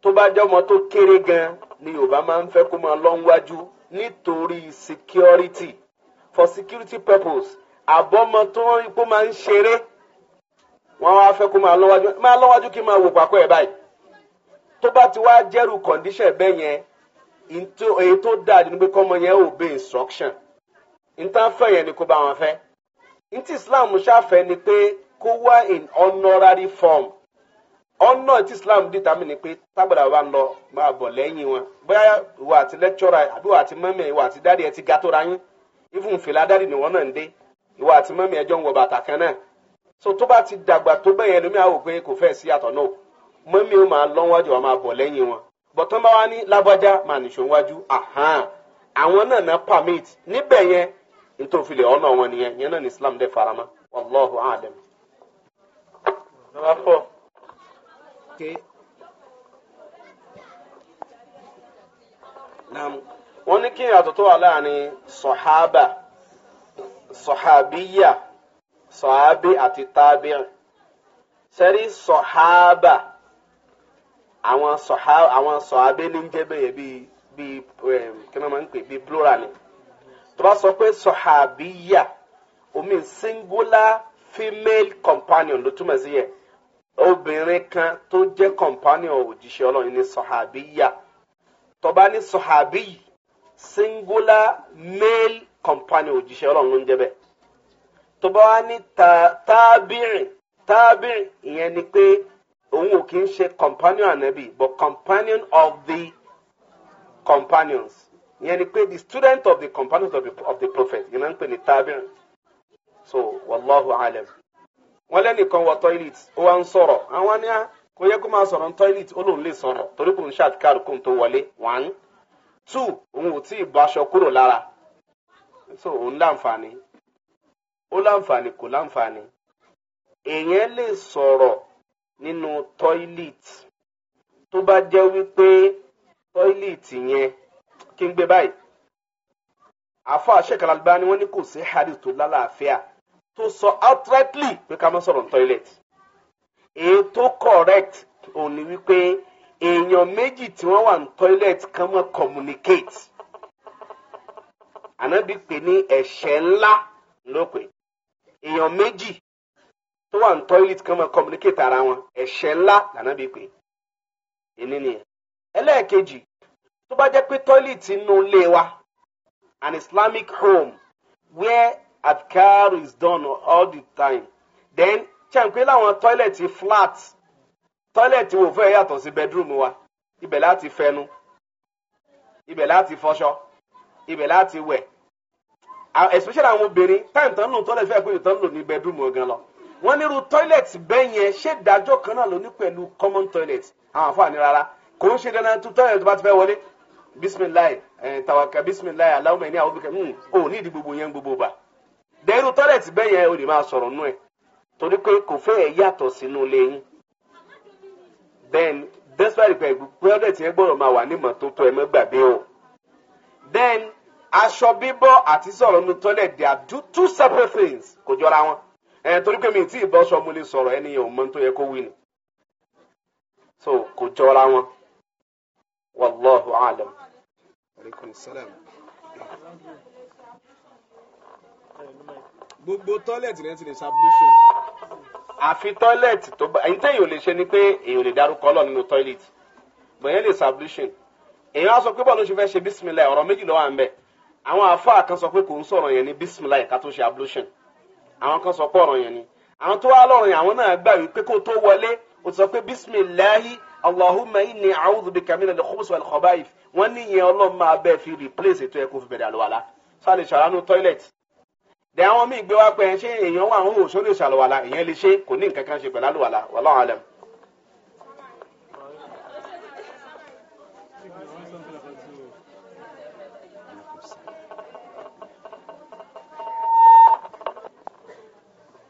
tó bá jẹ́ ọmọ tó kéré gan ni yorùbá máa ń fẹ́ kó máa lọ́ wájú nítorí security for security purpose àbọ̀mọ tó ń rí pé máa ń ṣeré wọ́n wá fẹ́ kó máa lọ́wájú máa lọ́wájú kí máa wò pàkó ẹ̀ báyìí tó bá ti wá jẹ́rù condition bẹ́ẹ̀ yẹn èyí tó dáa ni pé kọ́mọ yẹn ò bẹ instruction nǹkan fẹ́ yẹn ni kó bá wọn fẹ́ ntí Islam ṣàfẹ́ ni pé kó wá in honorary form ọ̀nà tí Islam dìtàmì ni pé tágbàdà wa ń lọ máa bọ̀ lẹ́yìn wọn bóyá ìwà àti lecturer àbí ìwà àti mọ́mì ìwà àti dáàdì ẹ ti ga tó ra yín even fìlà dáàdì ni wọ́n náà ń dé ìwà àti mọ́mì ẹjọ́ ń wọ bàtà kan náà so tó bá ti dàgbà tó bẹ́yẹn lómi àwọn òpin kò fẹ́ sí àtọ̀ náà mọ́mí o máa lọ wájú wa máa bọ̀ wọn bọ̀tán bá ní lábọ́já máa nìṣó wájú àwọn náà na permit níbẹ̀ yẹn nítorí ọ̀nà wọn nìyẹn yẹn náà ní Islam dẹ̀ farama wallahu alam. wọ́n ní kí ìyàtọ̀ wà láàrin sọ̀hábà sọ̀hábíyà sọ̀hábí àti tábìrì sẹ́rí sọ̀hábà. àwọn sọ̀há àwọn sọ̀hábé ní jẹ́ bẹ́yẹ bíi bíi kí ni wọ́n máa ń pè bíi plural ni tó bá sọ pé sọ̀hábíyà omi singular female companion ló túmọ̀ sí yẹ obìnrin kan tó jẹ́ companion òjíṣẹ́ ọlọ́run ní sọ̀hábíyà tó bá ní sọ̀hábí singular male companion òjíṣẹ́ ọlọ́run ló ń jẹ́ bẹ́ẹ̀ tó bá wá ní tábìrì tábìrì ìyẹn ni pé òun ò kí ń ṣe companion anabi but companion of the companions yẹn ni pé the student of the companions of the, of the prophet yẹn náà ń pè ní tabirin so wàlláhu alam wọn lẹ́nìkan wọ toilet ó wá ń sọ̀rọ̀ àwọn ni a ah, kò yẹ kó máa sọ̀rọ̀ ní toilet ó lòun lè sọ̀rọ̀ torí kò ń ṣàtìkárù kó ń tó wọlé one two òun ò tí ì bọ aṣọ kúrò lára so òun láǹfààní ó láǹfààní kò láǹfààní èèyàn lè sọ̀rọ̀ nínú toilet tó bá jẹ́ wípé toilet yẹn kí n gbé báyìí àfọ àṣekàlà bá ní wọ́n ní kò sí hadith tó lálàáfíà tó sọ outrightly pé ká má sọ̀rọ̀ ní toilet èyí tó correct òun ni wípé èèyàn méjì tí wọ́n wà ní toilet kan mọ́ communicate ànábì pè ní ẹ̀ṣẹ̀ ńlá ló èèyàn méjì tó wà ní tọ́ílẹ̀tì kan máa communicate ara wọn ẹ̀ṣẹ̀ ńlá lànà bí pé èní nìyẹn. ẹlẹ́ẹ̀kejì tó bá jẹ́ pé tọ́ílẹ̀tì inú ilé wa an Islamic home where adkar is done all the time then ṣàǹpé láwọn tọ́ílẹ̀tì flat tọ́ílẹ̀tì wò fẹ́ yàtọ̀ sí bedroom wa ibẹ̀ láti fẹnu ibẹ̀ láti fọṣọ ibẹ̀ láti wẹ̀ especially àwọn obìnrin táyì tán ń lò tọ́lẹ̀ fẹ́ pé ìtàn ń lò ní bedroom gan lọ wọ́n nírú tọ́ílẹ̀tì bẹ́ẹ̀ yẹn ṣé ìdájọ́ kan náà ló ní pẹ̀lú common toilet àwọn àfọwọ́ ní rárá kò ń ṣe dandan tó tọ́ílẹ̀tì bá ti fẹ́ wọlé bisimilayi ẹ̀ tàwákà bisimilayi aláwọ̀ ẹ̀ ní àwọn bíkẹ́ hmm, ò ní ìdí gbogbo yẹn gbogbo bà dẹ́rù tọ́ílẹ̀tì bẹ́ẹ̀ yẹn o lè máa sọ̀rọ̀ nú ẹ̀ torí pé kò fẹ́ ẹ̀ yàtọ̀ sínú ilé yín then despite pé tọ́ílẹ̀tì yẹn gbọ́dọ̀ máa wà ní mọ́tótó ẹ̀ mọ́ gbàgbé o then aṣọ bíbọ́ àti sọ̀rọ̀ nú tọ́ílẹ̀tì they are two separate things kò jọra wọn ẹ eh, torí pé mi tí ìbọn sọ mo lè sọ̀rọ̀ ẹni yẹn ò mọ tó yẹ kó wí ni so kò jọra wọn wàlláhu alam. gbogbo tọ́lẹ̀tì rẹ ti lè submission. àfi tọ́lẹ̀tì tó bá èyí tẹ́yìn ò lè ṣe ni pé èyàn lè darúkọ lọ nínú tọ́lẹ̀tì bẹ̀yẹn lè submission èyàn á sọ pé bọ́ọ̀lù ṣe fẹ́ ṣe bisimilayi ọ̀rọ̀ méjì ló wà ń bẹ̀ àwọn àfáà kan pé kò ń sọ̀rọ̀ yẹn ní bisimilayi ká tó ṣe ablution àwọn kan sọ pé ọ̀rọ̀ yẹn ni àwọn tó wá lọ́rùn yẹn àwọn náà gbà wípé kó tó wọlé ó ti sọ pé bisimilahi allahumma inni a'udhu bika min al-khubus wal khaba'if wọ́n ní ìyẹn ọlọ́run máa bẹ́ẹ̀ fi replace ètò ẹ̀kọ́ fi bẹ̀rẹ̀ àlùwàlá sáré ṣàlánú toilet dẹ̀ àwọn míì gbé wá pé ṣé èèyàn wà ń hò sórí ìṣàlùwàlá ìyẹn lè ṣe kò ní nǹkan kan ṣe pẹ̀lú àlùwàlá wallahu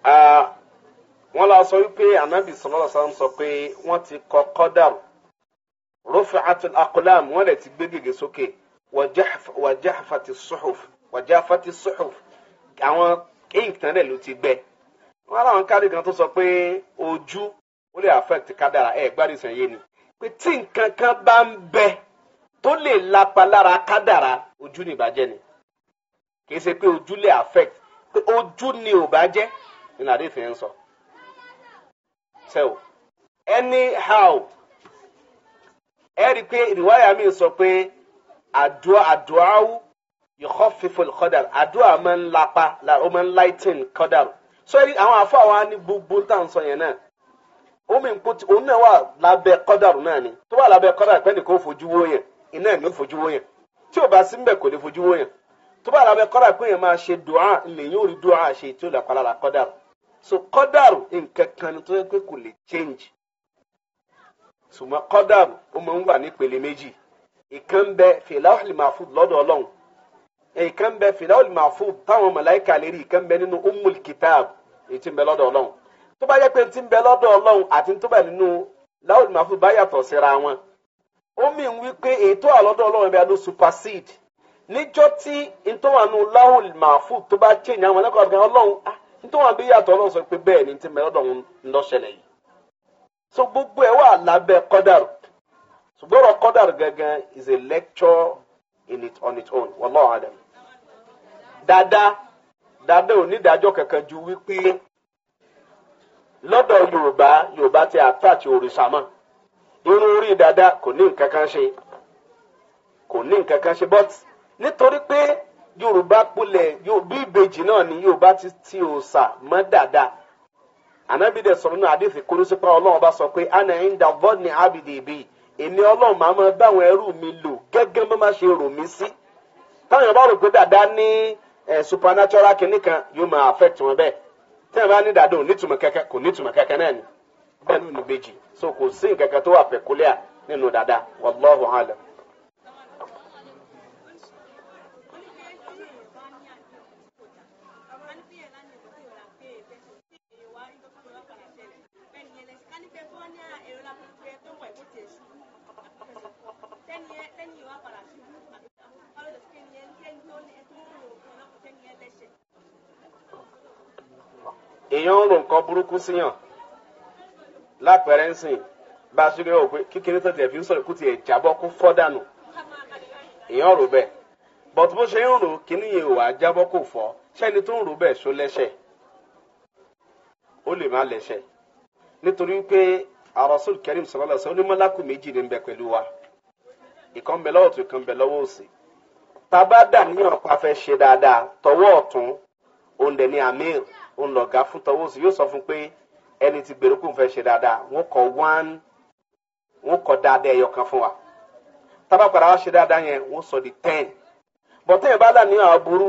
wọ́n la sọ wípé anabi sọlọ́lá sàn sọ pé wọ́n ti kọ kọ́dàrú rufi'atul aqlam wọ́n lè ti gbé gègé sókè wàjáfàtì suhuf wàjáfàtì suhuf àwọn ink tán lè ló ti gbẹ wọ́n láwọn káàdì kan tó sọ pé ojú ó lè affect kádàrà ẹ̀ gbádùn sàn yé ni pé tí nǹkan kan bá ń bẹ tó lè lapa lára kádàrà ojú ni ìbàjẹ́ ni kì í ṣe pé ojú lè affect pé ojú ni ò bá jẹ́ nínú àdéhùn yẹn ń sọ. so anyhow ẹ rí i pé ìrìwáyà mi sọ pé àdúrà àdúrà áwù yìí fífò kọ́dàrú àdúrà máa ń lapa ó máa ń lighten kọ́dàrú sọ́yìn àwọn afọ àwọn á ní gbogbo tá à ń sọ yẹn náà omi nkpoti òun náà wà lábẹ́ kọ́dàrú náà ni tó wà lábẹ́ kọ́dàrú pẹ́ẹ́nì kò fojú wó yẹn iná ẹ̀ ló fojú wó yẹn tí ò bá sí mbẹ̀ kò lè fojú wó yẹn tó bá lábẹ́ kọ́dàrú pé máa ṣe dùá lèyìn ò rí dùá ṣe tí ò lè kọ́dàrú so kọ́dàrú nǹkan tó yẹ pé kò lè change ṣùgbọ́n kọ́dàrú ó máa ń wà nípele méjì ìkan bẹ fìlàhùlì màfú lọ́dọ̀ ọlọ́run ìkan bẹ fìlàhùlì táwọn màláíkà lérí ìkan bẹ nínú umul kitab èyí ń bẹ lọ́dọ̀ ọlọ́run ti ń bẹ lọ́dọ̀ àti tó nínú bá yàtọ̀ síra wọn ó mì ń wí pé supersede nítorí wọn yàtọ̀ ọlọ́run sọ pé bẹ́ẹ̀ ni ti mẹ́rọ́dọ̀ ń lọ́ṣẹlẹ̀ yìí so gbogbo ẹ̀ wà lábẹ́ kọ́dàrú ṣùgbọ́n gangan is a lecture in it on its own wallahu alam dáadáa dada kankan ju wípé lọ́dọ̀ yorùbá yorùbá ti àtàtì òrìṣà mọ́ orí kò ní nǹkan kan ṣe kò ní nǹkan kan yorùbá pilẹ̀ bí ìbejì náà ni yorùbá ti ti òòsà mọ́ dáadáa ànábì dẹ̀ sọ̀rọ̀ náà Adéfì, kúrúsí pa ọlọ́run bá sọ pé àná ń da bọ́ọ̀dù ní abidi ìbí èmi ọlọ́run máa ma bá àwọn ẹrú mi lò gẹ́gẹ́ bí máa ṣe rò mí sí táwọn ọba rò pé dáadáa ní kan yóò máa affect wọn bá ní kò náà ni bẹ́ẹ̀ ìbejì so kò sí èèyàn ń ro nǹkan burúkú síyàn lápẹẹrẹ ń sìn bá a ṣúgbẹ́ òpin kékeré tó tiẹ̀ fi ń sọ̀rọ̀ kó tiẹ̀ jábọ́ kó fọ́ dànù èèyàn rò bẹ́ẹ̀ bọ̀tú bó ṣe ń rò kíní yẹn ò wá jábọ́ kó fọ́ ṣẹ́ni tó ń rò bẹ́ẹ̀ ṣó lẹ́ṣẹ̀ ó lè má lẹ́ṣẹ̀ nítorí pé arasul karim sọlọ́lá sọ onímọ̀lákù méjì ní ń bẹ pẹ̀lú wa ìkan ń bẹ lọ́wọ́ tó ìkan ń bẹ lọ́wọ́ òsì tá a bá dà níyàn pa fẹ́ ṣe dáadáa tọwọ́ ọ̀tún òǹdẹ̀ ní amir òun lọ̀gá fún tọwọ́ sí yóò sọ fún pé ẹni tí gbèrò kò fẹ́ ṣe dáadáa wọ́n kọ one wọ́n kọ dáadáa ẹyọ kan fún wa tábà padà wá ṣe dáadáa yẹn wọ́n sọ di ten bọ́tẹ́ ìbá là ní àbúrú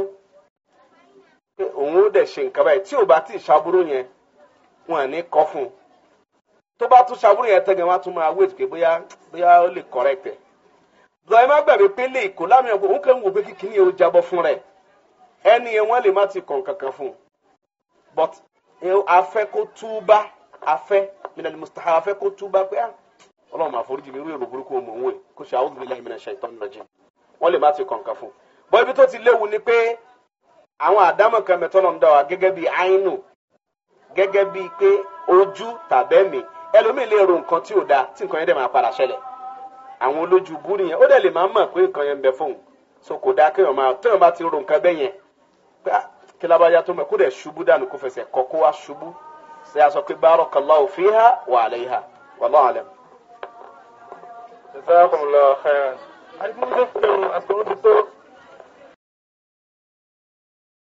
pé òun ó dẹ̀ ṣe nǹkan báyìí tí ò bá tí ì ṣàbúrú yẹn wọn à ní kọ́ fún un tó bá tún ṣàbúrú yẹn tẹ́gẹ̀ wọ́n á tún máa wéètì pé bóyá bóyá ó lè correct ẹ̀ ẹ má gbàgbé pé lè kó lámì ọ̀gbọ́n òun kàn ń wò pé kíkiní yẹn ó jábọ́ fún rẹ̀ ẹni yẹn wọ́n lè má ti kàn kankan fún un but eh, afẹ́ kó túbá afẹ́ minal mustahab afẹ́ kó túbá pé ah, ọlọ́run máa foríjì mi irú èrò burúkú ọmọ òun ẹ̀ kó ṣe a'udhu billahi minash shaitanir rajim wọ́n lè má ti kọ̀ǹkà fún un bọ́ ibi tó ti léwu ni pé àwọn àdámọ̀ kan mẹ́tọ́ náà ń dá wa gẹ́gẹ́ bí àínú gẹ́gẹ́ bí pé ojú tàbẹ́mì ẹlòmíì lè ro nǹkan tí ò da tí nǹkan yẹn dẹ̀ máa padà ṣẹlẹ̀ àwọn olójú búrú yẹn ó dẹ̀ lè máa mọ̀ pé nǹkan yẹn ń bẹ fóun so kò dáa kéèyàn máa tóyàn bá ti ro nǹkan bẹ́ẹ̀ yẹn kílábáyá tó mọ̀ kó dẹ̀ ṣubú dànù kó fẹsẹ̀ kọ́ kó wá ṣubú ṣe a sọ pé barakallahu fiha wa alayha wallahu alam. jazakumullahu khairan. àdìmúdé fẹ́ràn àtúntò